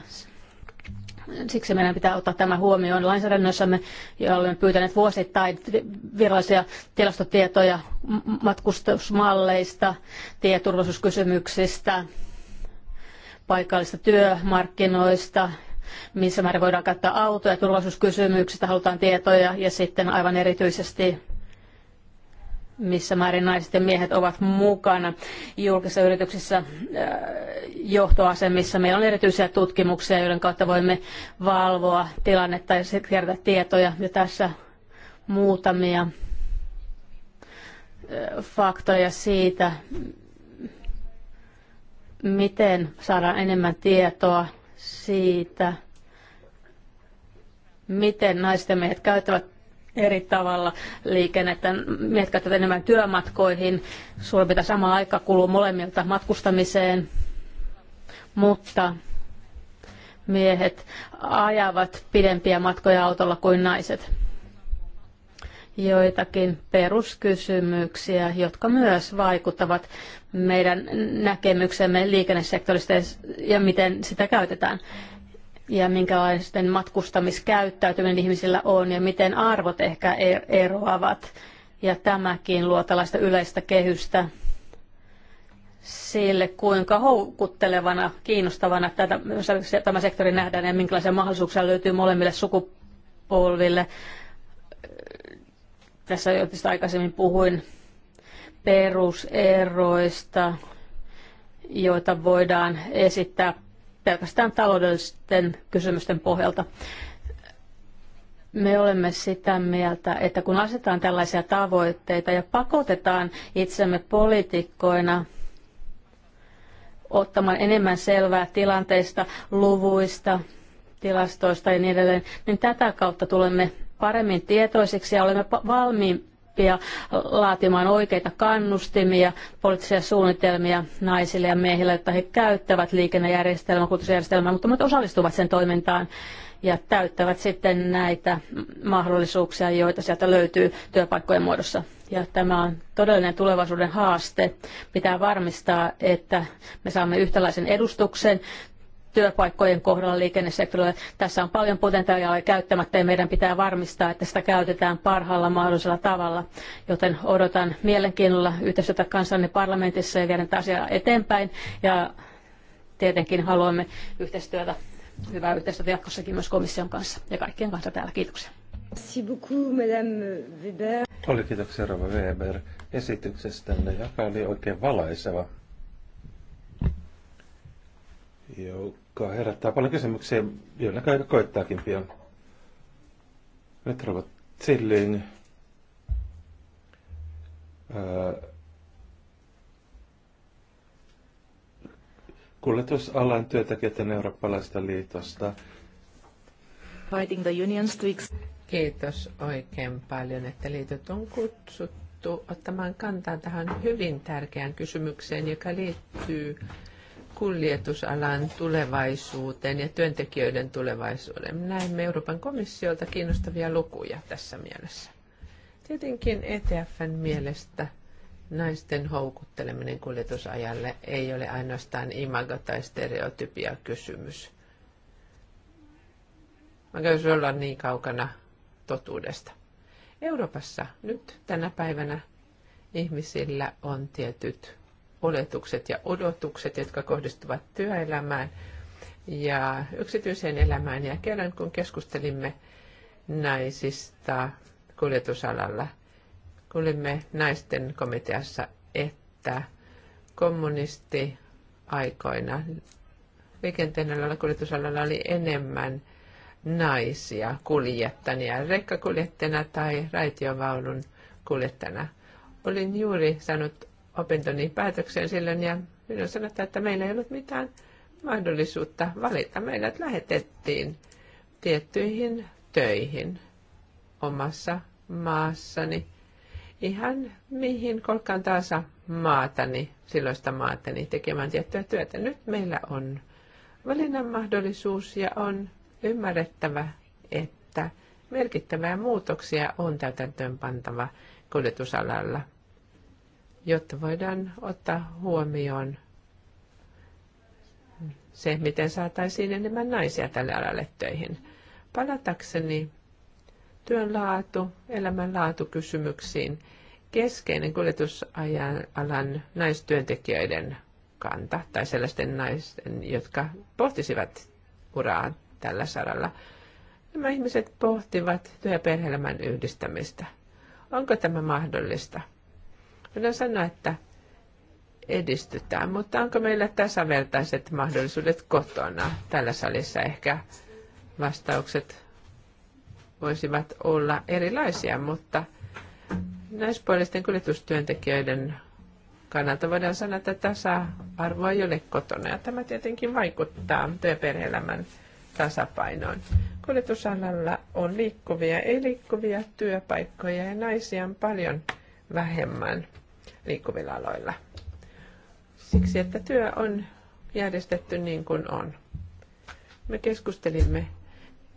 Siksi meidän pitää ottaa tämä huomioon lainsäädännössämme ja olemme pyytäneet vuosittain virallisia tilastotietoja matkustusmalleista, tieturvallisuuskysymyksistä, paikallista työmarkkinoista, missä määrin voidaan käyttää autoja, turvallisuuskysymyksistä halutaan tietoja ja sitten aivan erityisesti missä määrin naiset ja miehet ovat mukana julkisissa yrityksissä äh, johtoasemissa. Meillä on erityisiä tutkimuksia, joiden kautta voimme valvoa tilannetta ja sitten kerätä tietoja. Ja tässä muutamia äh, faktoja siitä, miten saadaan enemmän tietoa siitä, miten naiset ja miehet käyttävät eri tavalla liikennettä, mietkäyttävät enemmän työmatkoihin, sulla pitää sama aika kuluu molemmilta matkustamiseen, mutta miehet ajavat pidempiä matkoja autolla kuin naiset. Joitakin peruskysymyksiä, jotka myös vaikuttavat meidän näkemyksemme liikennesektorista ja miten sitä käytetään ja minkälaisten matkustamiskäyttäytyminen ihmisillä on ja miten arvot ehkä e- eroavat. Ja tämäkin luo tällaista yleistä kehystä sille, kuinka houkuttelevana, kiinnostavana tätä, tämä sektori nähdään ja minkälaisia mahdollisuuksia löytyy molemmille sukupolville. Tässä jo aikaisemmin puhuin peruseroista, joita voidaan esittää pelkästään taloudellisten kysymysten pohjalta. Me olemme sitä mieltä, että kun asetetaan tällaisia tavoitteita ja pakotetaan itsemme poliitikkoina ottamaan enemmän selvää tilanteista, luvuista, tilastoista ja niin edelleen, niin tätä kautta tulemme paremmin tietoisiksi ja olemme valmiin, oppia laatimaan oikeita kannustimia, poliittisia suunnitelmia naisille ja miehille, että he käyttävät liikennejärjestelmää, kulttuurijärjestelmää, mutta myös osallistuvat sen toimintaan ja täyttävät sitten näitä mahdollisuuksia, joita sieltä löytyy työpaikkojen muodossa. Ja tämä on todellinen tulevaisuuden haaste. Pitää varmistaa, että me saamme yhtäläisen edustuksen työpaikkojen kohdalla liikennesektorilla. Tässä on paljon potentiaalia käyttämättä ja meidän pitää varmistaa, että sitä käytetään parhaalla mahdollisella tavalla. Joten odotan mielenkiinnolla yhteistyötä kanssanne parlamentissa ja viedän tätä asiaa eteenpäin. Ja tietenkin haluamme yhteistyötä, hyvää yhteistyötä jatkossakin myös komission kanssa ja kaikkien kanssa täällä. Kiitoksia. Merci beaucoup, Madame Weber. Paljon kiitoksia, Rova Weber, esityksestänne, joka oli oikein valaiseva. Joo, joka herättää paljon kysymyksiä, joiden aika koittaakin pian. Nyt Robert Zilling. Öö, kuljetusalan työntekijöiden eurooppalaisesta liitosta. Fighting the union to Kiitos oikein paljon, että liitot on kutsuttu ottamaan kantaa tähän hyvin tärkeään kysymykseen, joka liittyy kuljetusalan tulevaisuuteen ja työntekijöiden tulevaisuuteen. Näemme Euroopan komissiolta kiinnostavia lukuja tässä mielessä. Tietenkin ETFn mielestä naisten houkutteleminen kuljetusajalle ei ole ainoastaan imago- tai stereotypia kysymys. Mä käyn olla niin kaukana totuudesta. Euroopassa nyt tänä päivänä ihmisillä on tietyt oletukset ja odotukset, jotka kohdistuvat työelämään ja yksityiseen elämään. Ja kerran kun keskustelimme naisista kuljetusalalla, kuulimme naisten komiteassa, että kommunisti aikoina liikenteen alalla kuljetusalalla oli enemmän naisia kuljettajia, rekkakuljettajana tai raitiovaunun kuljettajana. Olin juuri saanut opintoni päätökseen silloin ja minun sanotaan, että meillä ei ollut mitään mahdollisuutta valita. Meidät lähetettiin tiettyihin töihin omassa maassani. Ihan mihin kolkaan taas maatani, silloista maatani tekemään tiettyä työtä. Nyt meillä on valinnan mahdollisuus ja on ymmärrettävä, että merkittäviä muutoksia on täytäntöön pantava kuljetusalalla jotta voidaan ottaa huomioon se, miten saataisiin enemmän naisia tälle alalle töihin. Palatakseni työn laatu, kysymyksiin, keskeinen alan naistyöntekijöiden kanta tai sellaisten naisten, jotka pohtisivat uraa tällä saralla. Nämä ihmiset pohtivat työ- ja perhe yhdistämistä. Onko tämä mahdollista? Minä sanoa, että edistytään, mutta onko meillä tasavertaiset mahdollisuudet kotona? Tällä salissa ehkä vastaukset voisivat olla erilaisia, mutta naispuolisten kuljetustyöntekijöiden kannalta voidaan sanoa, että tasa-arvo ei ole kotona. Ja tämä tietenkin vaikuttaa työperheelämän tasapainoon. Kuljetusalalla on liikkuvia ja ei-liikkuvia työpaikkoja ja naisia on paljon vähemmän liikkuvilla aloilla. Siksi, että työ on järjestetty niin kuin on. Me keskustelimme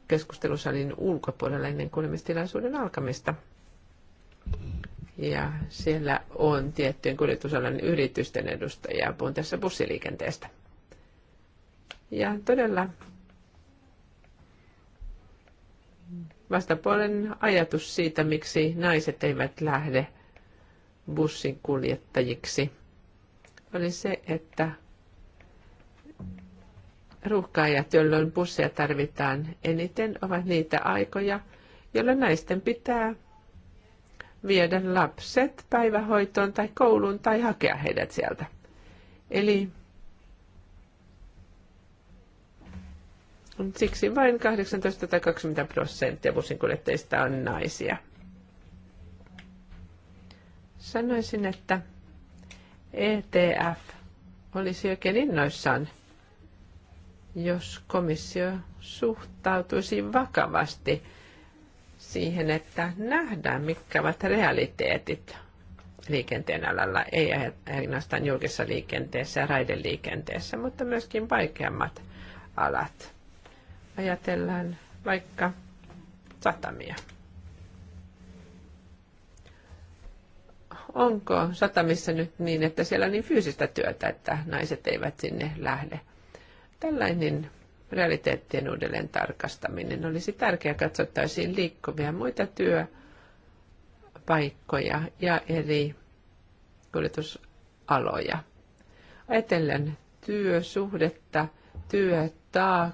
keskustelusalin ulkopuolella ennen kuulemistilaisuuden alkamista. Ja siellä on tiettyjen kuljetusalan yritysten edustajia. Puhun tässä bussiliikenteestä. Ja todella vastapuolen ajatus siitä, miksi naiset eivät lähde – bussin kuljettajiksi, oli se, että ruuhkaajat, jolloin busseja tarvitaan eniten, ovat niitä aikoja, jolloin naisten pitää viedä lapset päivähoitoon tai kouluun tai hakea heidät sieltä. Eli siksi vain 18 tai 20 prosenttia bussinkuljettajista on naisia. Sanoisin, että ETF olisi oikein innoissaan, jos komissio suhtautuisi vakavasti siihen, että nähdään, mitkä ovat realiteetit liikenteen alalla, ei ainoastaan julkisessa liikenteessä ja raideliikenteessä, mutta myöskin vaikeammat alat. Ajatellaan vaikka satamia. Onko satamissa nyt niin, että siellä on niin fyysistä työtä, että naiset eivät sinne lähde? Tällainen realiteettien uudelleen tarkastaminen olisi tärkeää katsottaisiin liikkuvia muita työpaikkoja ja eri kuljetusaloja. Ajatellen työsuhdetta, työtaakkaa,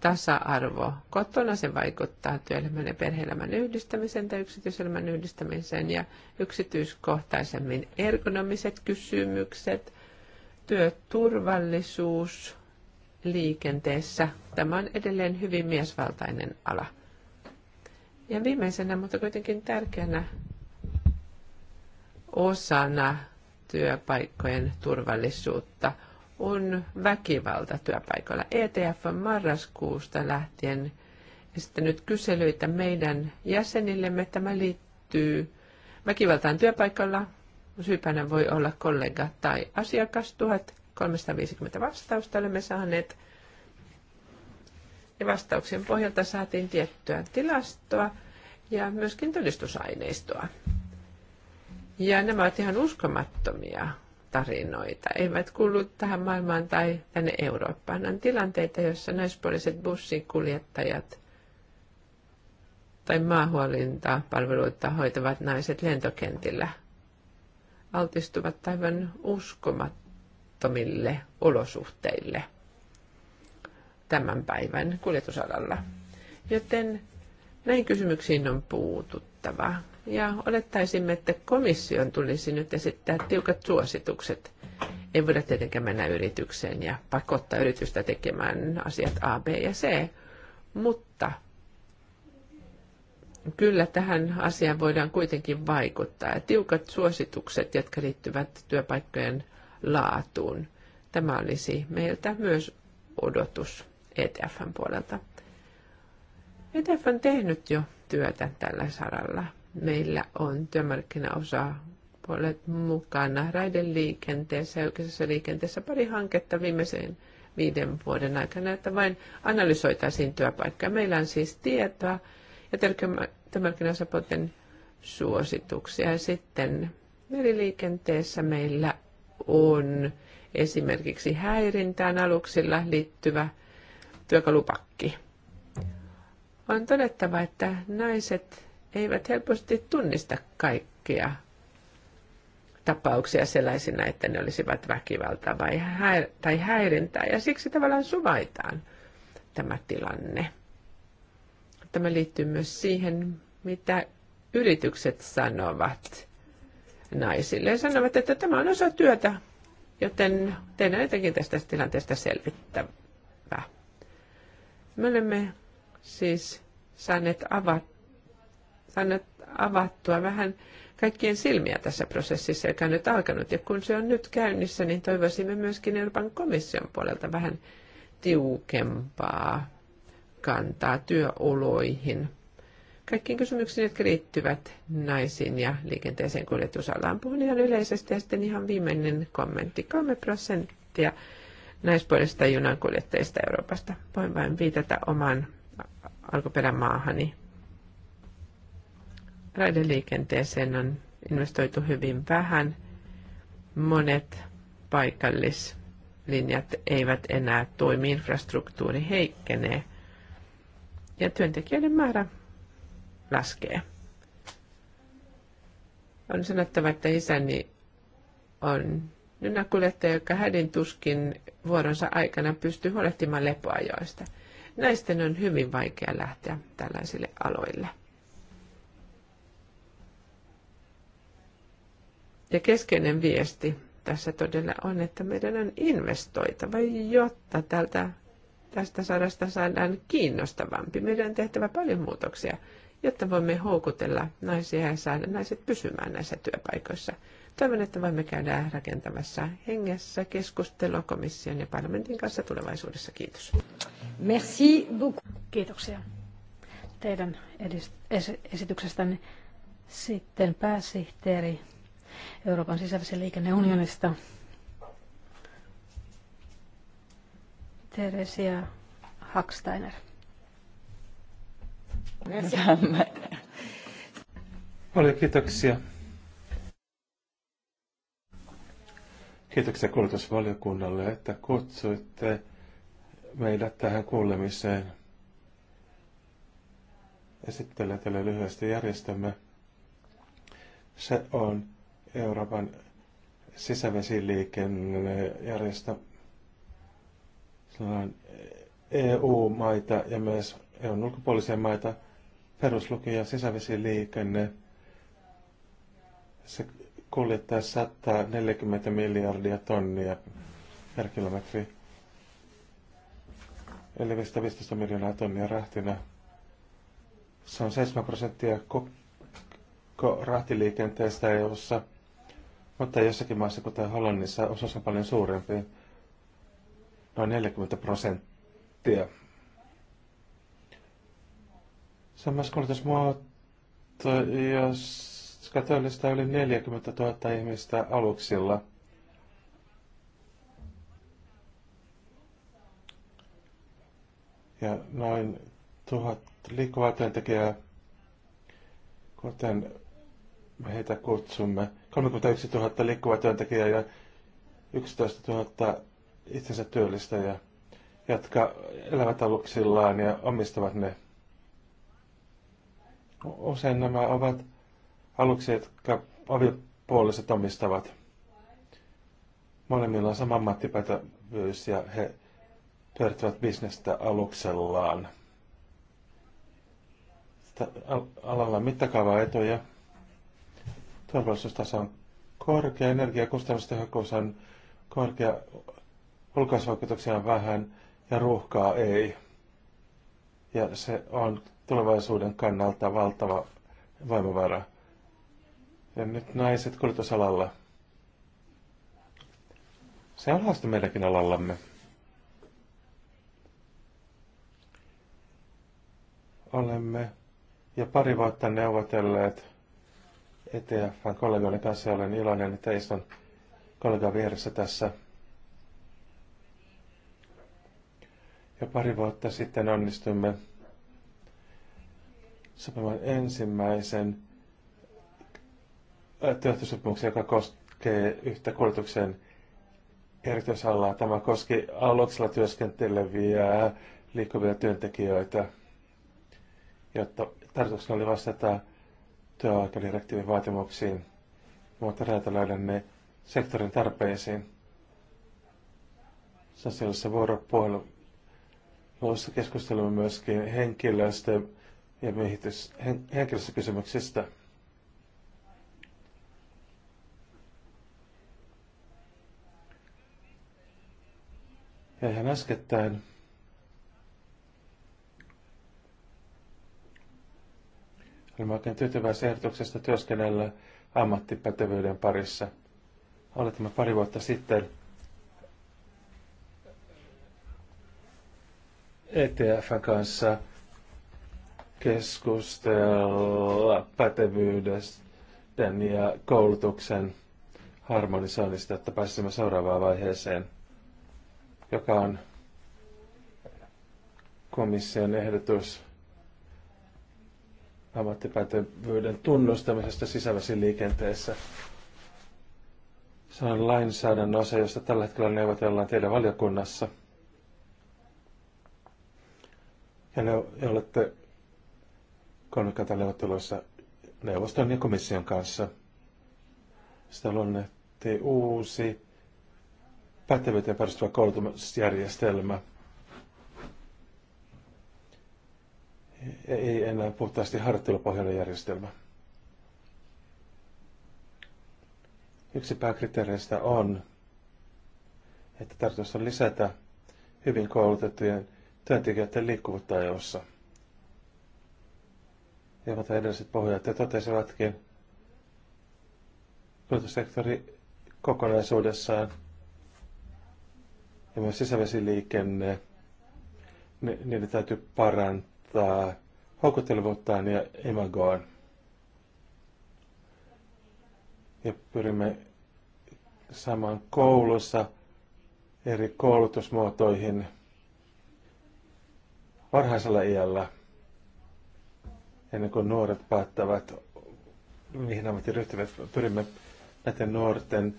tasa-arvo kotona, se vaikuttaa työelämän ja perheelämän yhdistämiseen tai yksityiselämän yhdistämiseen ja yksityiskohtaisemmin ergonomiset kysymykset, työturvallisuus liikenteessä. Tämä on edelleen hyvin miesvaltainen ala. Ja viimeisenä, mutta kuitenkin tärkeänä osana työpaikkojen turvallisuutta – on väkivalta työpaikalla. ETF on marraskuusta lähtien esittänyt kyselyitä meidän jäsenillemme. Tämä liittyy väkivaltaan työpaikalla. Syypänä voi olla kollega tai asiakas. 1350 vastausta olemme saaneet. Ja vastauksien pohjalta saatiin tiettyä tilastoa ja myöskin todistusaineistoa. Ja nämä ovat ihan uskomattomia tarinoita. Eivät kuulu tähän maailmaan tai tänne Eurooppaan. On tilanteita, joissa naispuoliset bussikuljettajat tai maahuolintapalveluita hoitavat naiset lentokentillä altistuvat aivan uskomattomille olosuhteille tämän päivän kuljetusalalla. Joten näin kysymyksiin on puututtava. Ja olettaisimme, että komission tulisi nyt esittää tiukat suositukset. Ei voida tietenkään mennä yritykseen ja pakottaa yritystä tekemään asiat A, B ja C, mutta kyllä tähän asiaan voidaan kuitenkin vaikuttaa. Ja tiukat suositukset, jotka liittyvät työpaikkojen laatuun. Tämä olisi meiltä myös odotus ETFn puolelta. ETF on tehnyt jo työtä tällä saralla meillä on työmarkkinaosa puolet mukana raideliikenteessä ja julkisessa liikenteessä pari hanketta viimeisen viiden vuoden aikana, että vain analysoitaisiin työpaikkaa. Meillä on siis tietoa ja työmarkkinaosapuolten suosituksia. Ja sitten meriliikenteessä meillä on esimerkiksi häirintään aluksilla liittyvä työkalupakki. On todettava, että naiset eivät helposti tunnista kaikkia tapauksia sellaisina, että ne olisivat väkivaltaa vai häir- tai häirintää, ja siksi tavallaan suvaitaan tämä tilanne. Tämä liittyy myös siihen, mitä yritykset sanovat naisille. Ja sanovat, että tämä on osa työtä, joten teidän jotenkin tästä tilanteesta selvittävä. Me olemme siis saaneet avata saanut avattua vähän kaikkien silmiä tässä prosessissa, joka on nyt alkanut. Ja kun se on nyt käynnissä, niin toivoisimme myöskin Euroopan komission puolelta vähän tiukempaa kantaa työoloihin. Kaikkiin kysymyksiin, jotka liittyvät naisiin ja liikenteeseen kuljetusalaan. Puhun ihan yleisesti ja sitten ihan viimeinen kommentti. 3 prosenttia naispuolista junankuljettajista Euroopasta. Voin vain viitata oman alkuperämaahani Raideliikenteeseen on investoitu hyvin vähän. Monet paikallislinjat eivät enää toimi, infrastruktuuri heikkenee ja työntekijöiden määrä laskee. On sanottava, että isäni on nynäkuljettaja, joka hädin tuskin vuoronsa aikana pystyy huolehtimaan lepoajoista. Naisten on hyvin vaikea lähteä tällaisille aloille. Ja keskeinen viesti tässä todella on, että meidän on investoitava, jotta tältä, tästä sarasta saadaan kiinnostavampi. Meidän on tehtävä paljon muutoksia, jotta voimme houkutella naisia ja saada naiset pysymään näissä työpaikoissa. Toivon, että voimme käydä rakentavassa hengessä keskustelua komission ja parlamentin kanssa tulevaisuudessa. Kiitos. Merci beaucoup. Kiitoksia teidän esityksestänne. Sitten pääsihteeri Euroopan sisäisen liikenneunionista. Teresia Haksteiner. Paljon kiitoksia. Kiitoksia koulutusvaliokunnalle, että kutsuitte meidät tähän kuulemiseen. Esittelen teille lyhyesti järjestämme. Se on Euroopan sisävesiliikennejärjestö. Sillä EU-maita ja myös EUn ulkopuolisia maita, perusluki- ja sisävesiliikenne. Se kuljettaa 140 miljardia tonnia per kilometri. Eli 15 miljoonaa tonnia rahtina. Se on 7 prosenttia koko rahtiliikenteestä EUssa. Mutta jossakin maassa, kuten Hollannissa, osassa on paljon suurempi, noin 40 prosenttia. Samassa on myös koulutusmuoto, yli 40 000 ihmistä aluksilla. Ja noin tuhat liikkuvaa työntekijää, kuten me heitä kutsumme, 31 000 liikkuvaa työntekijää ja 11 000 itsensä työllistäjää, jotka elävät aluksillaan ja omistavat ne. Usein nämä ovat aluksia, jotka aviopuoliset omistavat. Molemmilla on sama ammattipätevyys ja he pyörittävät bisnestä aluksellaan. Alalla mittakaava etuja turvallisuustaso on korkea, energiakustannustehokkuus on korkea, ulkoisvaikutuksia on vähän ja ruuhkaa ei. Ja se on tulevaisuuden kannalta valtava voimavara. Ja nyt naiset kuljetusalalla. Se on haaste meidänkin alallamme. Olemme jo pari vuotta neuvotelleet ETFn kollegoiden kanssa. Olen iloinen, että istun kollegan vieressä tässä. Jo pari vuotta sitten onnistumme sopimaan ensimmäisen työhtösopimuksen, joka koskee yhtä kuljetuksen erityisalaa. Tämä koski aluksella työskenteleviä liikkuvia työntekijöitä, jotta tarkoituksena oli vastata työaikadirektiivin vaatimuksiin, mutta räätälöidä ne sektorin tarpeisiin. Sosiaalisessa vuoropuhelussa keskustelemme myöskin henkilöstö- ja miehitys, hen, henkilöstökysymyksistä. Ja ihan äskettäin Ilmoitin oikein ehdotuksesta työskennellä ammattipätevyyden parissa. Aloitimme pari vuotta sitten ETFn kanssa keskustella pätevyyden ja koulutuksen harmonisoinnista, että pääsemme seuraavaan vaiheeseen, joka on komission ehdotus ammattipätevyyden tunnustamisesta sisävesiliikenteessä. Se on lainsäädännön osa, josta tällä hetkellä neuvotellaan teidän valiokunnassa. Ja ne olette kolmikantaneuvotteluissa neuvoston ja komission kanssa. Sitä luonnettiin uusi pätevyyteen perustuva koulutusjärjestelmä – ei enää puhtaasti harjoittelupohjainen järjestelmä. Yksi pääkriteereistä on, että tarkoitus on lisätä hyvin koulutettujen työntekijöiden liikkuvuutta ajoissa. E ja mitä edelliset pohjat ja totesivatkin, kulutussektori kokonaisuudessaan ja myös sisävesiliikenne, niiden täytyy parantaa parantaa houkuttelevuuttaan ja imagoon. Ja pyrimme saman koulussa eri koulutusmuotoihin varhaisella iällä, ennen kuin nuoret päättävät, mihin ammatin ryhtyvät. Pyrimme näiden nuorten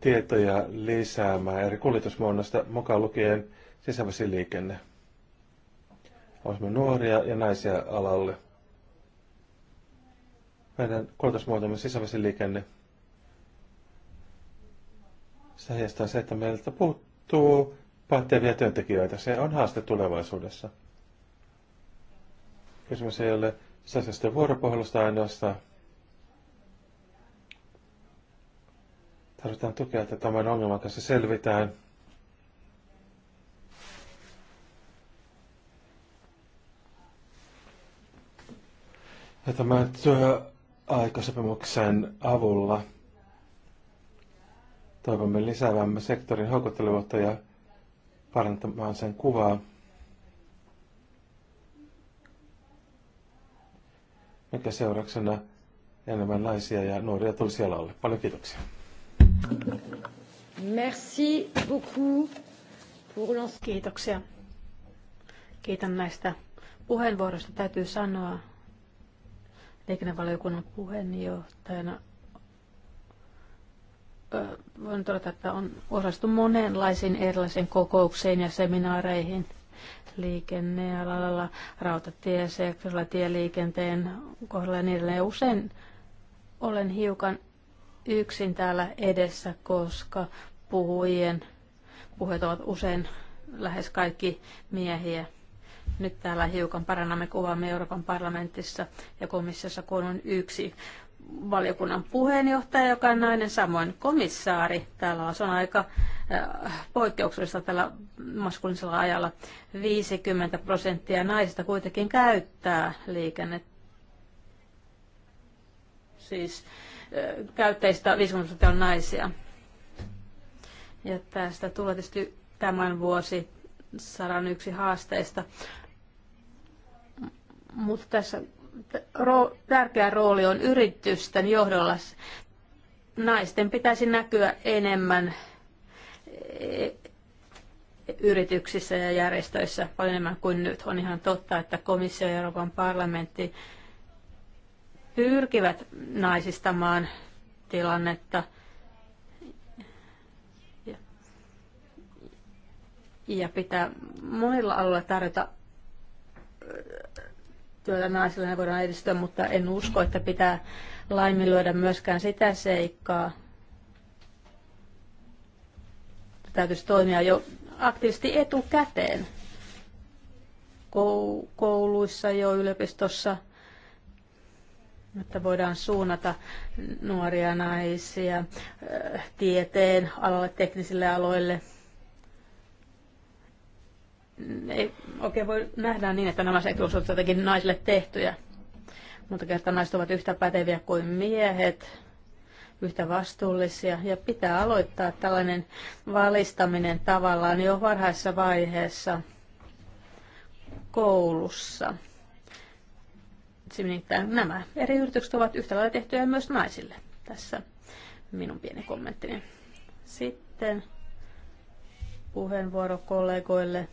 tietoja lisäämään eri kuljetusmuodosta mukaan lukien sisävesiliikenne. liikenne. Olisimme nuoria ja naisia alalle. Meidän kulutusmuotomme sisävesiliikenne. Se heijastaa se, että meiltä puuttuu päteviä työntekijöitä. Se on haaste tulevaisuudessa. Kysymys ei ole sisäisestä vuoropuhelusta ainoastaan. Tarvitaan tukea, että tämän ongelman kanssa selvitään. Ja tämän työaikasopimuksen avulla toivomme lisäävämme sektorin houkuttelevuutta ja parantamaan sen kuvaa. mikä seurauksena enemmän naisia ja nuoria tulisi alalle. Paljon kiitoksia. Merci beaucoup pour Kiitoksia. Kiitän näistä puheenvuoroista. Täytyy sanoa, liikennevaliokunnan puheenjohtajana voin todeta, että on osastu monenlaisiin erilaisiin kokouksiin ja seminaareihin liikennealalla, rautatiesektorilla, tieliikenteen kohdalla ja niin edelleen. Usein olen hiukan yksin täällä edessä, koska puhujien puheet ovat usein lähes kaikki miehiä. Nyt täällä hiukan parannamme kuvaamme Euroopan parlamentissa ja komissiossa, kun on yksi valiokunnan puheenjohtaja, joka on nainen, samoin komissaari. Täällä on aika äh, poikkeuksellista tällä maskulinisella ajalla. 50 prosenttia naisista kuitenkin käyttää liikennettä. Siis äh, käyttäjistä 50 prosenttia on naisia. Ja tästä tulee tietysti tämän vuosi 101 haasteista mutta tässä tärkeä rooli on yritysten johdolla. Naisten pitäisi näkyä enemmän e, yrityksissä ja järjestöissä paljon enemmän kuin nyt. On ihan totta, että komissio ja Euroopan parlamentti pyrkivät naisistamaan tilannetta. Ja pitää monilla alueilla tarjota naisilla ne voidaan edistää, mutta en usko, että pitää laiminlyödä myöskään sitä seikkaa. Täytyisi toimia jo aktiivisesti etukäteen kouluissa jo yliopistossa, että voidaan suunnata nuoria naisia äh, tieteen alalle, teknisille aloille – ei oikein voi nähdä niin, että nämä seksuaalisuudet ovat jotenkin naisille tehtyjä. Mutta kertaa naiset ovat yhtä päteviä kuin miehet, yhtä vastuullisia ja pitää aloittaa tällainen valistaminen tavallaan jo varhaisessa vaiheessa koulussa. Nimittäin nämä eri yritykset ovat yhtä lailla tehtyjä myös naisille. Tässä minun pieni kommenttini. Sitten puheenvuoro kollegoille.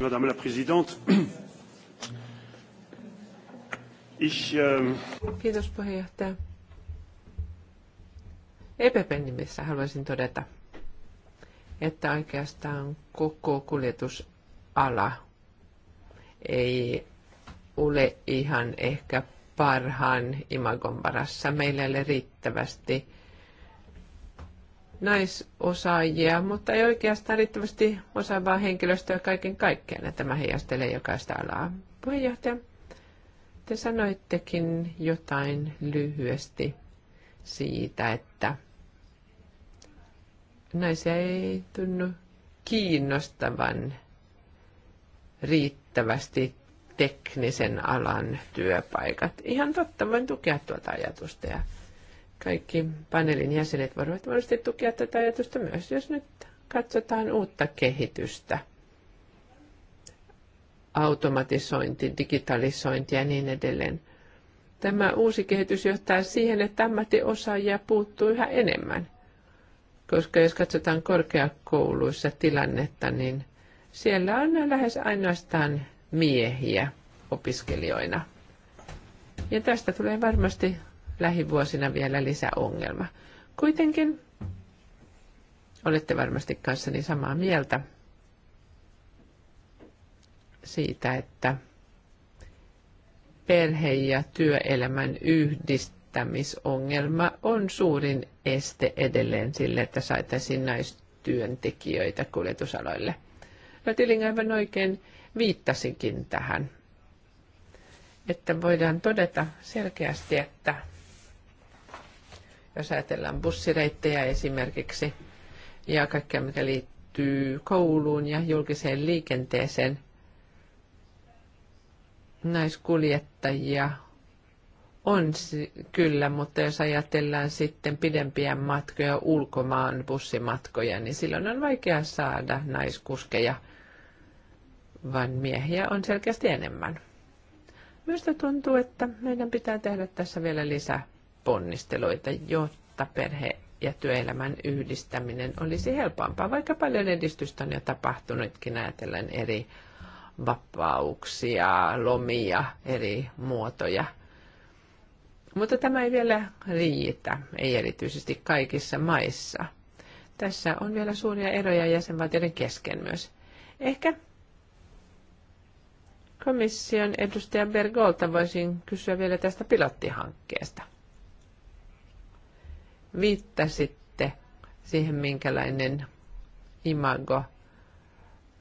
Madame la présidente. Ich, ähm... Kiitos puheenjohtaja. EPPn nimessä haluaisin todeta, että oikeastaan koko kuljetusala ei ole ihan ehkä parhaan imagon varassa. Meillä ei ole riittävästi naisosaajia, mutta ei oikeastaan riittävästi osaavaa henkilöstöä kaiken kaikkiaan, ja tämä heijastelee jokaista alaa. Puheenjohtaja, te sanoittekin jotain lyhyesti siitä, että naisia ei tunnu kiinnostavan riittävästi teknisen alan työpaikat. Ihan totta, voin tukea tuota ajatusta ja kaikki paneelin jäsenet voivat varmasti tukea tätä ajatusta myös, jos nyt katsotaan uutta kehitystä. Automatisointi, digitalisointi ja niin edelleen. Tämä uusi kehitys johtaa siihen, että ammattiosaajia puuttuu yhä enemmän. Koska jos katsotaan korkeakouluissa tilannetta, niin siellä on lähes ainoastaan miehiä opiskelijoina. Ja tästä tulee varmasti lähivuosina vielä lisäongelma. Kuitenkin olette varmasti kanssani samaa mieltä siitä, että perhe- ja työelämän yhdistämisongelma on suurin este edelleen sille, että saataisiin naistyöntekijöitä kuljetusaloille. tilin aivan oikein viittasinkin tähän, että voidaan todeta selkeästi, että jos ajatellaan bussireittejä esimerkiksi ja kaikkea, mikä liittyy kouluun ja julkiseen liikenteeseen. Naiskuljettajia on kyllä, mutta jos ajatellaan sitten pidempiä matkoja ulkomaan bussimatkoja, niin silloin on vaikea saada naiskuskeja, vaan miehiä on selkeästi enemmän. Minusta tuntuu, että meidän pitää tehdä tässä vielä lisää ponnisteluita, jotta perhe- ja työelämän yhdistäminen olisi helpompaa, vaikka paljon edistystä on jo tapahtunutkin ajatellen eri vapauksia, lomia, eri muotoja. Mutta tämä ei vielä riitä, ei erityisesti kaikissa maissa. Tässä on vielä suuria eroja jäsenvaltioiden kesken myös. Ehkä komission edustaja Bergolta voisin kysyä vielä tästä pilottihankkeesta viittasitte siihen, minkälainen imago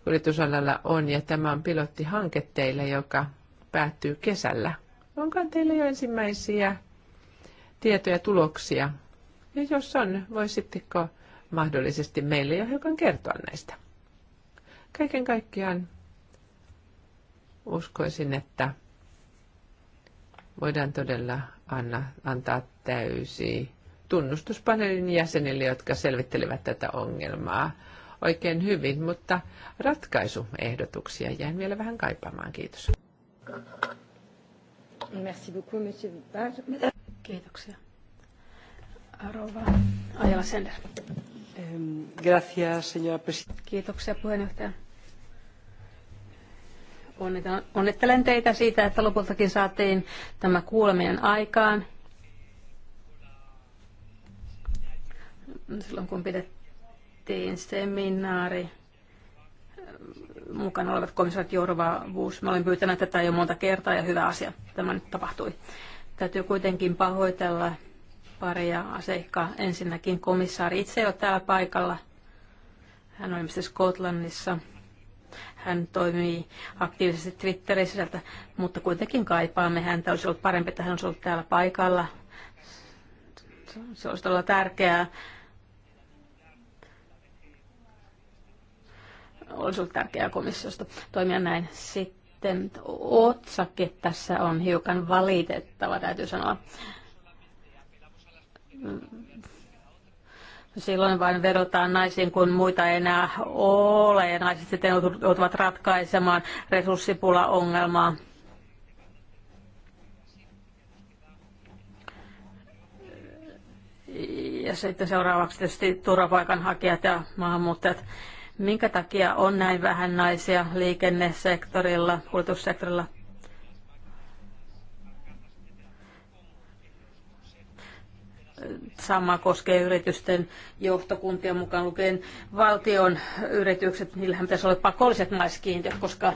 kuljetusalalla on, ja tämä on pilottihanke teille, joka päättyy kesällä. Onko teillä jo ensimmäisiä tietoja, tuloksia? Ja jos on, voisitteko mahdollisesti meille jo hiukan kertoa näistä? Kaiken kaikkiaan uskoisin, että voidaan todella anna, antaa täysi tunnustuspaneelin jäsenille, jotka selvittelivät tätä ongelmaa oikein hyvin, mutta ratkaisuehdotuksia jäin vielä vähän kaipaamaan. Kiitos. Merci beaucoup, monsieur Vipage. Kiitoksia. Rouva Ajala Sender. Gracias, señora presidenta. Kiitoksia puheenjohtaja. Onnittelen teitä siitä, että lopultakin saatiin tämä kuuleminen aikaan silloin kun pidettiin seminaari, mukana olevat komissaat Jorva Vuus. Mä olen pyytänyt tätä jo monta kertaa ja hyvä asia tämä nyt tapahtui. Täytyy kuitenkin pahoitella paria aseikkaa. Ensinnäkin komissaari itse ei ole täällä paikalla. Hän on ilmeisesti Skotlannissa. Hän toimii aktiivisesti Twitterissä sieltä, mutta kuitenkin kaipaamme häntä. Olisi ollut parempi, että hän olisi ollut täällä paikalla. Se olisi todella tärkeää olisi ollut tärkeää komissiosta toimia näin. Sitten otsake tässä on hiukan valitettava, täytyy sanoa. Silloin vain vedotaan naisiin, kun muita ei enää ole, ja naiset sitten joutuvat ratkaisemaan resurssipula-ongelmaa. ja sitten seuraavaksi tietysti turvapaikanhakijat ja maahanmuuttajat. Minkä takia on näin vähän naisia liikennesektorilla, kulutussektorilla? Sama koskee yritysten johtokuntia mukaan lukien valtion yritykset. Niillähän pitäisi olla pakolliset naiskiintiöt, koska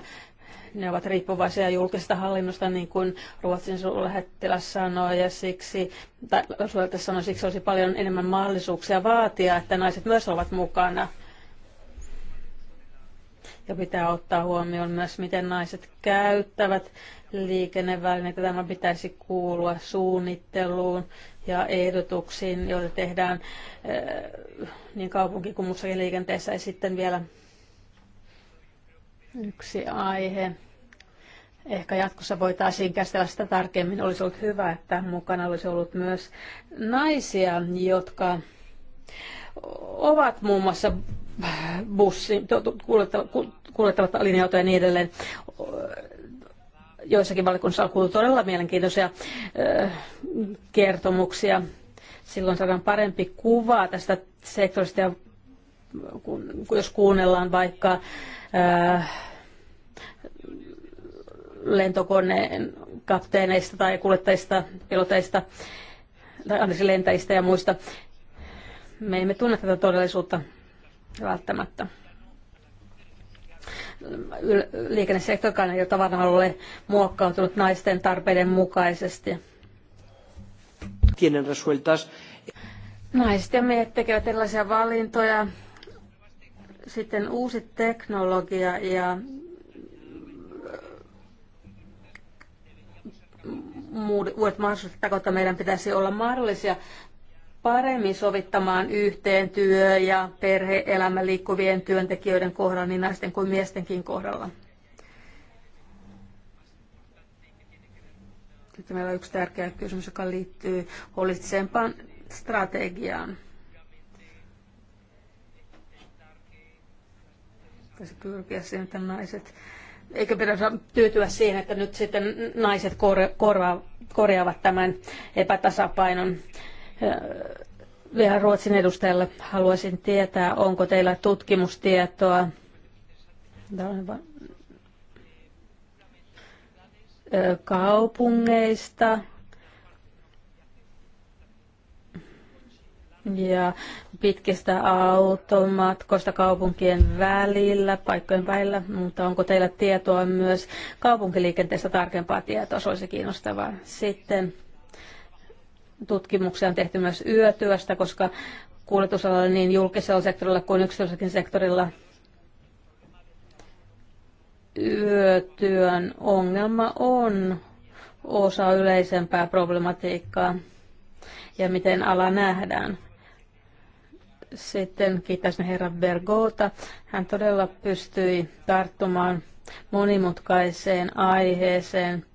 ne ovat riippuvaisia julkisesta hallinnosta, niin kuin Ruotsin suurlähettiläs sanoi, ja siksi, tai sanoi, siksi olisi paljon enemmän mahdollisuuksia vaatia, että naiset myös ovat mukana ja pitää ottaa huomioon myös, miten naiset käyttävät liikennevälineitä. Tämä pitäisi kuulua suunnitteluun ja ehdotuksiin, joita tehdään eh, niin kaupunki- kuin muussakin liikenteessä. Ja sitten vielä yksi aihe. Ehkä jatkossa voitaisiin käsitellä sitä tarkemmin. Olisi ollut hyvä, että mukana olisi ollut myös naisia, jotka ovat muun muassa bussi, kuljettavat, linja-autoja ja niin edelleen. Joissakin valikunnissa on kuultu todella mielenkiintoisia kertomuksia. Silloin saadaan parempi kuva tästä sektorista, ja kun, jos kuunnellaan vaikka lentokoneen kapteeneista tai kuljettajista, piloteista, tai lentäjistä ja muista. Me emme tunne tätä todellisuutta välttämättä. Liikennesektorikaan ei ole tavallaan ole muokkautunut naisten tarpeiden mukaisesti. Tienen Naiset ja miehet tekevät erilaisia valintoja. Sitten uusi teknologia ja uudet mahdollisuudet, sitä meidän pitäisi olla mahdollisia paremmin sovittamaan yhteen työ- ja perhe-elämän liikkuvien työntekijöiden kohdalla, niin naisten kuin miestenkin kohdalla. Sitten meillä on yksi tärkeä kysymys, joka liittyy holistisempaan strategiaan. Pitäisi pyrkiä siihen, että naiset, eikä pidä tyytyä siihen, että nyt sitten naiset korjaavat tämän epätasapainon vielä Ruotsin edustajalle haluaisin tietää, onko teillä tutkimustietoa kaupungeista ja pitkistä automatkoista kaupunkien välillä, paikkojen välillä, mutta onko teillä tietoa myös kaupunkiliikenteestä tarkempaa tietoa, se olisi kiinnostavaa. Sitten Tutkimuksia on tehty myös yötyöstä, koska kuljetusalalla niin julkisella sektorilla kuin yksityiselläkin sektorilla yötyön ongelma on osa yleisempää problematiikkaa ja miten ala nähdään. Sitten kiitos herra Bergota. Hän todella pystyi tarttumaan monimutkaiseen aiheeseen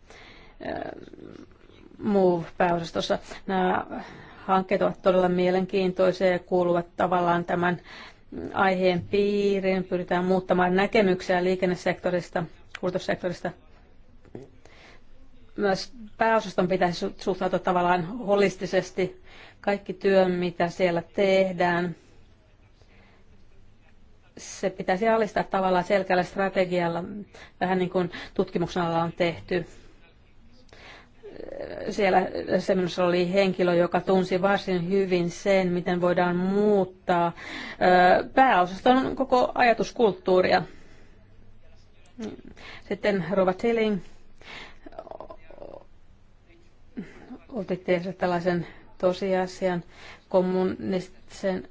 Move-pääosastossa. Nämä hankkeet ovat todella mielenkiintoisia ja kuuluvat tavallaan tämän aiheen piiriin. Pyritään muuttamaan näkemyksiä liikennesektorista, kulutussektorista. Myös pääosaston pitäisi suhtautua tavallaan holistisesti kaikki työ, mitä siellä tehdään, se pitäisi alistaa tavallaan selkeällä strategialla, vähän niin kuin tutkimuksen alalla on tehty siellä seminaarissa oli henkilö, joka tunsi varsin hyvin sen, miten voidaan muuttaa pääosaston koko ajatuskulttuuria. Sitten Rova Tilling otitte esille tällaisen tosiasian kommunistisen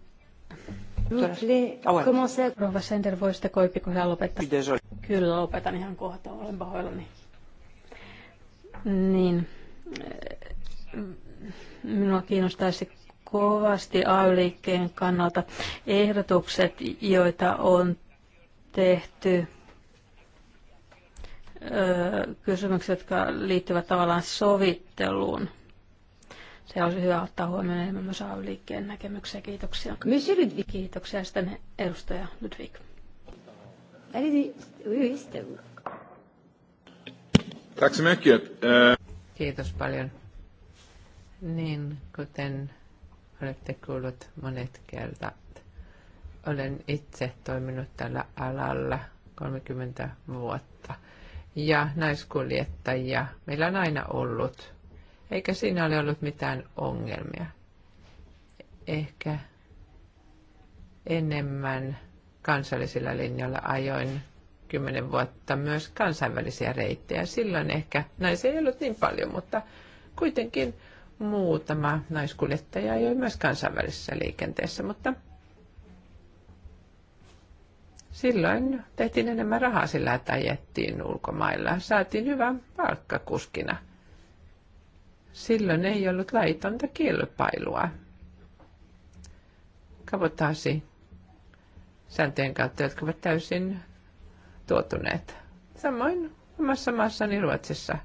Rova Sender, voisitteko oipikohjaa lopettaa? Kyllä, lopetan ihan kohta, olen pahoillani. Niin. Minua kiinnostaisi kovasti AY-liikkeen kannalta ehdotukset, joita on tehty kysymykset, jotka liittyvät tavallaan sovitteluun. Se olisi hyvä ottaa huomioon enemmän myös AY-liikkeen näkemyksiä. Kiitoksia. Monsieur Ludwig. Kiitoksia. Sitten edustaja Ludwig. Tack så mycket. Eh, Kiitos paljon. Niin, kuten olette kuullut monet kertat, olen itse toiminut tällä alalla 30 vuotta. Ja naiskuljettajia meillä on aina ollut, eikä siinä ole ollut mitään ongelmia. Ehkä enemmän kansallisilla linjoilla ajoin kymmenen vuotta myös kansainvälisiä reittejä. Silloin ehkä naisia ei ollut niin paljon, mutta kuitenkin muutama naiskuljettaja ajoi myös kansainvälisessä liikenteessä, mutta silloin tehtiin enemmän rahaa sillä, että ajettiin ulkomailla. Saatiin hyvän palkkakuskina. Silloin ei ollut laitonta kilpailua. Kavotaasi sääntöjen kautta, jotka ovat täysin tuotuneet. Samoin omassa maassani Ruotsissa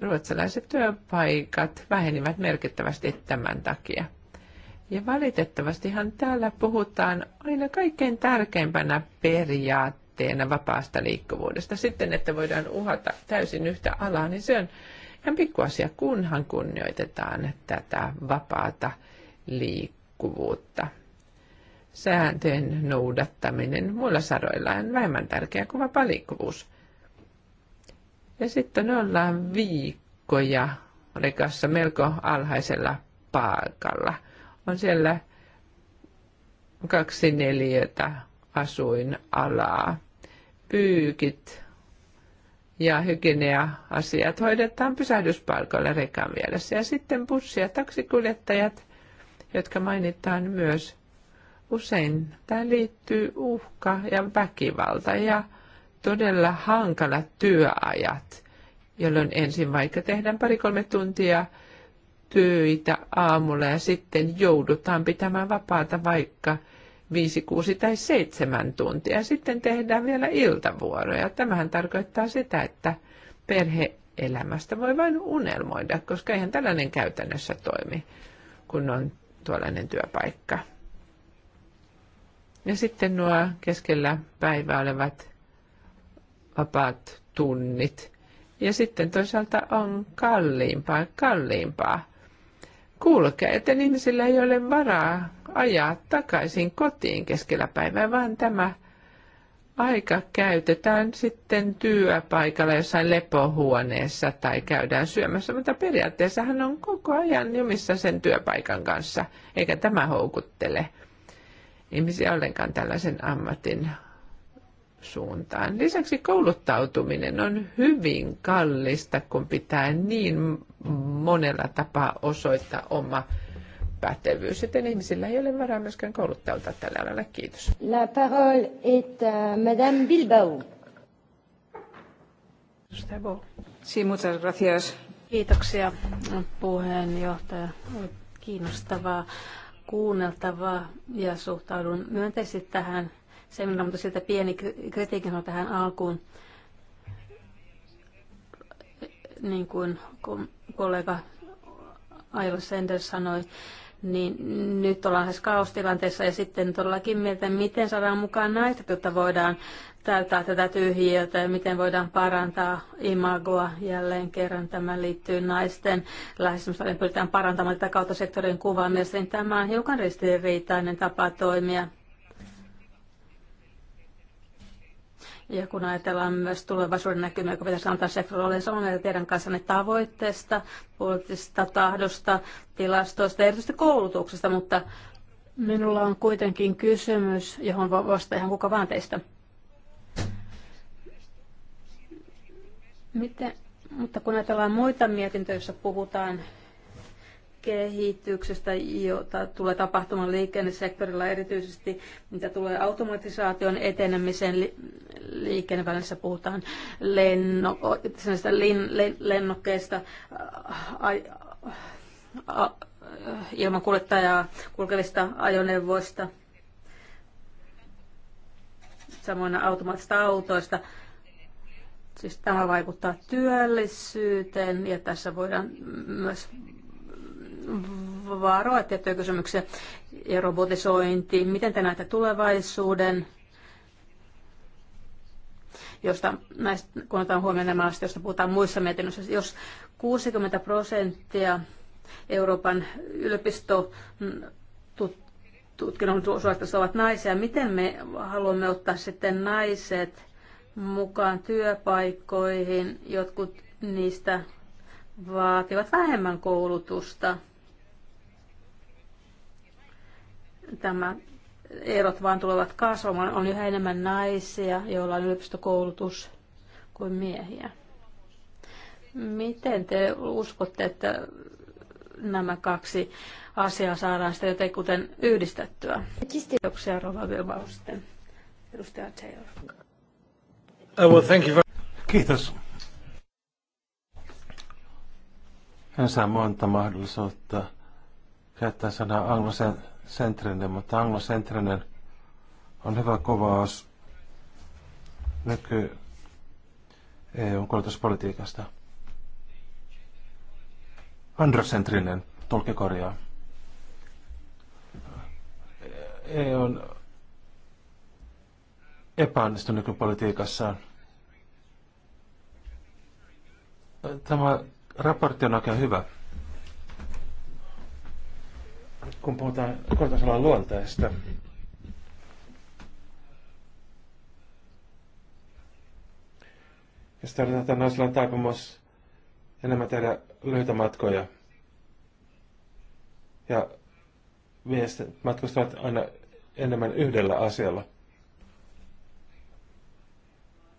ruotsalaiset työpaikat vähenivät merkittävästi tämän takia. Ja valitettavastihan täällä puhutaan aina kaikkein tärkeimpänä periaatteena vapaasta liikkuvuudesta. Sitten, että voidaan uhata täysin yhtä alaa, niin se on ihan asia, kunhan kunnioitetaan tätä vapaata liikkuvuutta sääntöjen noudattaminen muilla saroilla on vähemmän tärkeää kuin vapaa liikkuvuus. Ja sitten ollaan viikkoja rikassa melko alhaisella paikalla. On siellä kaksi neliötä asuinalaa. Pyykit ja hygienia-asiat hoidetaan pysähdyspalkoilla rekan vieressä. Ja sitten bussi- ja taksikuljettajat, jotka mainitaan myös Usein tähän liittyy uhka ja väkivalta ja todella hankalat työajat, jolloin ensin vaikka tehdään pari-kolme tuntia töitä aamulla ja sitten joudutaan pitämään vapaata vaikka viisi, kuusi tai seitsemän tuntia. Sitten tehdään vielä iltavuoroja. Tämähän tarkoittaa sitä, että perheelämästä voi vain unelmoida, koska eihän tällainen käytännössä toimi, kun on tuollainen työpaikka. Ja sitten nuo keskellä päivää olevat vapaat tunnit. Ja sitten toisaalta on kalliimpaa, kalliimpaa kulkea, että ihmisillä ei ole varaa ajaa takaisin kotiin keskellä päivää, vaan tämä aika käytetään sitten työpaikalla jossain lepohuoneessa tai käydään syömässä, mutta periaatteessa hän on koko ajan jumissa sen työpaikan kanssa, eikä tämä houkuttele ihmisiä ollenkaan tällaisen ammatin suuntaan. Lisäksi kouluttautuminen on hyvin kallista, kun pitää niin monella tapaa osoittaa oma pätevyys, joten ihmisillä ei ole varaa myöskään kouluttautua tällä alalla. Kiitos. La parole est à Madame Bilbao. Sí, muchas gracias. Kiitoksia puheenjohtaja. Kiinnostavaa kuunneltavaa ja suhtaudun myönteisesti tähän seminaariin, mutta sieltä pieni kritiikki on tähän alkuun. Niin kuin kollega Ailo Sender sanoi, niin nyt ollaan lähes kaostilanteessa ja sitten todellakin mieltä, miten saadaan mukaan naiset, jotta voidaan täyttää tätä tyhjiötä ja miten voidaan parantaa imagoa jälleen kerran. Tämä liittyy naisten lähestymistä, pyritään parantamaan tätä kautta sektorin kuvaa. Mielestäni tämä on hiukan ristiriitainen tapa toimia. Ja kun ajatellaan myös tulevaisuuden näkymiä, kun pitäisi antaa sektorilla, olen samaa mieltä teidän kanssanne tavoitteesta, poliittisesta tahdosta, tilastoista ja erityisesti koulutuksesta, mutta minulla on kuitenkin kysymys, johon vastaa ihan kuka vaan teistä. Miten, mutta kun ajatellaan muita mietintöjä, joissa puhutaan kehityksestä, jota tulee tapahtumaan liikennesektorilla erityisesti, mitä tulee automatisaation etenemiseen li- liikennevälissä puhutaan lenno- lin- len- lennokkeista, ilman kuljettajaa kulkevista ajoneuvoista, samoin automaattisista autoista. Siis tämä vaikuttaa työllisyyteen ja tässä voidaan myös vaaroa tiettyjä kysymyksiä ja robotisointi. Miten te näette tulevaisuuden, josta näistä, kun otetaan huomioon nämä asiat, joista puhutaan muissa mietinnöissä, jos 60 prosenttia Euroopan yliopisto tutkinnon suosittajista ovat naisia. Miten me haluamme ottaa sitten naiset mukaan työpaikkoihin? Jotkut niistä vaativat vähemmän koulutusta tämä erot vaan tulevat kasvamaan. On yhä enemmän naisia, joilla on yliopistokoulutus kuin miehiä. Miten te uskotte, että nämä kaksi asiaa saadaan sitä kuten yhdistettyä? Kiitoksia Rova Bilbao Edustaja Taylor. Uh, thank you Kiitos. Hän saa monta mahdollisuutta käyttää sanaa anglosen sentrinen, mutta sentrinen on hyvä kuvaus nyky EUn koulutuspolitiikasta. Androcentrinen tulkki korjaa. E on epäonnistunut nykypolitiikassaan. Tämä raportti on oikein hyvä kun puhutaan kortasalan luonteesta, ja sitten tarvitaan naisilla on taipumus enemmän tehdä lyhyitä matkoja. Ja miehet matkustavat aina enemmän yhdellä asialla.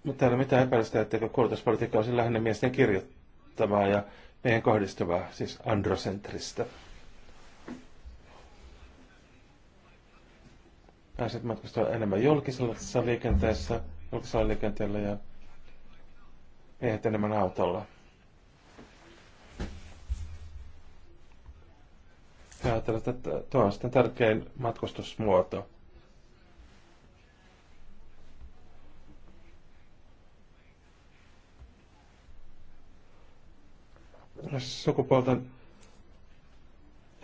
Mutta täällä ole mitään epäilystä, etteikö kulutuspolitiikka olisi lähinnä miesten kirjoittamaa ja meidän kohdistuvaa, siis androsentristä. pääset matkustamaan enemmän julkisessa liikenteessä, julkisella liikenteellä ja miehet enemmän autolla. Ja ajatella, että tuo on sitten tärkein matkustusmuoto. Sukupuolten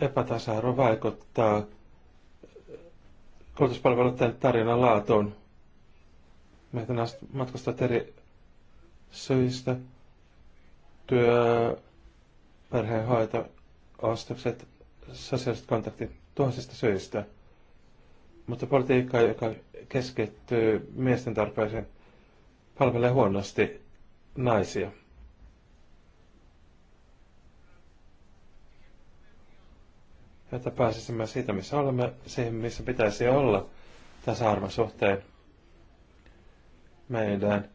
epätasa-arvo vaikuttaa koulutuspalveluiden tarjonnan laatuun. Meitä matkustajat eri syistä. Työ, perheenhoito, ostokset, sosiaaliset kontaktit tuhansista syistä. Mutta politiikka, joka keskittyy miesten tarpeeseen, palvelee huonosti naisia. että pääsisimme siitä, missä olemme, siihen, missä pitäisi olla tasa-arvon suhteen. Meidän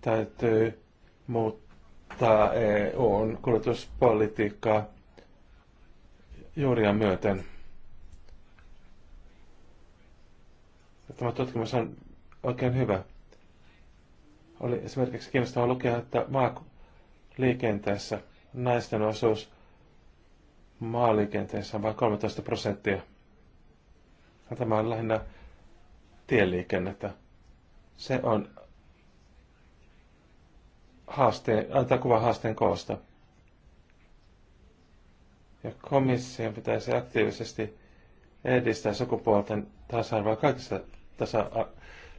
täytyy muuttaa EUn kulutuspolitiikkaa juuria myöten. Tämä tutkimus on oikein hyvä. Oli esimerkiksi kiinnostavaa lukea, että maaliikenteessä naisten osuus maaliikenteessä on vain 13 prosenttia. Ja tämä on lähinnä tieliikennettä. Se on haasteen, antaa kuva haasteen koosta. Ja komission pitäisi aktiivisesti edistää sukupuolten tasa-arvoa kaikissa tasa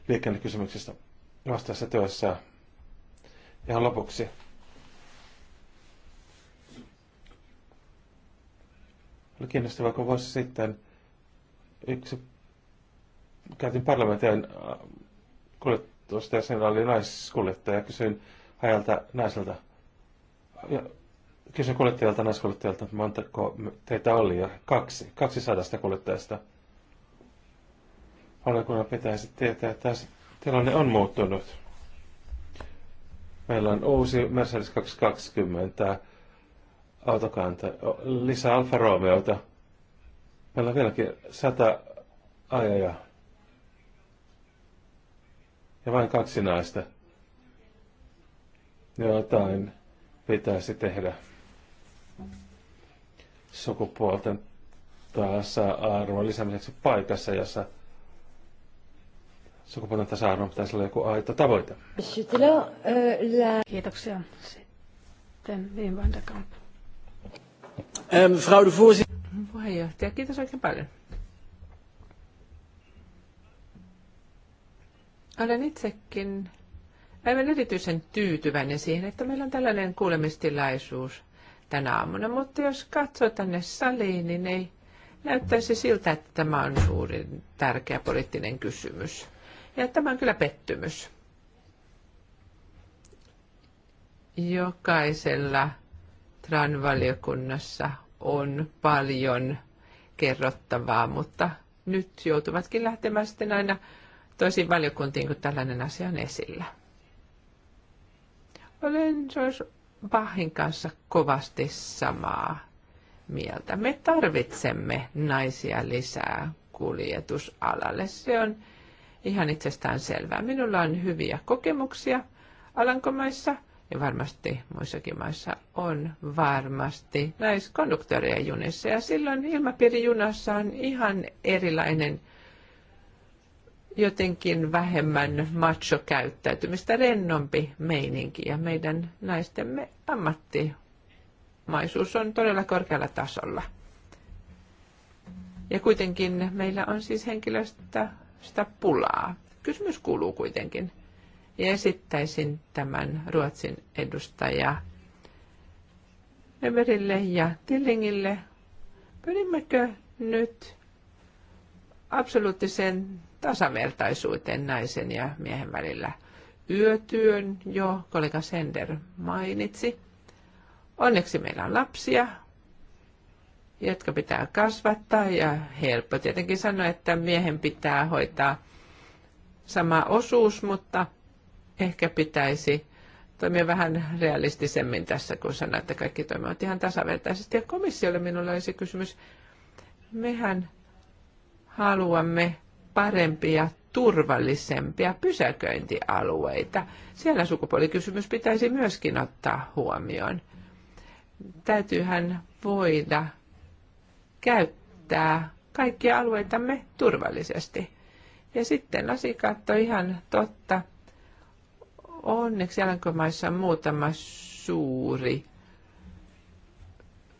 liikennekysymyksistä vastaessa työssä. Ja lopuksi Oli kiinnostavaa, kun vuosi sitten yksi käytin parlamentin äh, kuljetusta ja siinä oli naiskuljettaja. Kysyin ajalta naiselta, ja kysyin kuljettajalta naiskuljettajalta, montako teitä oli ja kaksi, kaksi sadasta kuljettajasta. Valiokunnan pitäisi tietää, että tilanne on muuttunut. Meillä on uusi Mercedes 220 autokanta, lisää Alfa Romeota. Meillä on vieläkin sata ajajaa. Ja vain kaksi naista. Jotain pitäisi tehdä. Sukupuolten tasa-arvon lisäämiseksi paikassa, jossa sukupuolten tasa-arvon pitäisi olla joku aito tavoite. Euh, Kiitoksia. Sitten Wim van Ehm, mevrouw de voorzitter. Puheenjohtaja, kiitos oikein paljon. Olen itsekin aivan erityisen tyytyväinen siihen, että meillä on tällainen kuulemistilaisuus tänä aamuna, mutta jos katsoo tänne saliin, niin ei näyttäisi siltä, että tämä on suuri tärkeä poliittinen kysymys. Ja tämä on kyllä pettymys. Jokaisella TRAN-valiokunnassa on paljon kerrottavaa, mutta nyt joutuvatkin lähtemään sitten aina toisiin valiokuntiin, kun tällainen asia on esillä. Olen Joyce Bachin kanssa kovasti samaa mieltä. Me tarvitsemme naisia lisää kuljetusalalle. Se on ihan itsestään selvää. Minulla on hyviä kokemuksia Alankomaissa – ja varmasti muissakin maissa on varmasti naiskonduktoreja junissa. Ja silloin ilmapiiri junassa on ihan erilainen jotenkin vähemmän macho-käyttäytymistä, rennompi meininki ja meidän naistemme ammattimaisuus on todella korkealla tasolla. Ja kuitenkin meillä on siis henkilöstä sitä pulaa. Kysymys kuuluu kuitenkin, ja esittäisin tämän Ruotsin edustaja Everille ja Tillingille. Pyrimmekö nyt absoluuttiseen tasavertaisuuteen naisen ja miehen välillä? Yötyön jo kollega Sender mainitsi. Onneksi meillä on lapsia, jotka pitää kasvattaa ja helppo tietenkin sanoa, että miehen pitää hoitaa sama osuus, mutta ehkä pitäisi toimia vähän realistisemmin tässä, kun sanoit, että kaikki toimivat ihan tasavertaisesti. Ja komissiolle minulla olisi kysymys. Mehän haluamme parempia, turvallisempia pysäköintialueita. Siellä sukupuolikysymys pitäisi myöskin ottaa huomioon. Täytyyhän voida käyttää kaikkia alueitamme turvallisesti. Ja sitten on ihan totta – Onneksi Alankomaissa on muutama suuri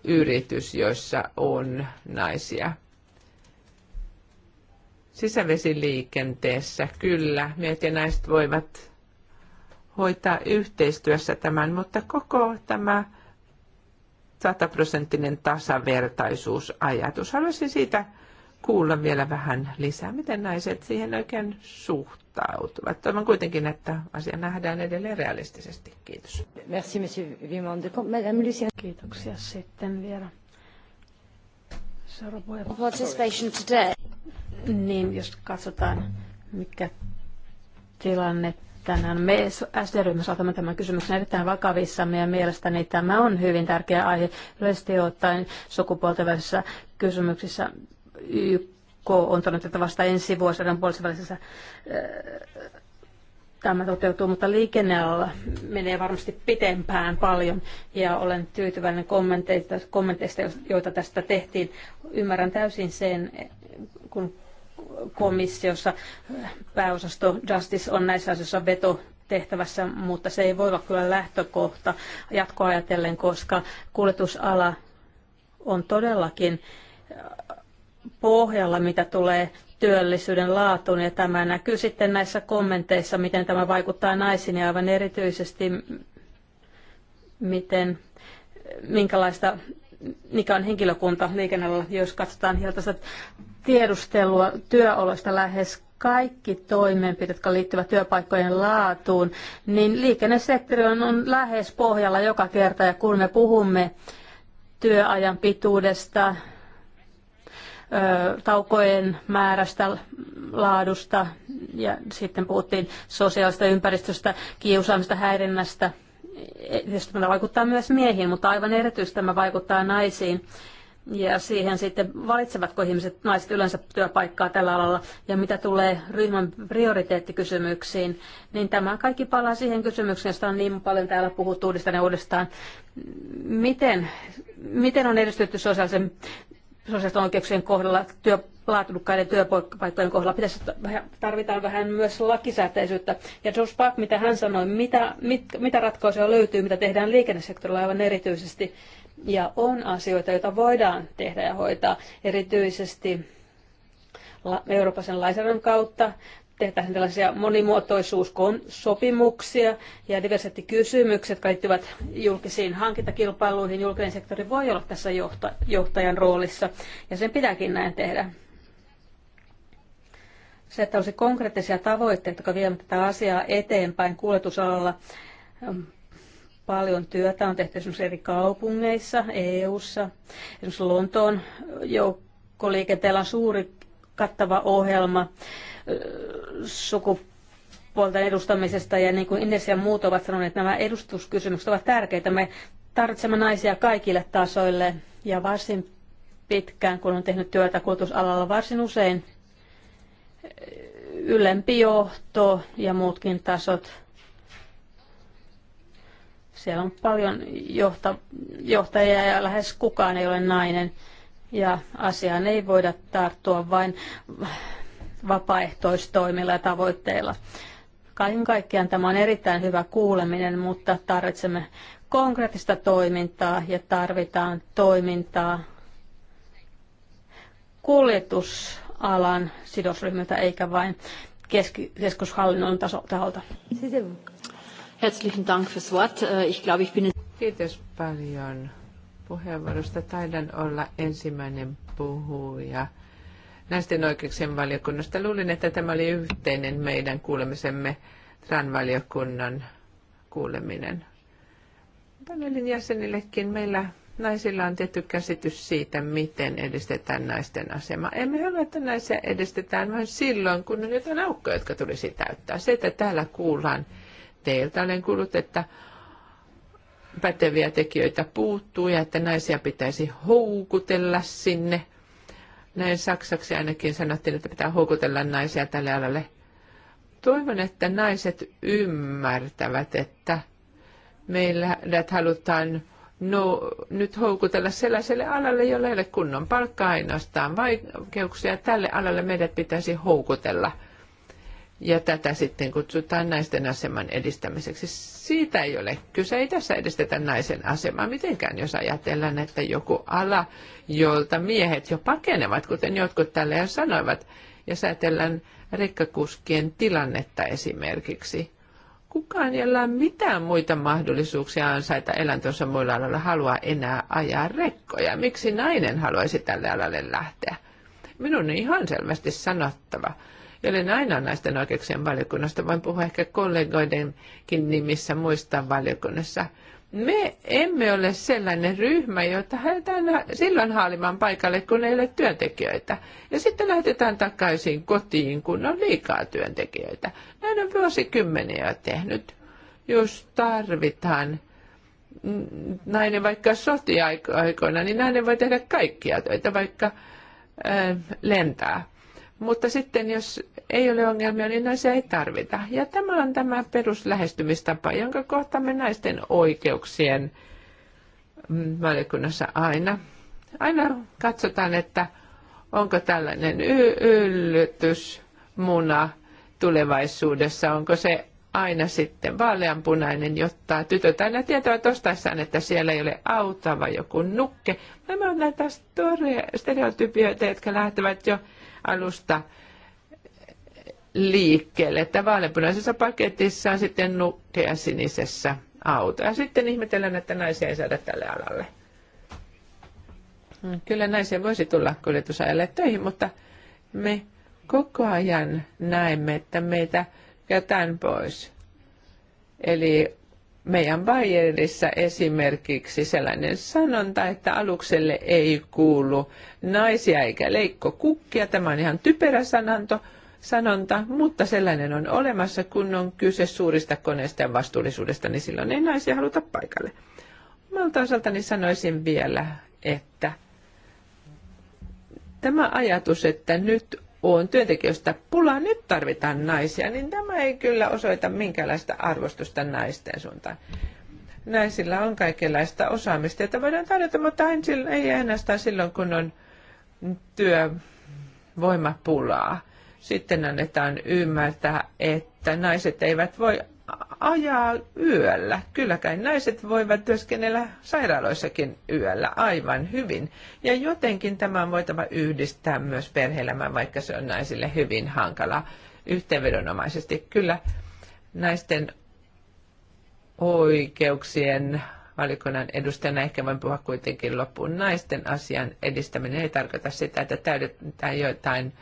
yritys, joissa on naisia. Sisävesiliikenteessä kyllä, miehet ja naiset voivat hoitaa yhteistyössä tämän, mutta koko tämä sataprosenttinen tasavertaisuusajatus. Haluaisin siitä kuulla vielä vähän lisää, miten naiset siihen oikein suhtautuvat irrottautuvat. Toivon kuitenkin, että asia nähdään edelleen realistisesti. Kiitos. Merci, monsieur Vimande. Madame Lucien. Kiitoksia sitten vielä. Participation today. Niin, jos katsotaan, mikä tilanne tänään. Me SD-ryhmässä otamme tämän kysymyksen erittäin vakavissamme ja mielestäni tämä on hyvin tärkeä aihe yleisesti ottaen sukupuolten välisissä kysymyksissä on sanonut, että vasta ensi vuosisadan puolivälisessä äh, tämä toteutuu, mutta liikennealalla menee varmasti pitempään paljon ja olen tyytyväinen kommenteista, kommenteista, joita tästä tehtiin. Ymmärrän täysin sen, kun komissiossa pääosasto Justice on näissä asioissa veto tehtävässä, mutta se ei voi olla kyllä lähtökohta jatkoajatellen, koska kuljetusala on todellakin äh, pohjalla, mitä tulee työllisyyden laatuun, ja tämä näkyy sitten näissä kommenteissa, miten tämä vaikuttaa naisiin, ja aivan erityisesti miten, minkälaista, mikä on henkilökunta liikennellä, jos katsotaan hieltästä tiedustelua työoloista lähes kaikki toimenpiteet, jotka liittyvät työpaikkojen laatuun, niin liikennesektori on, on lähes pohjalla joka kerta, ja kun me puhumme työajan pituudesta, taukojen määrästä, laadusta ja sitten puhuttiin sosiaalista ympäristöstä, kiusaamista, häirinnästä. E, tietysti tämä vaikuttaa myös miehiin, mutta aivan erityisesti tämä vaikuttaa naisiin. Ja siihen sitten valitsevatko ihmiset, naiset yleensä työpaikkaa tällä alalla. Ja mitä tulee ryhmän prioriteettikysymyksiin, niin tämä kaikki palaa siihen kysymykseen, josta on niin paljon täällä puhuttu uudestaan ja uudestaan. Miten, miten on edistytty sosiaalisen sosiaalisten oikeuksien kohdalla, työ, laatudukkaiden työpaikkojen kohdalla pitäisi, tarvitaan vähän myös lakisääteisyyttä. Ja George Park, mitä hän sanoi, mitä, mit, mitä ratkaisuja löytyy, mitä tehdään liikennesektorilla aivan erityisesti. Ja on asioita, joita voidaan tehdä ja hoitaa, erityisesti Euroopan lainsäädännön kautta tehdään tällaisia monimuotoisuussopimuksia ja diversiteettikysymykset, jotka liittyvät julkisiin hankintakilpailuihin. Julkinen sektori voi olla tässä johtajan roolissa ja sen pitääkin näin tehdä. Se, että olisi konkreettisia tavoitteita, jotka vievät tätä asiaa eteenpäin kuljetusalalla, mm, paljon työtä on tehty esimerkiksi eri kaupungeissa, EU-ssa. Esimerkiksi Lontoon joukkoliikenteellä on suuri kattava ohjelma sukupuolten edustamisesta ja niin kuin Ines ja muut ovat sanoneet, nämä edustuskysymykset ovat tärkeitä. Me tarvitsemme naisia kaikille tasoille ja varsin pitkään, kun on tehnyt työtä kulutusalalla varsin usein ylempi johto ja muutkin tasot. Siellä on paljon johta, johtajia ja lähes kukaan ei ole nainen. Ja asiaan ei voida tarttua vain vapaaehtoistoimilla ja tavoitteilla. Kaiken kaikkiaan tämä on erittäin hyvä kuuleminen, mutta tarvitsemme konkreettista toimintaa ja tarvitaan toimintaa kuljetusalan sidosryhmiltä eikä vain keskushallinnon taso- taholta. Herzlichen Dank fürs Wort. Äh, ich glaube, ich bin... Kiitos paljon puheenvuorosta. Taidan olla ensimmäinen puhuja naisten oikeuksien valiokunnasta. Luulin, että tämä oli yhteinen meidän kuulemisemme TRAN-valiokunnan kuuleminen. Panelin jäsenillekin meillä naisilla on tietty käsitys siitä, miten edistetään naisten asemaa. Emme halua, että naisia edistetään vain silloin, kun on jotain aukkoja, jotka tulisi täyttää. Se, että täällä kuullaan teiltä, olen kuullut, että päteviä tekijöitä puuttuu ja että naisia pitäisi houkutella sinne näin saksaksi ainakin sanottiin, että pitää houkutella naisia tälle alalle. Toivon, että naiset ymmärtävät, että meillä halutaan no, nyt houkutella sellaiselle alalle, jolla ei ole kunnon palkkaa ainoastaan vaikeuksia. Tälle alalle meidät pitäisi houkutella – ja tätä sitten kutsutaan naisten aseman edistämiseksi. Siitä ei ole kyse. Ei tässä edistetä naisen asemaa mitenkään, jos ajatellaan, että joku ala, jolta miehet jo pakenevat, kuten jotkut tällä jo sanoivat, ja säätellään rekkakuskien tilannetta esimerkiksi. Kukaan, jolla on mitään muita mahdollisuuksia ansaita elantonsa muilla aloilla, halua enää ajaa rekkoja. Miksi nainen haluaisi tälle alalle lähteä? Minun on ihan selvästi sanottava – Joten aina naisten oikeuksien valiokunnasta, voin puhua ehkä kollegoidenkin nimissä muista valiokunnassa. Me emme ole sellainen ryhmä, jota haetaan silloin haalimaan paikalle, kun ei ole työntekijöitä. Ja sitten lähetetään takaisin kotiin, kun on liikaa työntekijöitä. Näin on vuosikymmeniä jo tehnyt. Jos tarvitaan nainen vaikka sotiaikoina, niin nainen voi tehdä kaikkia töitä, vaikka lentää. Mutta sitten jos ei ole ongelmia, niin naisia ei tarvita. Ja tämä on tämä peruslähestymistapa, jonka kohtamme naisten oikeuksien mm, valiokunnassa aina. Aina katsotaan, että onko tällainen y- yllytysmuna tulevaisuudessa, onko se aina sitten vaaleanpunainen, jotta tytöt aina tietävät ostaessaan, että siellä ei ole auta joku nukke. Nämä on näitä stereotypioita, jotka lähtevät jo alusta liikkeelle, että vaaleanpunaisessa paketissa on sitten nukea sinisessä auto. Ja sitten ihmetellään, että naisia ei saada tälle alalle. Kyllä naisia voisi tulla kuljetusajalle töihin, mutta me koko ajan näemme, että meitä jätään pois. Eli meidän Bayerissa esimerkiksi sellainen sanonta, että alukselle ei kuulu naisia eikä leikko kukkia. Tämä on ihan typerä sananto, sanonta, mutta sellainen on olemassa, kun on kyse suurista koneista ja vastuullisuudesta, niin silloin ei naisia haluta paikalle. Omalta osaltani sanoisin vielä, että tämä ajatus, että nyt on työntekijöistä pulaa, nyt tarvitaan naisia, niin tämä ei kyllä osoita minkäänlaista arvostusta naisten suuntaan. Naisilla on kaikenlaista osaamista, että voidaan tarjota, mutta ei ainoastaan silloin, kun on työvoimapulaa. Sitten annetaan ymmärtää, että naiset eivät voi ajaa yöllä. Kyllä kai naiset voivat työskennellä sairaaloissakin yöllä aivan hyvin. Ja jotenkin tämä on voitava yhdistää myös perheelämään, vaikka se on naisille hyvin hankala yhteenvedonomaisesti. Kyllä naisten oikeuksien valikonan edustajana ehkä voin puhua kuitenkin loppuun. Naisten asian edistäminen ei tarkoita sitä, että täydetään joitain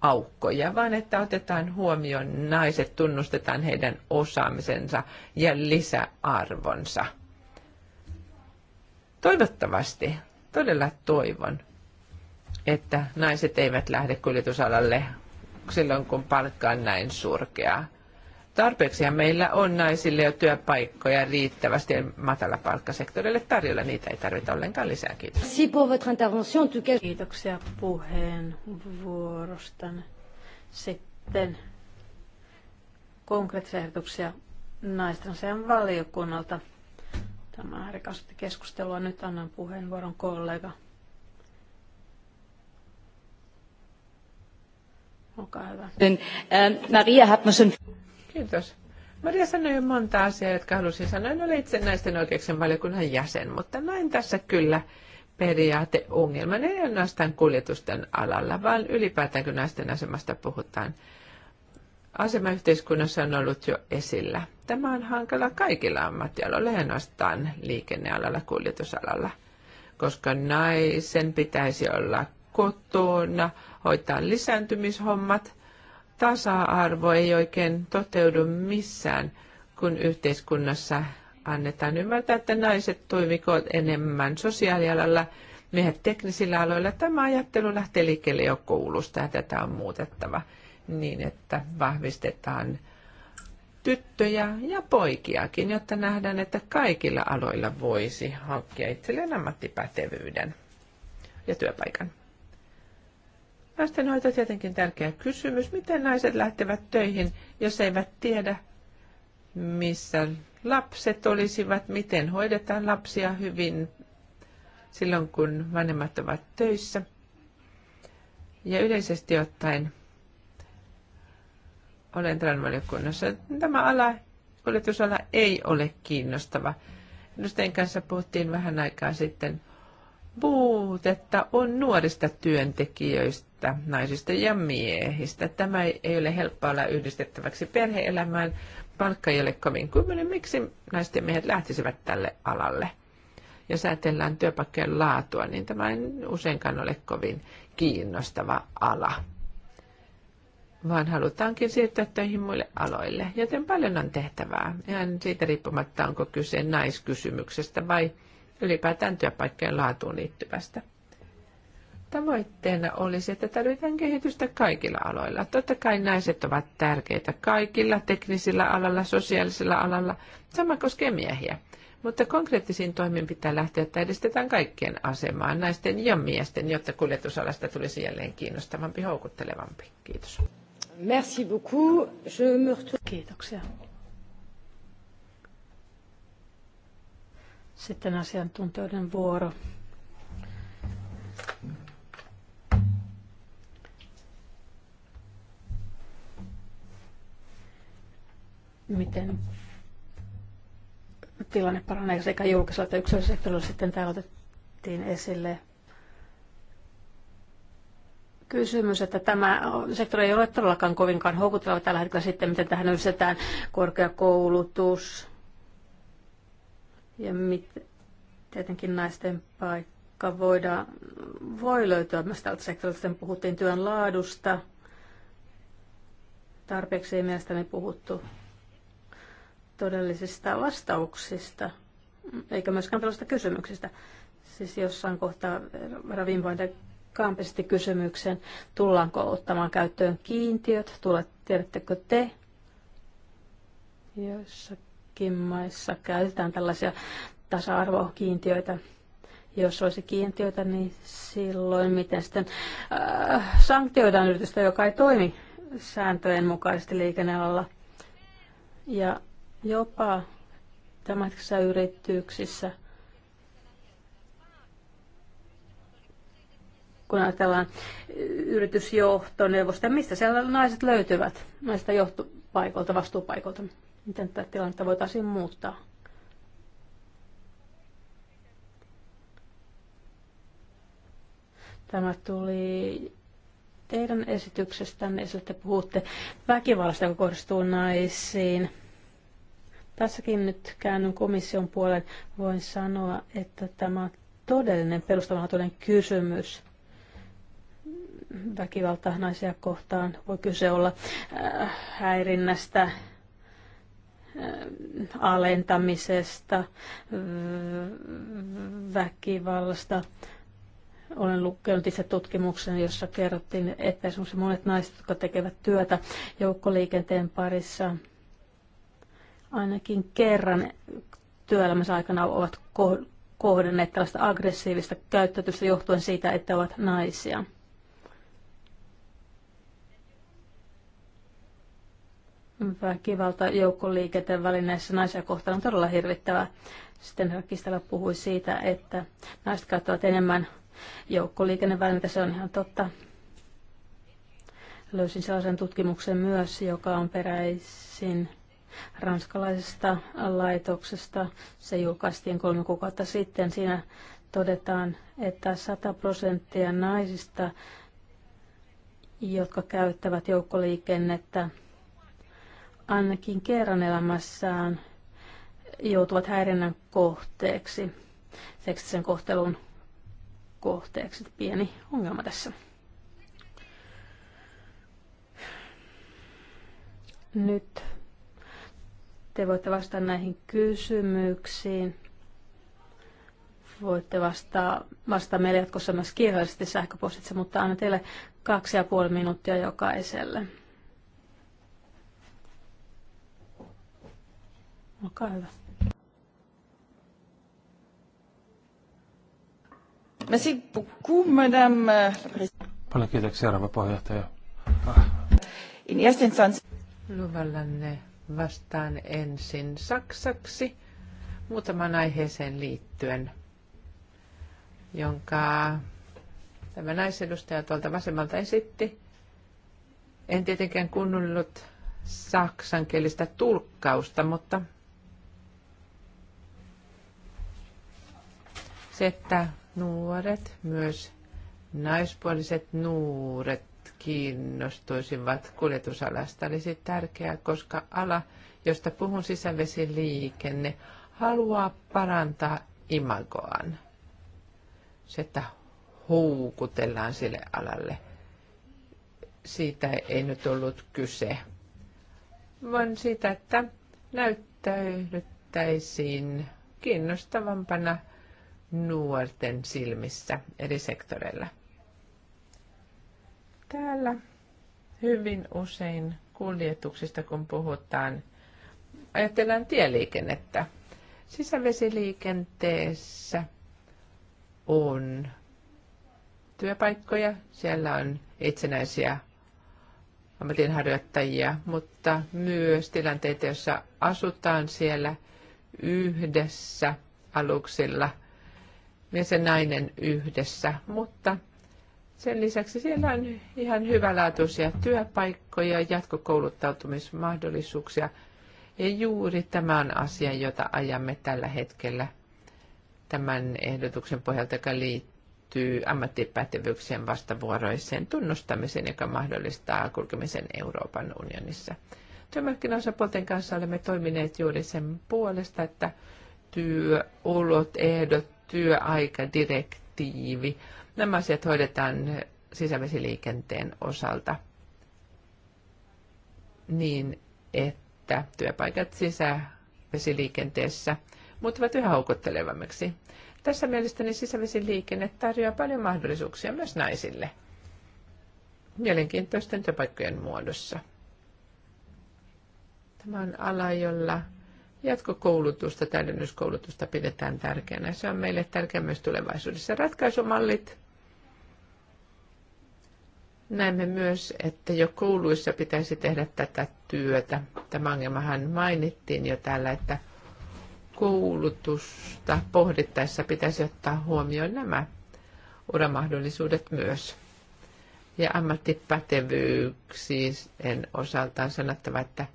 aukkoja, vaan että otetaan huomioon naiset, tunnustetaan heidän osaamisensa ja lisäarvonsa. Toivottavasti, todella toivon, että naiset eivät lähde kuljetusalalle silloin, kun palkka on näin surkeaa tarpeeksihan meillä on naisille jo työpaikkoja riittävästi matalapalkkasektorille tarjolla. Niitä ei tarvita ollenkaan lisää. Kiitos. Kiitoksia puheenvuorosta. Sitten konkreettisia ehdotuksia naisten valiokunnalta. Tämä rikasutti keskustelua. Nyt annan puheenvuoron kollega. Olkaa hyvä. Ähm, Maria Hatmason. Kiitos. Maria sanoi jo monta asiaa, jotka halusin sanoa. En ole itse naisten oikeuksien valiokunnan jäsen, mutta näin tässä kyllä periaateongelman, ei ainoastaan kuljetusten alalla, vaan ylipäätään kun naisten asemasta puhutaan. Asema yhteiskunnassa on ollut jo esillä. Tämä on hankala kaikilla ammattialoilla, ei ainoastaan liikennealalla, kuljetusalalla, koska naisen pitäisi olla kotona, hoitaa lisääntymishommat, tasa-arvo ei oikein toteudu missään, kun yhteiskunnassa annetaan ymmärtää, että naiset toimikoot enemmän sosiaalialalla, miehet teknisillä aloilla. Tämä ajattelu lähtee liikkeelle jo koulusta ja tätä on muutettava niin, että vahvistetaan tyttöjä ja poikiakin, jotta nähdään, että kaikilla aloilla voisi hankkia itselleen ammattipätevyyden ja työpaikan. Lastenhoito on tietenkin tärkeä kysymys. Miten naiset lähtevät töihin, jos eivät tiedä, missä lapset olisivat, miten hoidetaan lapsia hyvin silloin, kun vanhemmat ovat töissä. Ja yleisesti ottaen olen transvaliokunnassa. Tämä ala, kuljetusala ei ole kiinnostava. Edustajien kanssa puhuttiin vähän aikaa sitten puutetta on nuorista työntekijöistä, naisista ja miehistä. Tämä ei ole helppo olla yhdistettäväksi perhe-elämään. palkka ei ole kovin kymmenen. Miksi naiset ja miehet lähtisivät tälle alalle? ja säätellään työpaikkojen laatua, niin tämä ei useinkaan ole kovin kiinnostava ala vaan halutaankin siirtyä töihin muille aloille, joten paljon on tehtävää. Ihan siitä riippumatta, onko kyse naiskysymyksestä vai ylipäätään työpaikkojen laatuun liittyvästä. Tavoitteena olisi, että tarvitaan kehitystä kaikilla aloilla. Totta kai naiset ovat tärkeitä kaikilla teknisillä alalla, sosiaalisella alalla. Sama koskee miehiä. Mutta konkreettisiin toimiin pitää lähteä, että edistetään kaikkien asemaa, naisten ja miesten, jotta kuljetusalasta tulisi jälleen kiinnostavampi, houkuttelevampi. Kiitos. Merci beaucoup. Je me... Kiitoksia. Sitten asiantuntijoiden vuoro. Miten tilanne paranee sekä julkisella että yksilöllä sektorilla sitten täällä otettiin esille kysymys, että tämä sektori ei ole todellakaan kovinkaan houkutteleva tällä hetkellä sitten, miten tähän yhdistetään korkeakoulutus, ja mit, tietenkin naisten paikka voidaan, voi löytyä myös tältä sektorilta, sitten puhuttiin työn laadusta. Tarpeeksi ei mielestäni puhuttu todellisista vastauksista, eikä myöskään tällaista kysymyksistä. Siis jossain kohtaa Ravin kampisesti kysymyksen, tullaanko ottamaan käyttöön kiintiöt, tulet, tiedättekö te? joissa joissakin maissa käytetään tällaisia tasa-arvokiintiöitä. Jos olisi kiintiöitä, niin silloin miten sitten äh, sanktioidaan yritystä, joka ei toimi sääntöjen mukaisesti liikennealalla. Ja jopa tämänhetkisissä yrityksissä, kun ajatellaan yritysjohtoneuvosta, mistä siellä naiset löytyvät näistä johtopaikolta, vastuupaikolta miten tätä tilannetta voitaisiin muuttaa. Tämä tuli teidän esityksestänne, jos te puhutte väkivallasta, joka kohdistuu naisiin. Tässäkin nyt käännyn komission puolen. Voin sanoa, että tämä on todellinen perustavanlaatuinen kysymys väkivalta naisia kohtaan. Voi kyse olla äh, häirinnästä, alentamisesta, väkivallasta. Olen lukenut itse tutkimuksen, jossa kerrottiin, että esimerkiksi monet naiset, jotka tekevät työtä joukkoliikenteen parissa, ainakin kerran työelämänsä aikana ovat kohdanneet tällaista aggressiivista käyttäytymistä johtuen siitä, että ovat naisia. väkivalta joukkoliikenteen välineissä naisia kohtaan on todella hirvittävää. Sitten Kistela puhui siitä, että naiset käyttävät enemmän joukkoliikennevälineitä, se on ihan totta. Löysin sellaisen tutkimuksen myös, joka on peräisin ranskalaisesta laitoksesta. Se julkaistiin kolme kuukautta sitten. Siinä todetaan, että 100 prosenttia naisista, jotka käyttävät joukkoliikennettä, ainakin kerran elämässään joutuvat häirinnän kohteeksi, seksisen kohtelun kohteeksi. Pieni ongelma tässä. Nyt te voitte vastata näihin kysymyksiin. Voitte vastaa, vastaa meille jatkossa myös kirjallisesti sähköpostitse, mutta anna teille kaksi ja puoli minuuttia jokaiselle. Olkaa hyvä. Merci beaucoup, madame. Euh, Paljon kiitoksia, arvoa puheenjohtaja. Ah. In erster Instanz. Luvallanne vastaan ensin saksaksi muutaman aiheeseen liittyen, jonka tämä naisedustaja tuolta vasemmalta esitti. En tietenkään kuunnellut saksankielistä tulkkausta, mutta se, että nuoret, myös naispuoliset nuoret kiinnostuisivat kuljetusalasta olisi tärkeää, koska ala, josta puhun sisävesiliikenne, haluaa parantaa imagoan. Se, että houkutellaan sille alalle. Siitä ei nyt ollut kyse, vaan siitä, että näyttäydyttäisiin kiinnostavampana – nuorten silmissä eri sektoreilla. Täällä hyvin usein kuljetuksista, kun puhutaan, ajatellaan tieliikennettä. Sisävesiliikenteessä on työpaikkoja, siellä on itsenäisiä ammatinharjoittajia, mutta myös tilanteita, joissa asutaan siellä yhdessä aluksilla – mies ja nainen yhdessä, mutta sen lisäksi siellä on ihan hyvälaatuisia työpaikkoja, jatkokouluttautumismahdollisuuksia. Ja juuri tämä on asia, jota ajamme tällä hetkellä tämän ehdotuksen pohjalta, joka liittyy ammattipätevyyksien vastavuoroiseen tunnustamiseen, joka mahdollistaa kulkemisen Euroopan unionissa. Työmarkkinaosapuolten kanssa olemme toimineet juuri sen puolesta, että työolot, ehdot, työaikadirektiivi. Nämä asiat hoidetaan sisävesiliikenteen osalta niin, että työpaikat sisävesiliikenteessä muuttuvat yhä houkuttelevammiksi. Tässä mielestäni sisävesiliikenne tarjoaa paljon mahdollisuuksia myös naisille mielenkiintoisten työpaikkojen muodossa. Tämä on ala, jolla Jatkokoulutusta, täydennyskoulutusta pidetään tärkeänä. Se on meille tärkeä myös tulevaisuudessa. Ratkaisumallit. Näemme myös, että jo kouluissa pitäisi tehdä tätä työtä. Tämä ongelmahan mainittiin jo täällä, että koulutusta pohdittaessa pitäisi ottaa huomioon nämä uramahdollisuudet myös. Ja ammattipätevyyksiin osalta osaltaan sanottava, että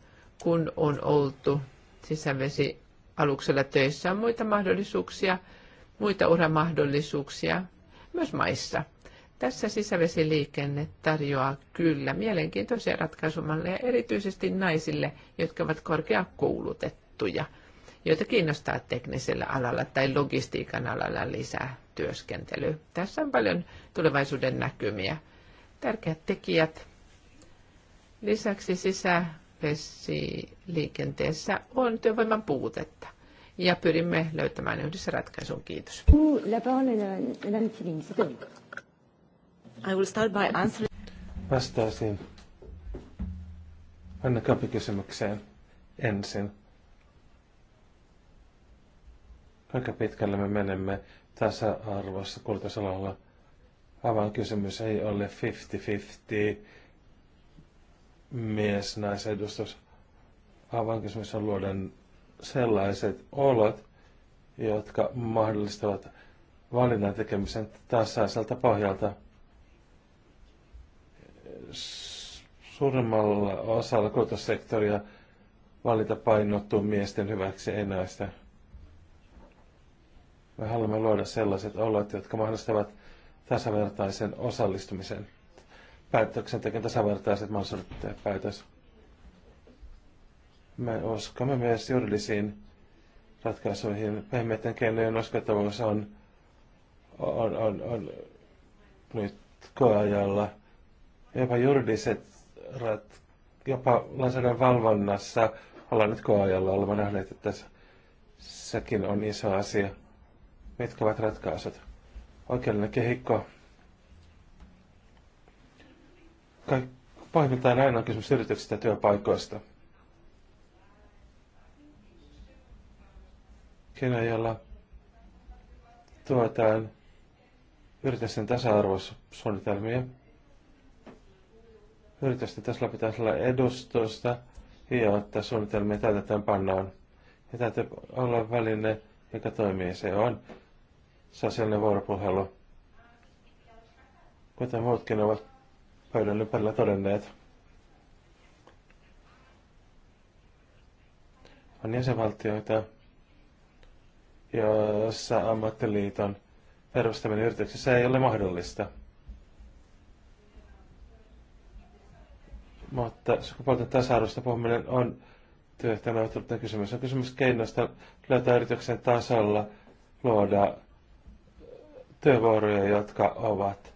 kun on oltu sisävesialuksella töissä. On muita mahdollisuuksia, muita uramahdollisuuksia myös maissa. Tässä sisävesiliikenne tarjoaa kyllä mielenkiintoisia ratkaisumalleja erityisesti naisille, jotka ovat korkeakoulutettuja, joita kiinnostaa teknisellä alalla tai logistiikan alalla lisää työskentely. Tässä on paljon tulevaisuuden näkymiä. Tärkeät tekijät. Lisäksi sisä vesiliikenteessä on työvoiman puutetta. Ja pyrimme löytämään yhdessä ratkaisun. Kiitos. I will start by answering. Vastaisin Anna Kapi kysymykseen ensin. Aika pitkälle me menemme tasa-arvossa Avaan Avainkysymys ei ole 50-50 mies naisedustus avainkysymys on luoda sellaiset olot, jotka mahdollistavat valinnan tekemisen tasaiselta pohjalta. Suurimmalla osalla kulutussektoria valinta painottuu miesten hyväksi enäistä. Me haluamme luoda sellaiset olot, jotka mahdollistavat tasavertaisen osallistumisen päätöksentekijän tasavertaiset mahdollisuudet tehdä päätös. Me uskomme myös juridisiin ratkaisuihin. Pehmeiden keinojen uskottavuus on, on, on, on nyt koeajalla. Jopa juridiset rat, jopa lainsäädännön valvonnassa ollaan nyt koeajalla. Olemme nähneet, että sekin on iso asia. Mitkä ovat ratkaisut? Oikeudellinen kehikko Pahimmiltaan aina on kysymys yrityksistä ja työpaikoista. Kenäjällä tuetaan yritysten tasa-arvosuunnitelmia. Yritysten tasolla pitäisi olla edustusta ja että suunnitelmia täytetään pannaan. Ja täytyy olla väline, joka toimii. Se on sosiaalinen vuoropuhelu. Kuten muutkin ovat pöydän ympärillä todenneet. On jäsenvaltioita, joissa ammattiliiton perustaminen yrityksessä ei ole mahdollista. Mutta sukupuolten tasa-arvosta puhuminen on työehtoneuvotteluiden kysymys. On kysymys keinoista löytää yrityksen tasolla luoda työvuoroja, jotka ovat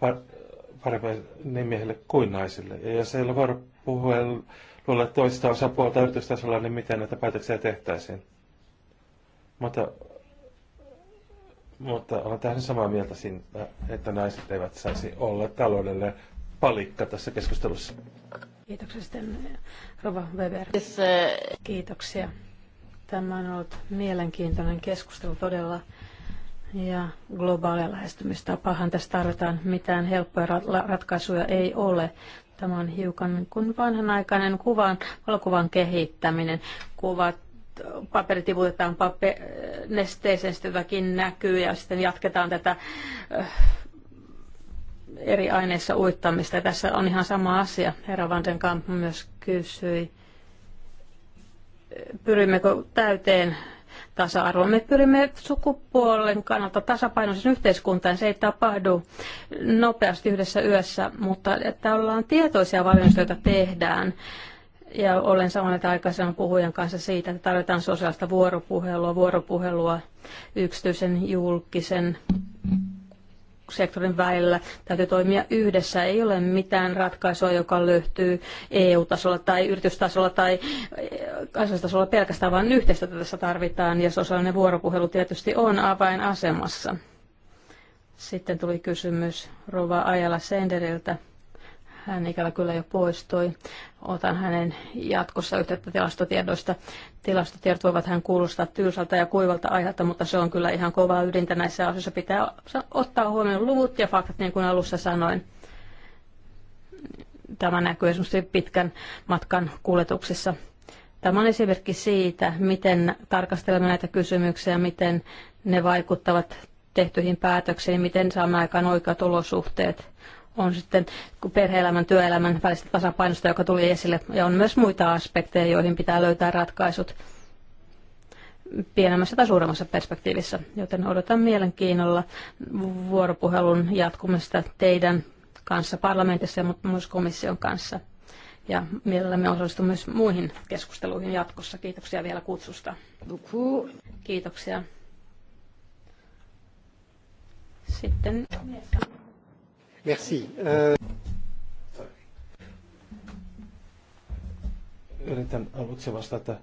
par- parempi niin miehelle kuin naisille. Ja jos ei ole vuoropuhelulla toista osapuolta yritystasolla, niin miten näitä päätöksiä tehtäisiin? Mutta, mutta olen täysin samaa mieltä siinä, että naiset eivät saisi olla taloudelle palikka tässä keskustelussa. Kiitoksia sitten Rova Weber. Kiitoksia. Tämä on ollut mielenkiintoinen keskustelu todella ja globaalia lähestymistapahan tässä tarvitaan. Mitään helppoja ratkaisuja ei ole. Tämä on hiukan kuin vanhanaikainen kuvan, valokuvan kehittäminen. Kuvat paperi tivutetaan paper, nesteeseen, sitten jotakin näkyy ja sitten jatketaan tätä eh, eri aineissa uittamista. Ja tässä on ihan sama asia. Herra Vandenkamp myös kysyi, pyrimmekö täyteen tasa arvo Me pyrimme sukupuolen kannalta tasapainoisen yhteiskuntaan. Se ei tapahdu nopeasti yhdessä yössä, mutta että ollaan tietoisia valinnoista, joita tehdään. Ja olen samaa mieltä aikaisemman puhujan kanssa siitä, että tarvitaan sosiaalista vuoropuhelua, vuoropuhelua yksityisen, julkisen sektorin välillä. Täytyy toimia yhdessä. Ei ole mitään ratkaisua, joka löytyy EU-tasolla tai yritystasolla tai eh, kansallistasolla pelkästään, vaan yhteistä tässä tarvitaan ja sosiaalinen vuoropuhelu tietysti on avainasemassa. Sitten tuli kysymys Rova Ajala Senderiltä hän ikävä kyllä jo poistui. Otan hänen jatkossa yhteyttä tilastotiedoista. Tilastotiedot voivat hän kuulostaa tylsältä ja kuivalta aiheelta, mutta se on kyllä ihan kovaa ydintä näissä asioissa. Pitää ottaa huomioon luvut ja faktat, niin kuin alussa sanoin. Tämä näkyy esimerkiksi pitkän matkan kuljetuksissa. Tämä on esimerkki siitä, miten tarkastelemme näitä kysymyksiä, miten ne vaikuttavat tehtyihin päätöksiin, miten saamme aikaan oikeat olosuhteet on sitten perheelämän, työelämän välistä tasapainosta, joka tuli esille. Ja on myös muita aspekteja, joihin pitää löytää ratkaisut pienemmässä tai suuremmassa perspektiivissä. Joten odotan mielenkiinnolla vuoropuhelun jatkumista teidän kanssa parlamentissa ja myös komission kanssa. Ja mielellämme osallistun myös muihin keskusteluihin jatkossa. Kiitoksia vielä kutsusta. Kiitoksia. Sitten. Merci. Yritän aluksi vastata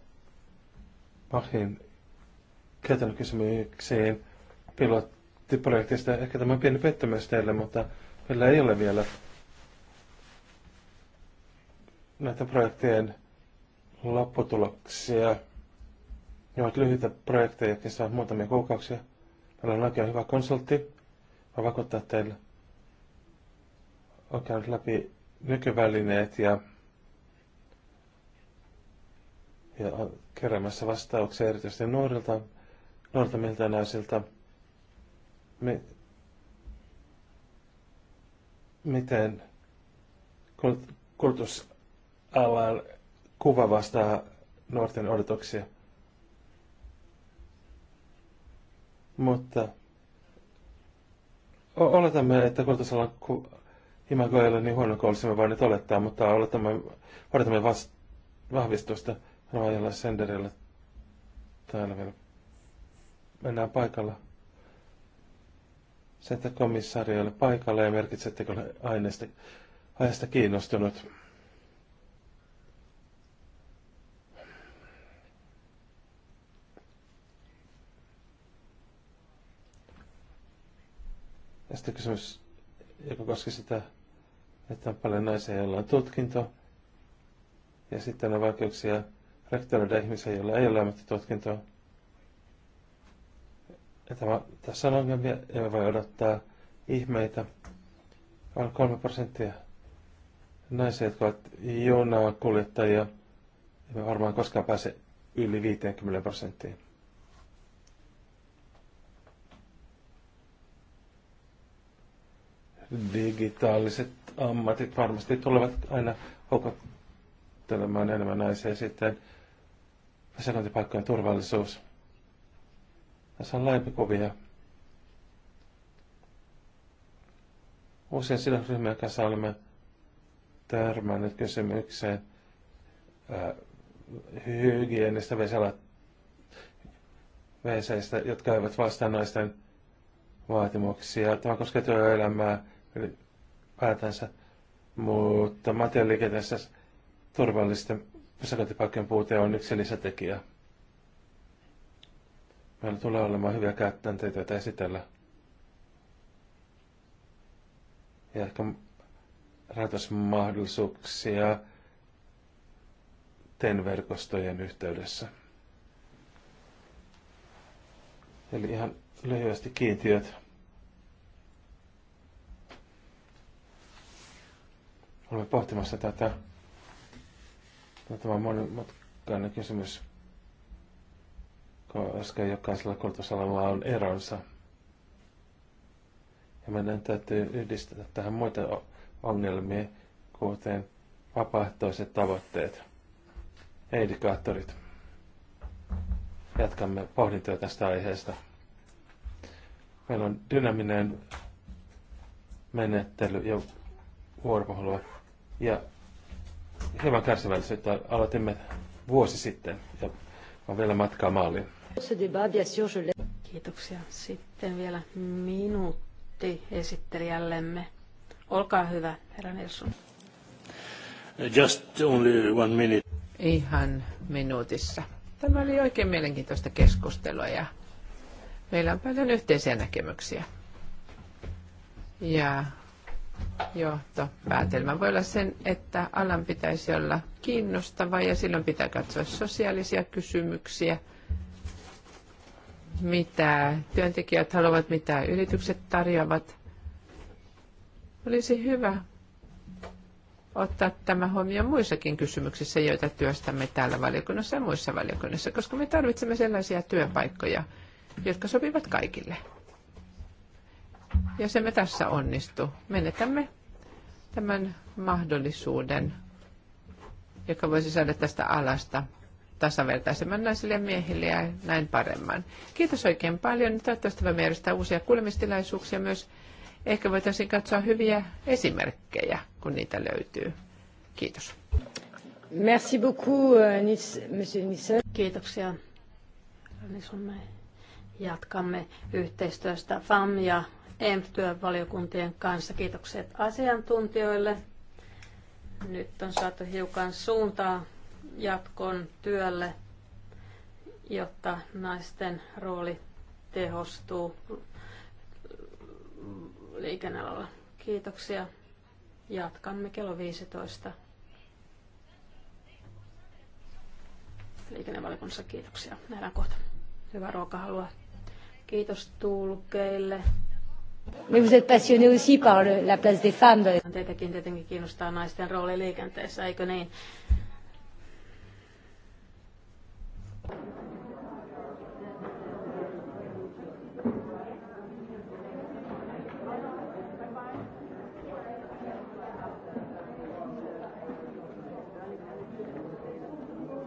Pahin käytännön kysymykseen pilottiprojektista. Ehkä tämä on pieni pettymys teille, mutta meillä ei ole vielä näiden projektien lopputuloksia. Ne ovat lyhyitä projekteja, jotka saavat muutamia kuukausia. Meillä on oikein hyvä konsultti. Voin vakuuttaa teille, on käynyt läpi nykyvälineet ja, ja on keräämässä vastauksia erityisesti nuorilta, nuorilta miltä naisilta. Me, miten kulutusalan kuva vastaa nuorten odotuksia. Mutta oletamme, että kulutusalan ku- Imago ei ole niin huono kuin vaan nyt olettaa, mutta oletamme, odotamme vast, vahvistusta Roajalla Senderillä täällä vielä. Mennään paikalla. Se, komissaariolle paikalle ja merkitsettekö aineesta, aineesta kiinnostunut. Ja sitten kysymys, joka koski sitä että on paljon naisia, joilla on tutkinto, ja sitten on vaikeuksia rektoroida ihmisiä, joilla ei ole ammattitutkintoa. Tämä, tässä on ongelmia, emme voi odottaa ihmeitä. On kolme prosenttia naisia, jotka ovat junaa kuljettajia. Emme varmaan koskaan pääse yli 50 prosenttiin. digitaaliset ammatit varmasti tulevat aina houkuttelemaan enemmän naisia sitten pysäköintipaikkojen turvallisuus. Tässä on laajempi kuvia. Usein sidosryhmien kanssa olemme törmänneet kysymykseen hygienistä veseistä, jotka eivät vastaa naisten vaatimuksia. Tämä koskee työelämää, ylipäätänsä. Mutta materiaaliliikenteessä turvallisten pysäköintipaikkojen puute on yksi lisätekijä. Meillä tulee olemaan hyviä käytänteitä, joita esitellä. Ja ehkä rahoitusmahdollisuuksia TEN-verkostojen yhteydessä. Eli ihan lyhyesti kiintiöt. Olemme pohtimassa tätä. Tämä on monimutkainen kysymys, koska jokaisella kultusalalla on eronsa. Ja meidän täytyy yhdistää tähän muita ongelmia, kuten vapaaehtoiset tavoitteet ja indikaattorit. Jatkamme pohdintoja tästä aiheesta. Meillä on dynaminen menettely, vuoropuhelua ja hieman kärsivällisyyttä aloitimme vuosi sitten ja on vielä matkaa maaliin. Kiitoksia. Sitten vielä minuutti esittelijällemme. Olkaa hyvä, herra Nilsson. Just only one minute. Ihan minuutissa. Tämä oli oikein mielenkiintoista keskustelua ja meillä on paljon yhteisiä näkemyksiä. Ja johtopäätelmä voi olla sen, että alan pitäisi olla kiinnostava ja silloin pitää katsoa sosiaalisia kysymyksiä, mitä työntekijät haluavat, mitä yritykset tarjoavat. Olisi hyvä ottaa tämä huomioon muissakin kysymyksissä, joita työstämme täällä valiokunnassa ja muissa valiokunnissa, koska me tarvitsemme sellaisia työpaikkoja, jotka sopivat kaikille. Jos emme tässä onnistu, menetämme tämän mahdollisuuden, joka voisi saada tästä alasta tasavertaisemman naisille ja miehille ja näin paremman. Kiitos oikein paljon. Toivottavasti voimme järjestää uusia kuulemistilaisuuksia myös. Ehkä voitaisiin katsoa hyviä esimerkkejä, kun niitä löytyy. Kiitos. Merci beaucoup, euh, monsieur Nissen. Kiitoksia. Jatkamme yhteistyöstä FAM ja EMP-työvaliokuntien kanssa. Kiitokset asiantuntijoille. Nyt on saatu hiukan suuntaa jatkon työlle, jotta naisten rooli tehostuu liikennealalla. Kiitoksia. Jatkamme kello 15. Liikennevaliokunnassa kiitoksia. Nähdään kohta. Hyvää ruokahalua. Kiitos tulkeille. Mais vous êtes passionné aussi par le, la place des femmes. Teitäkin tietenkin kiinnostaa naisten rooli liikenteessä, eikö niin?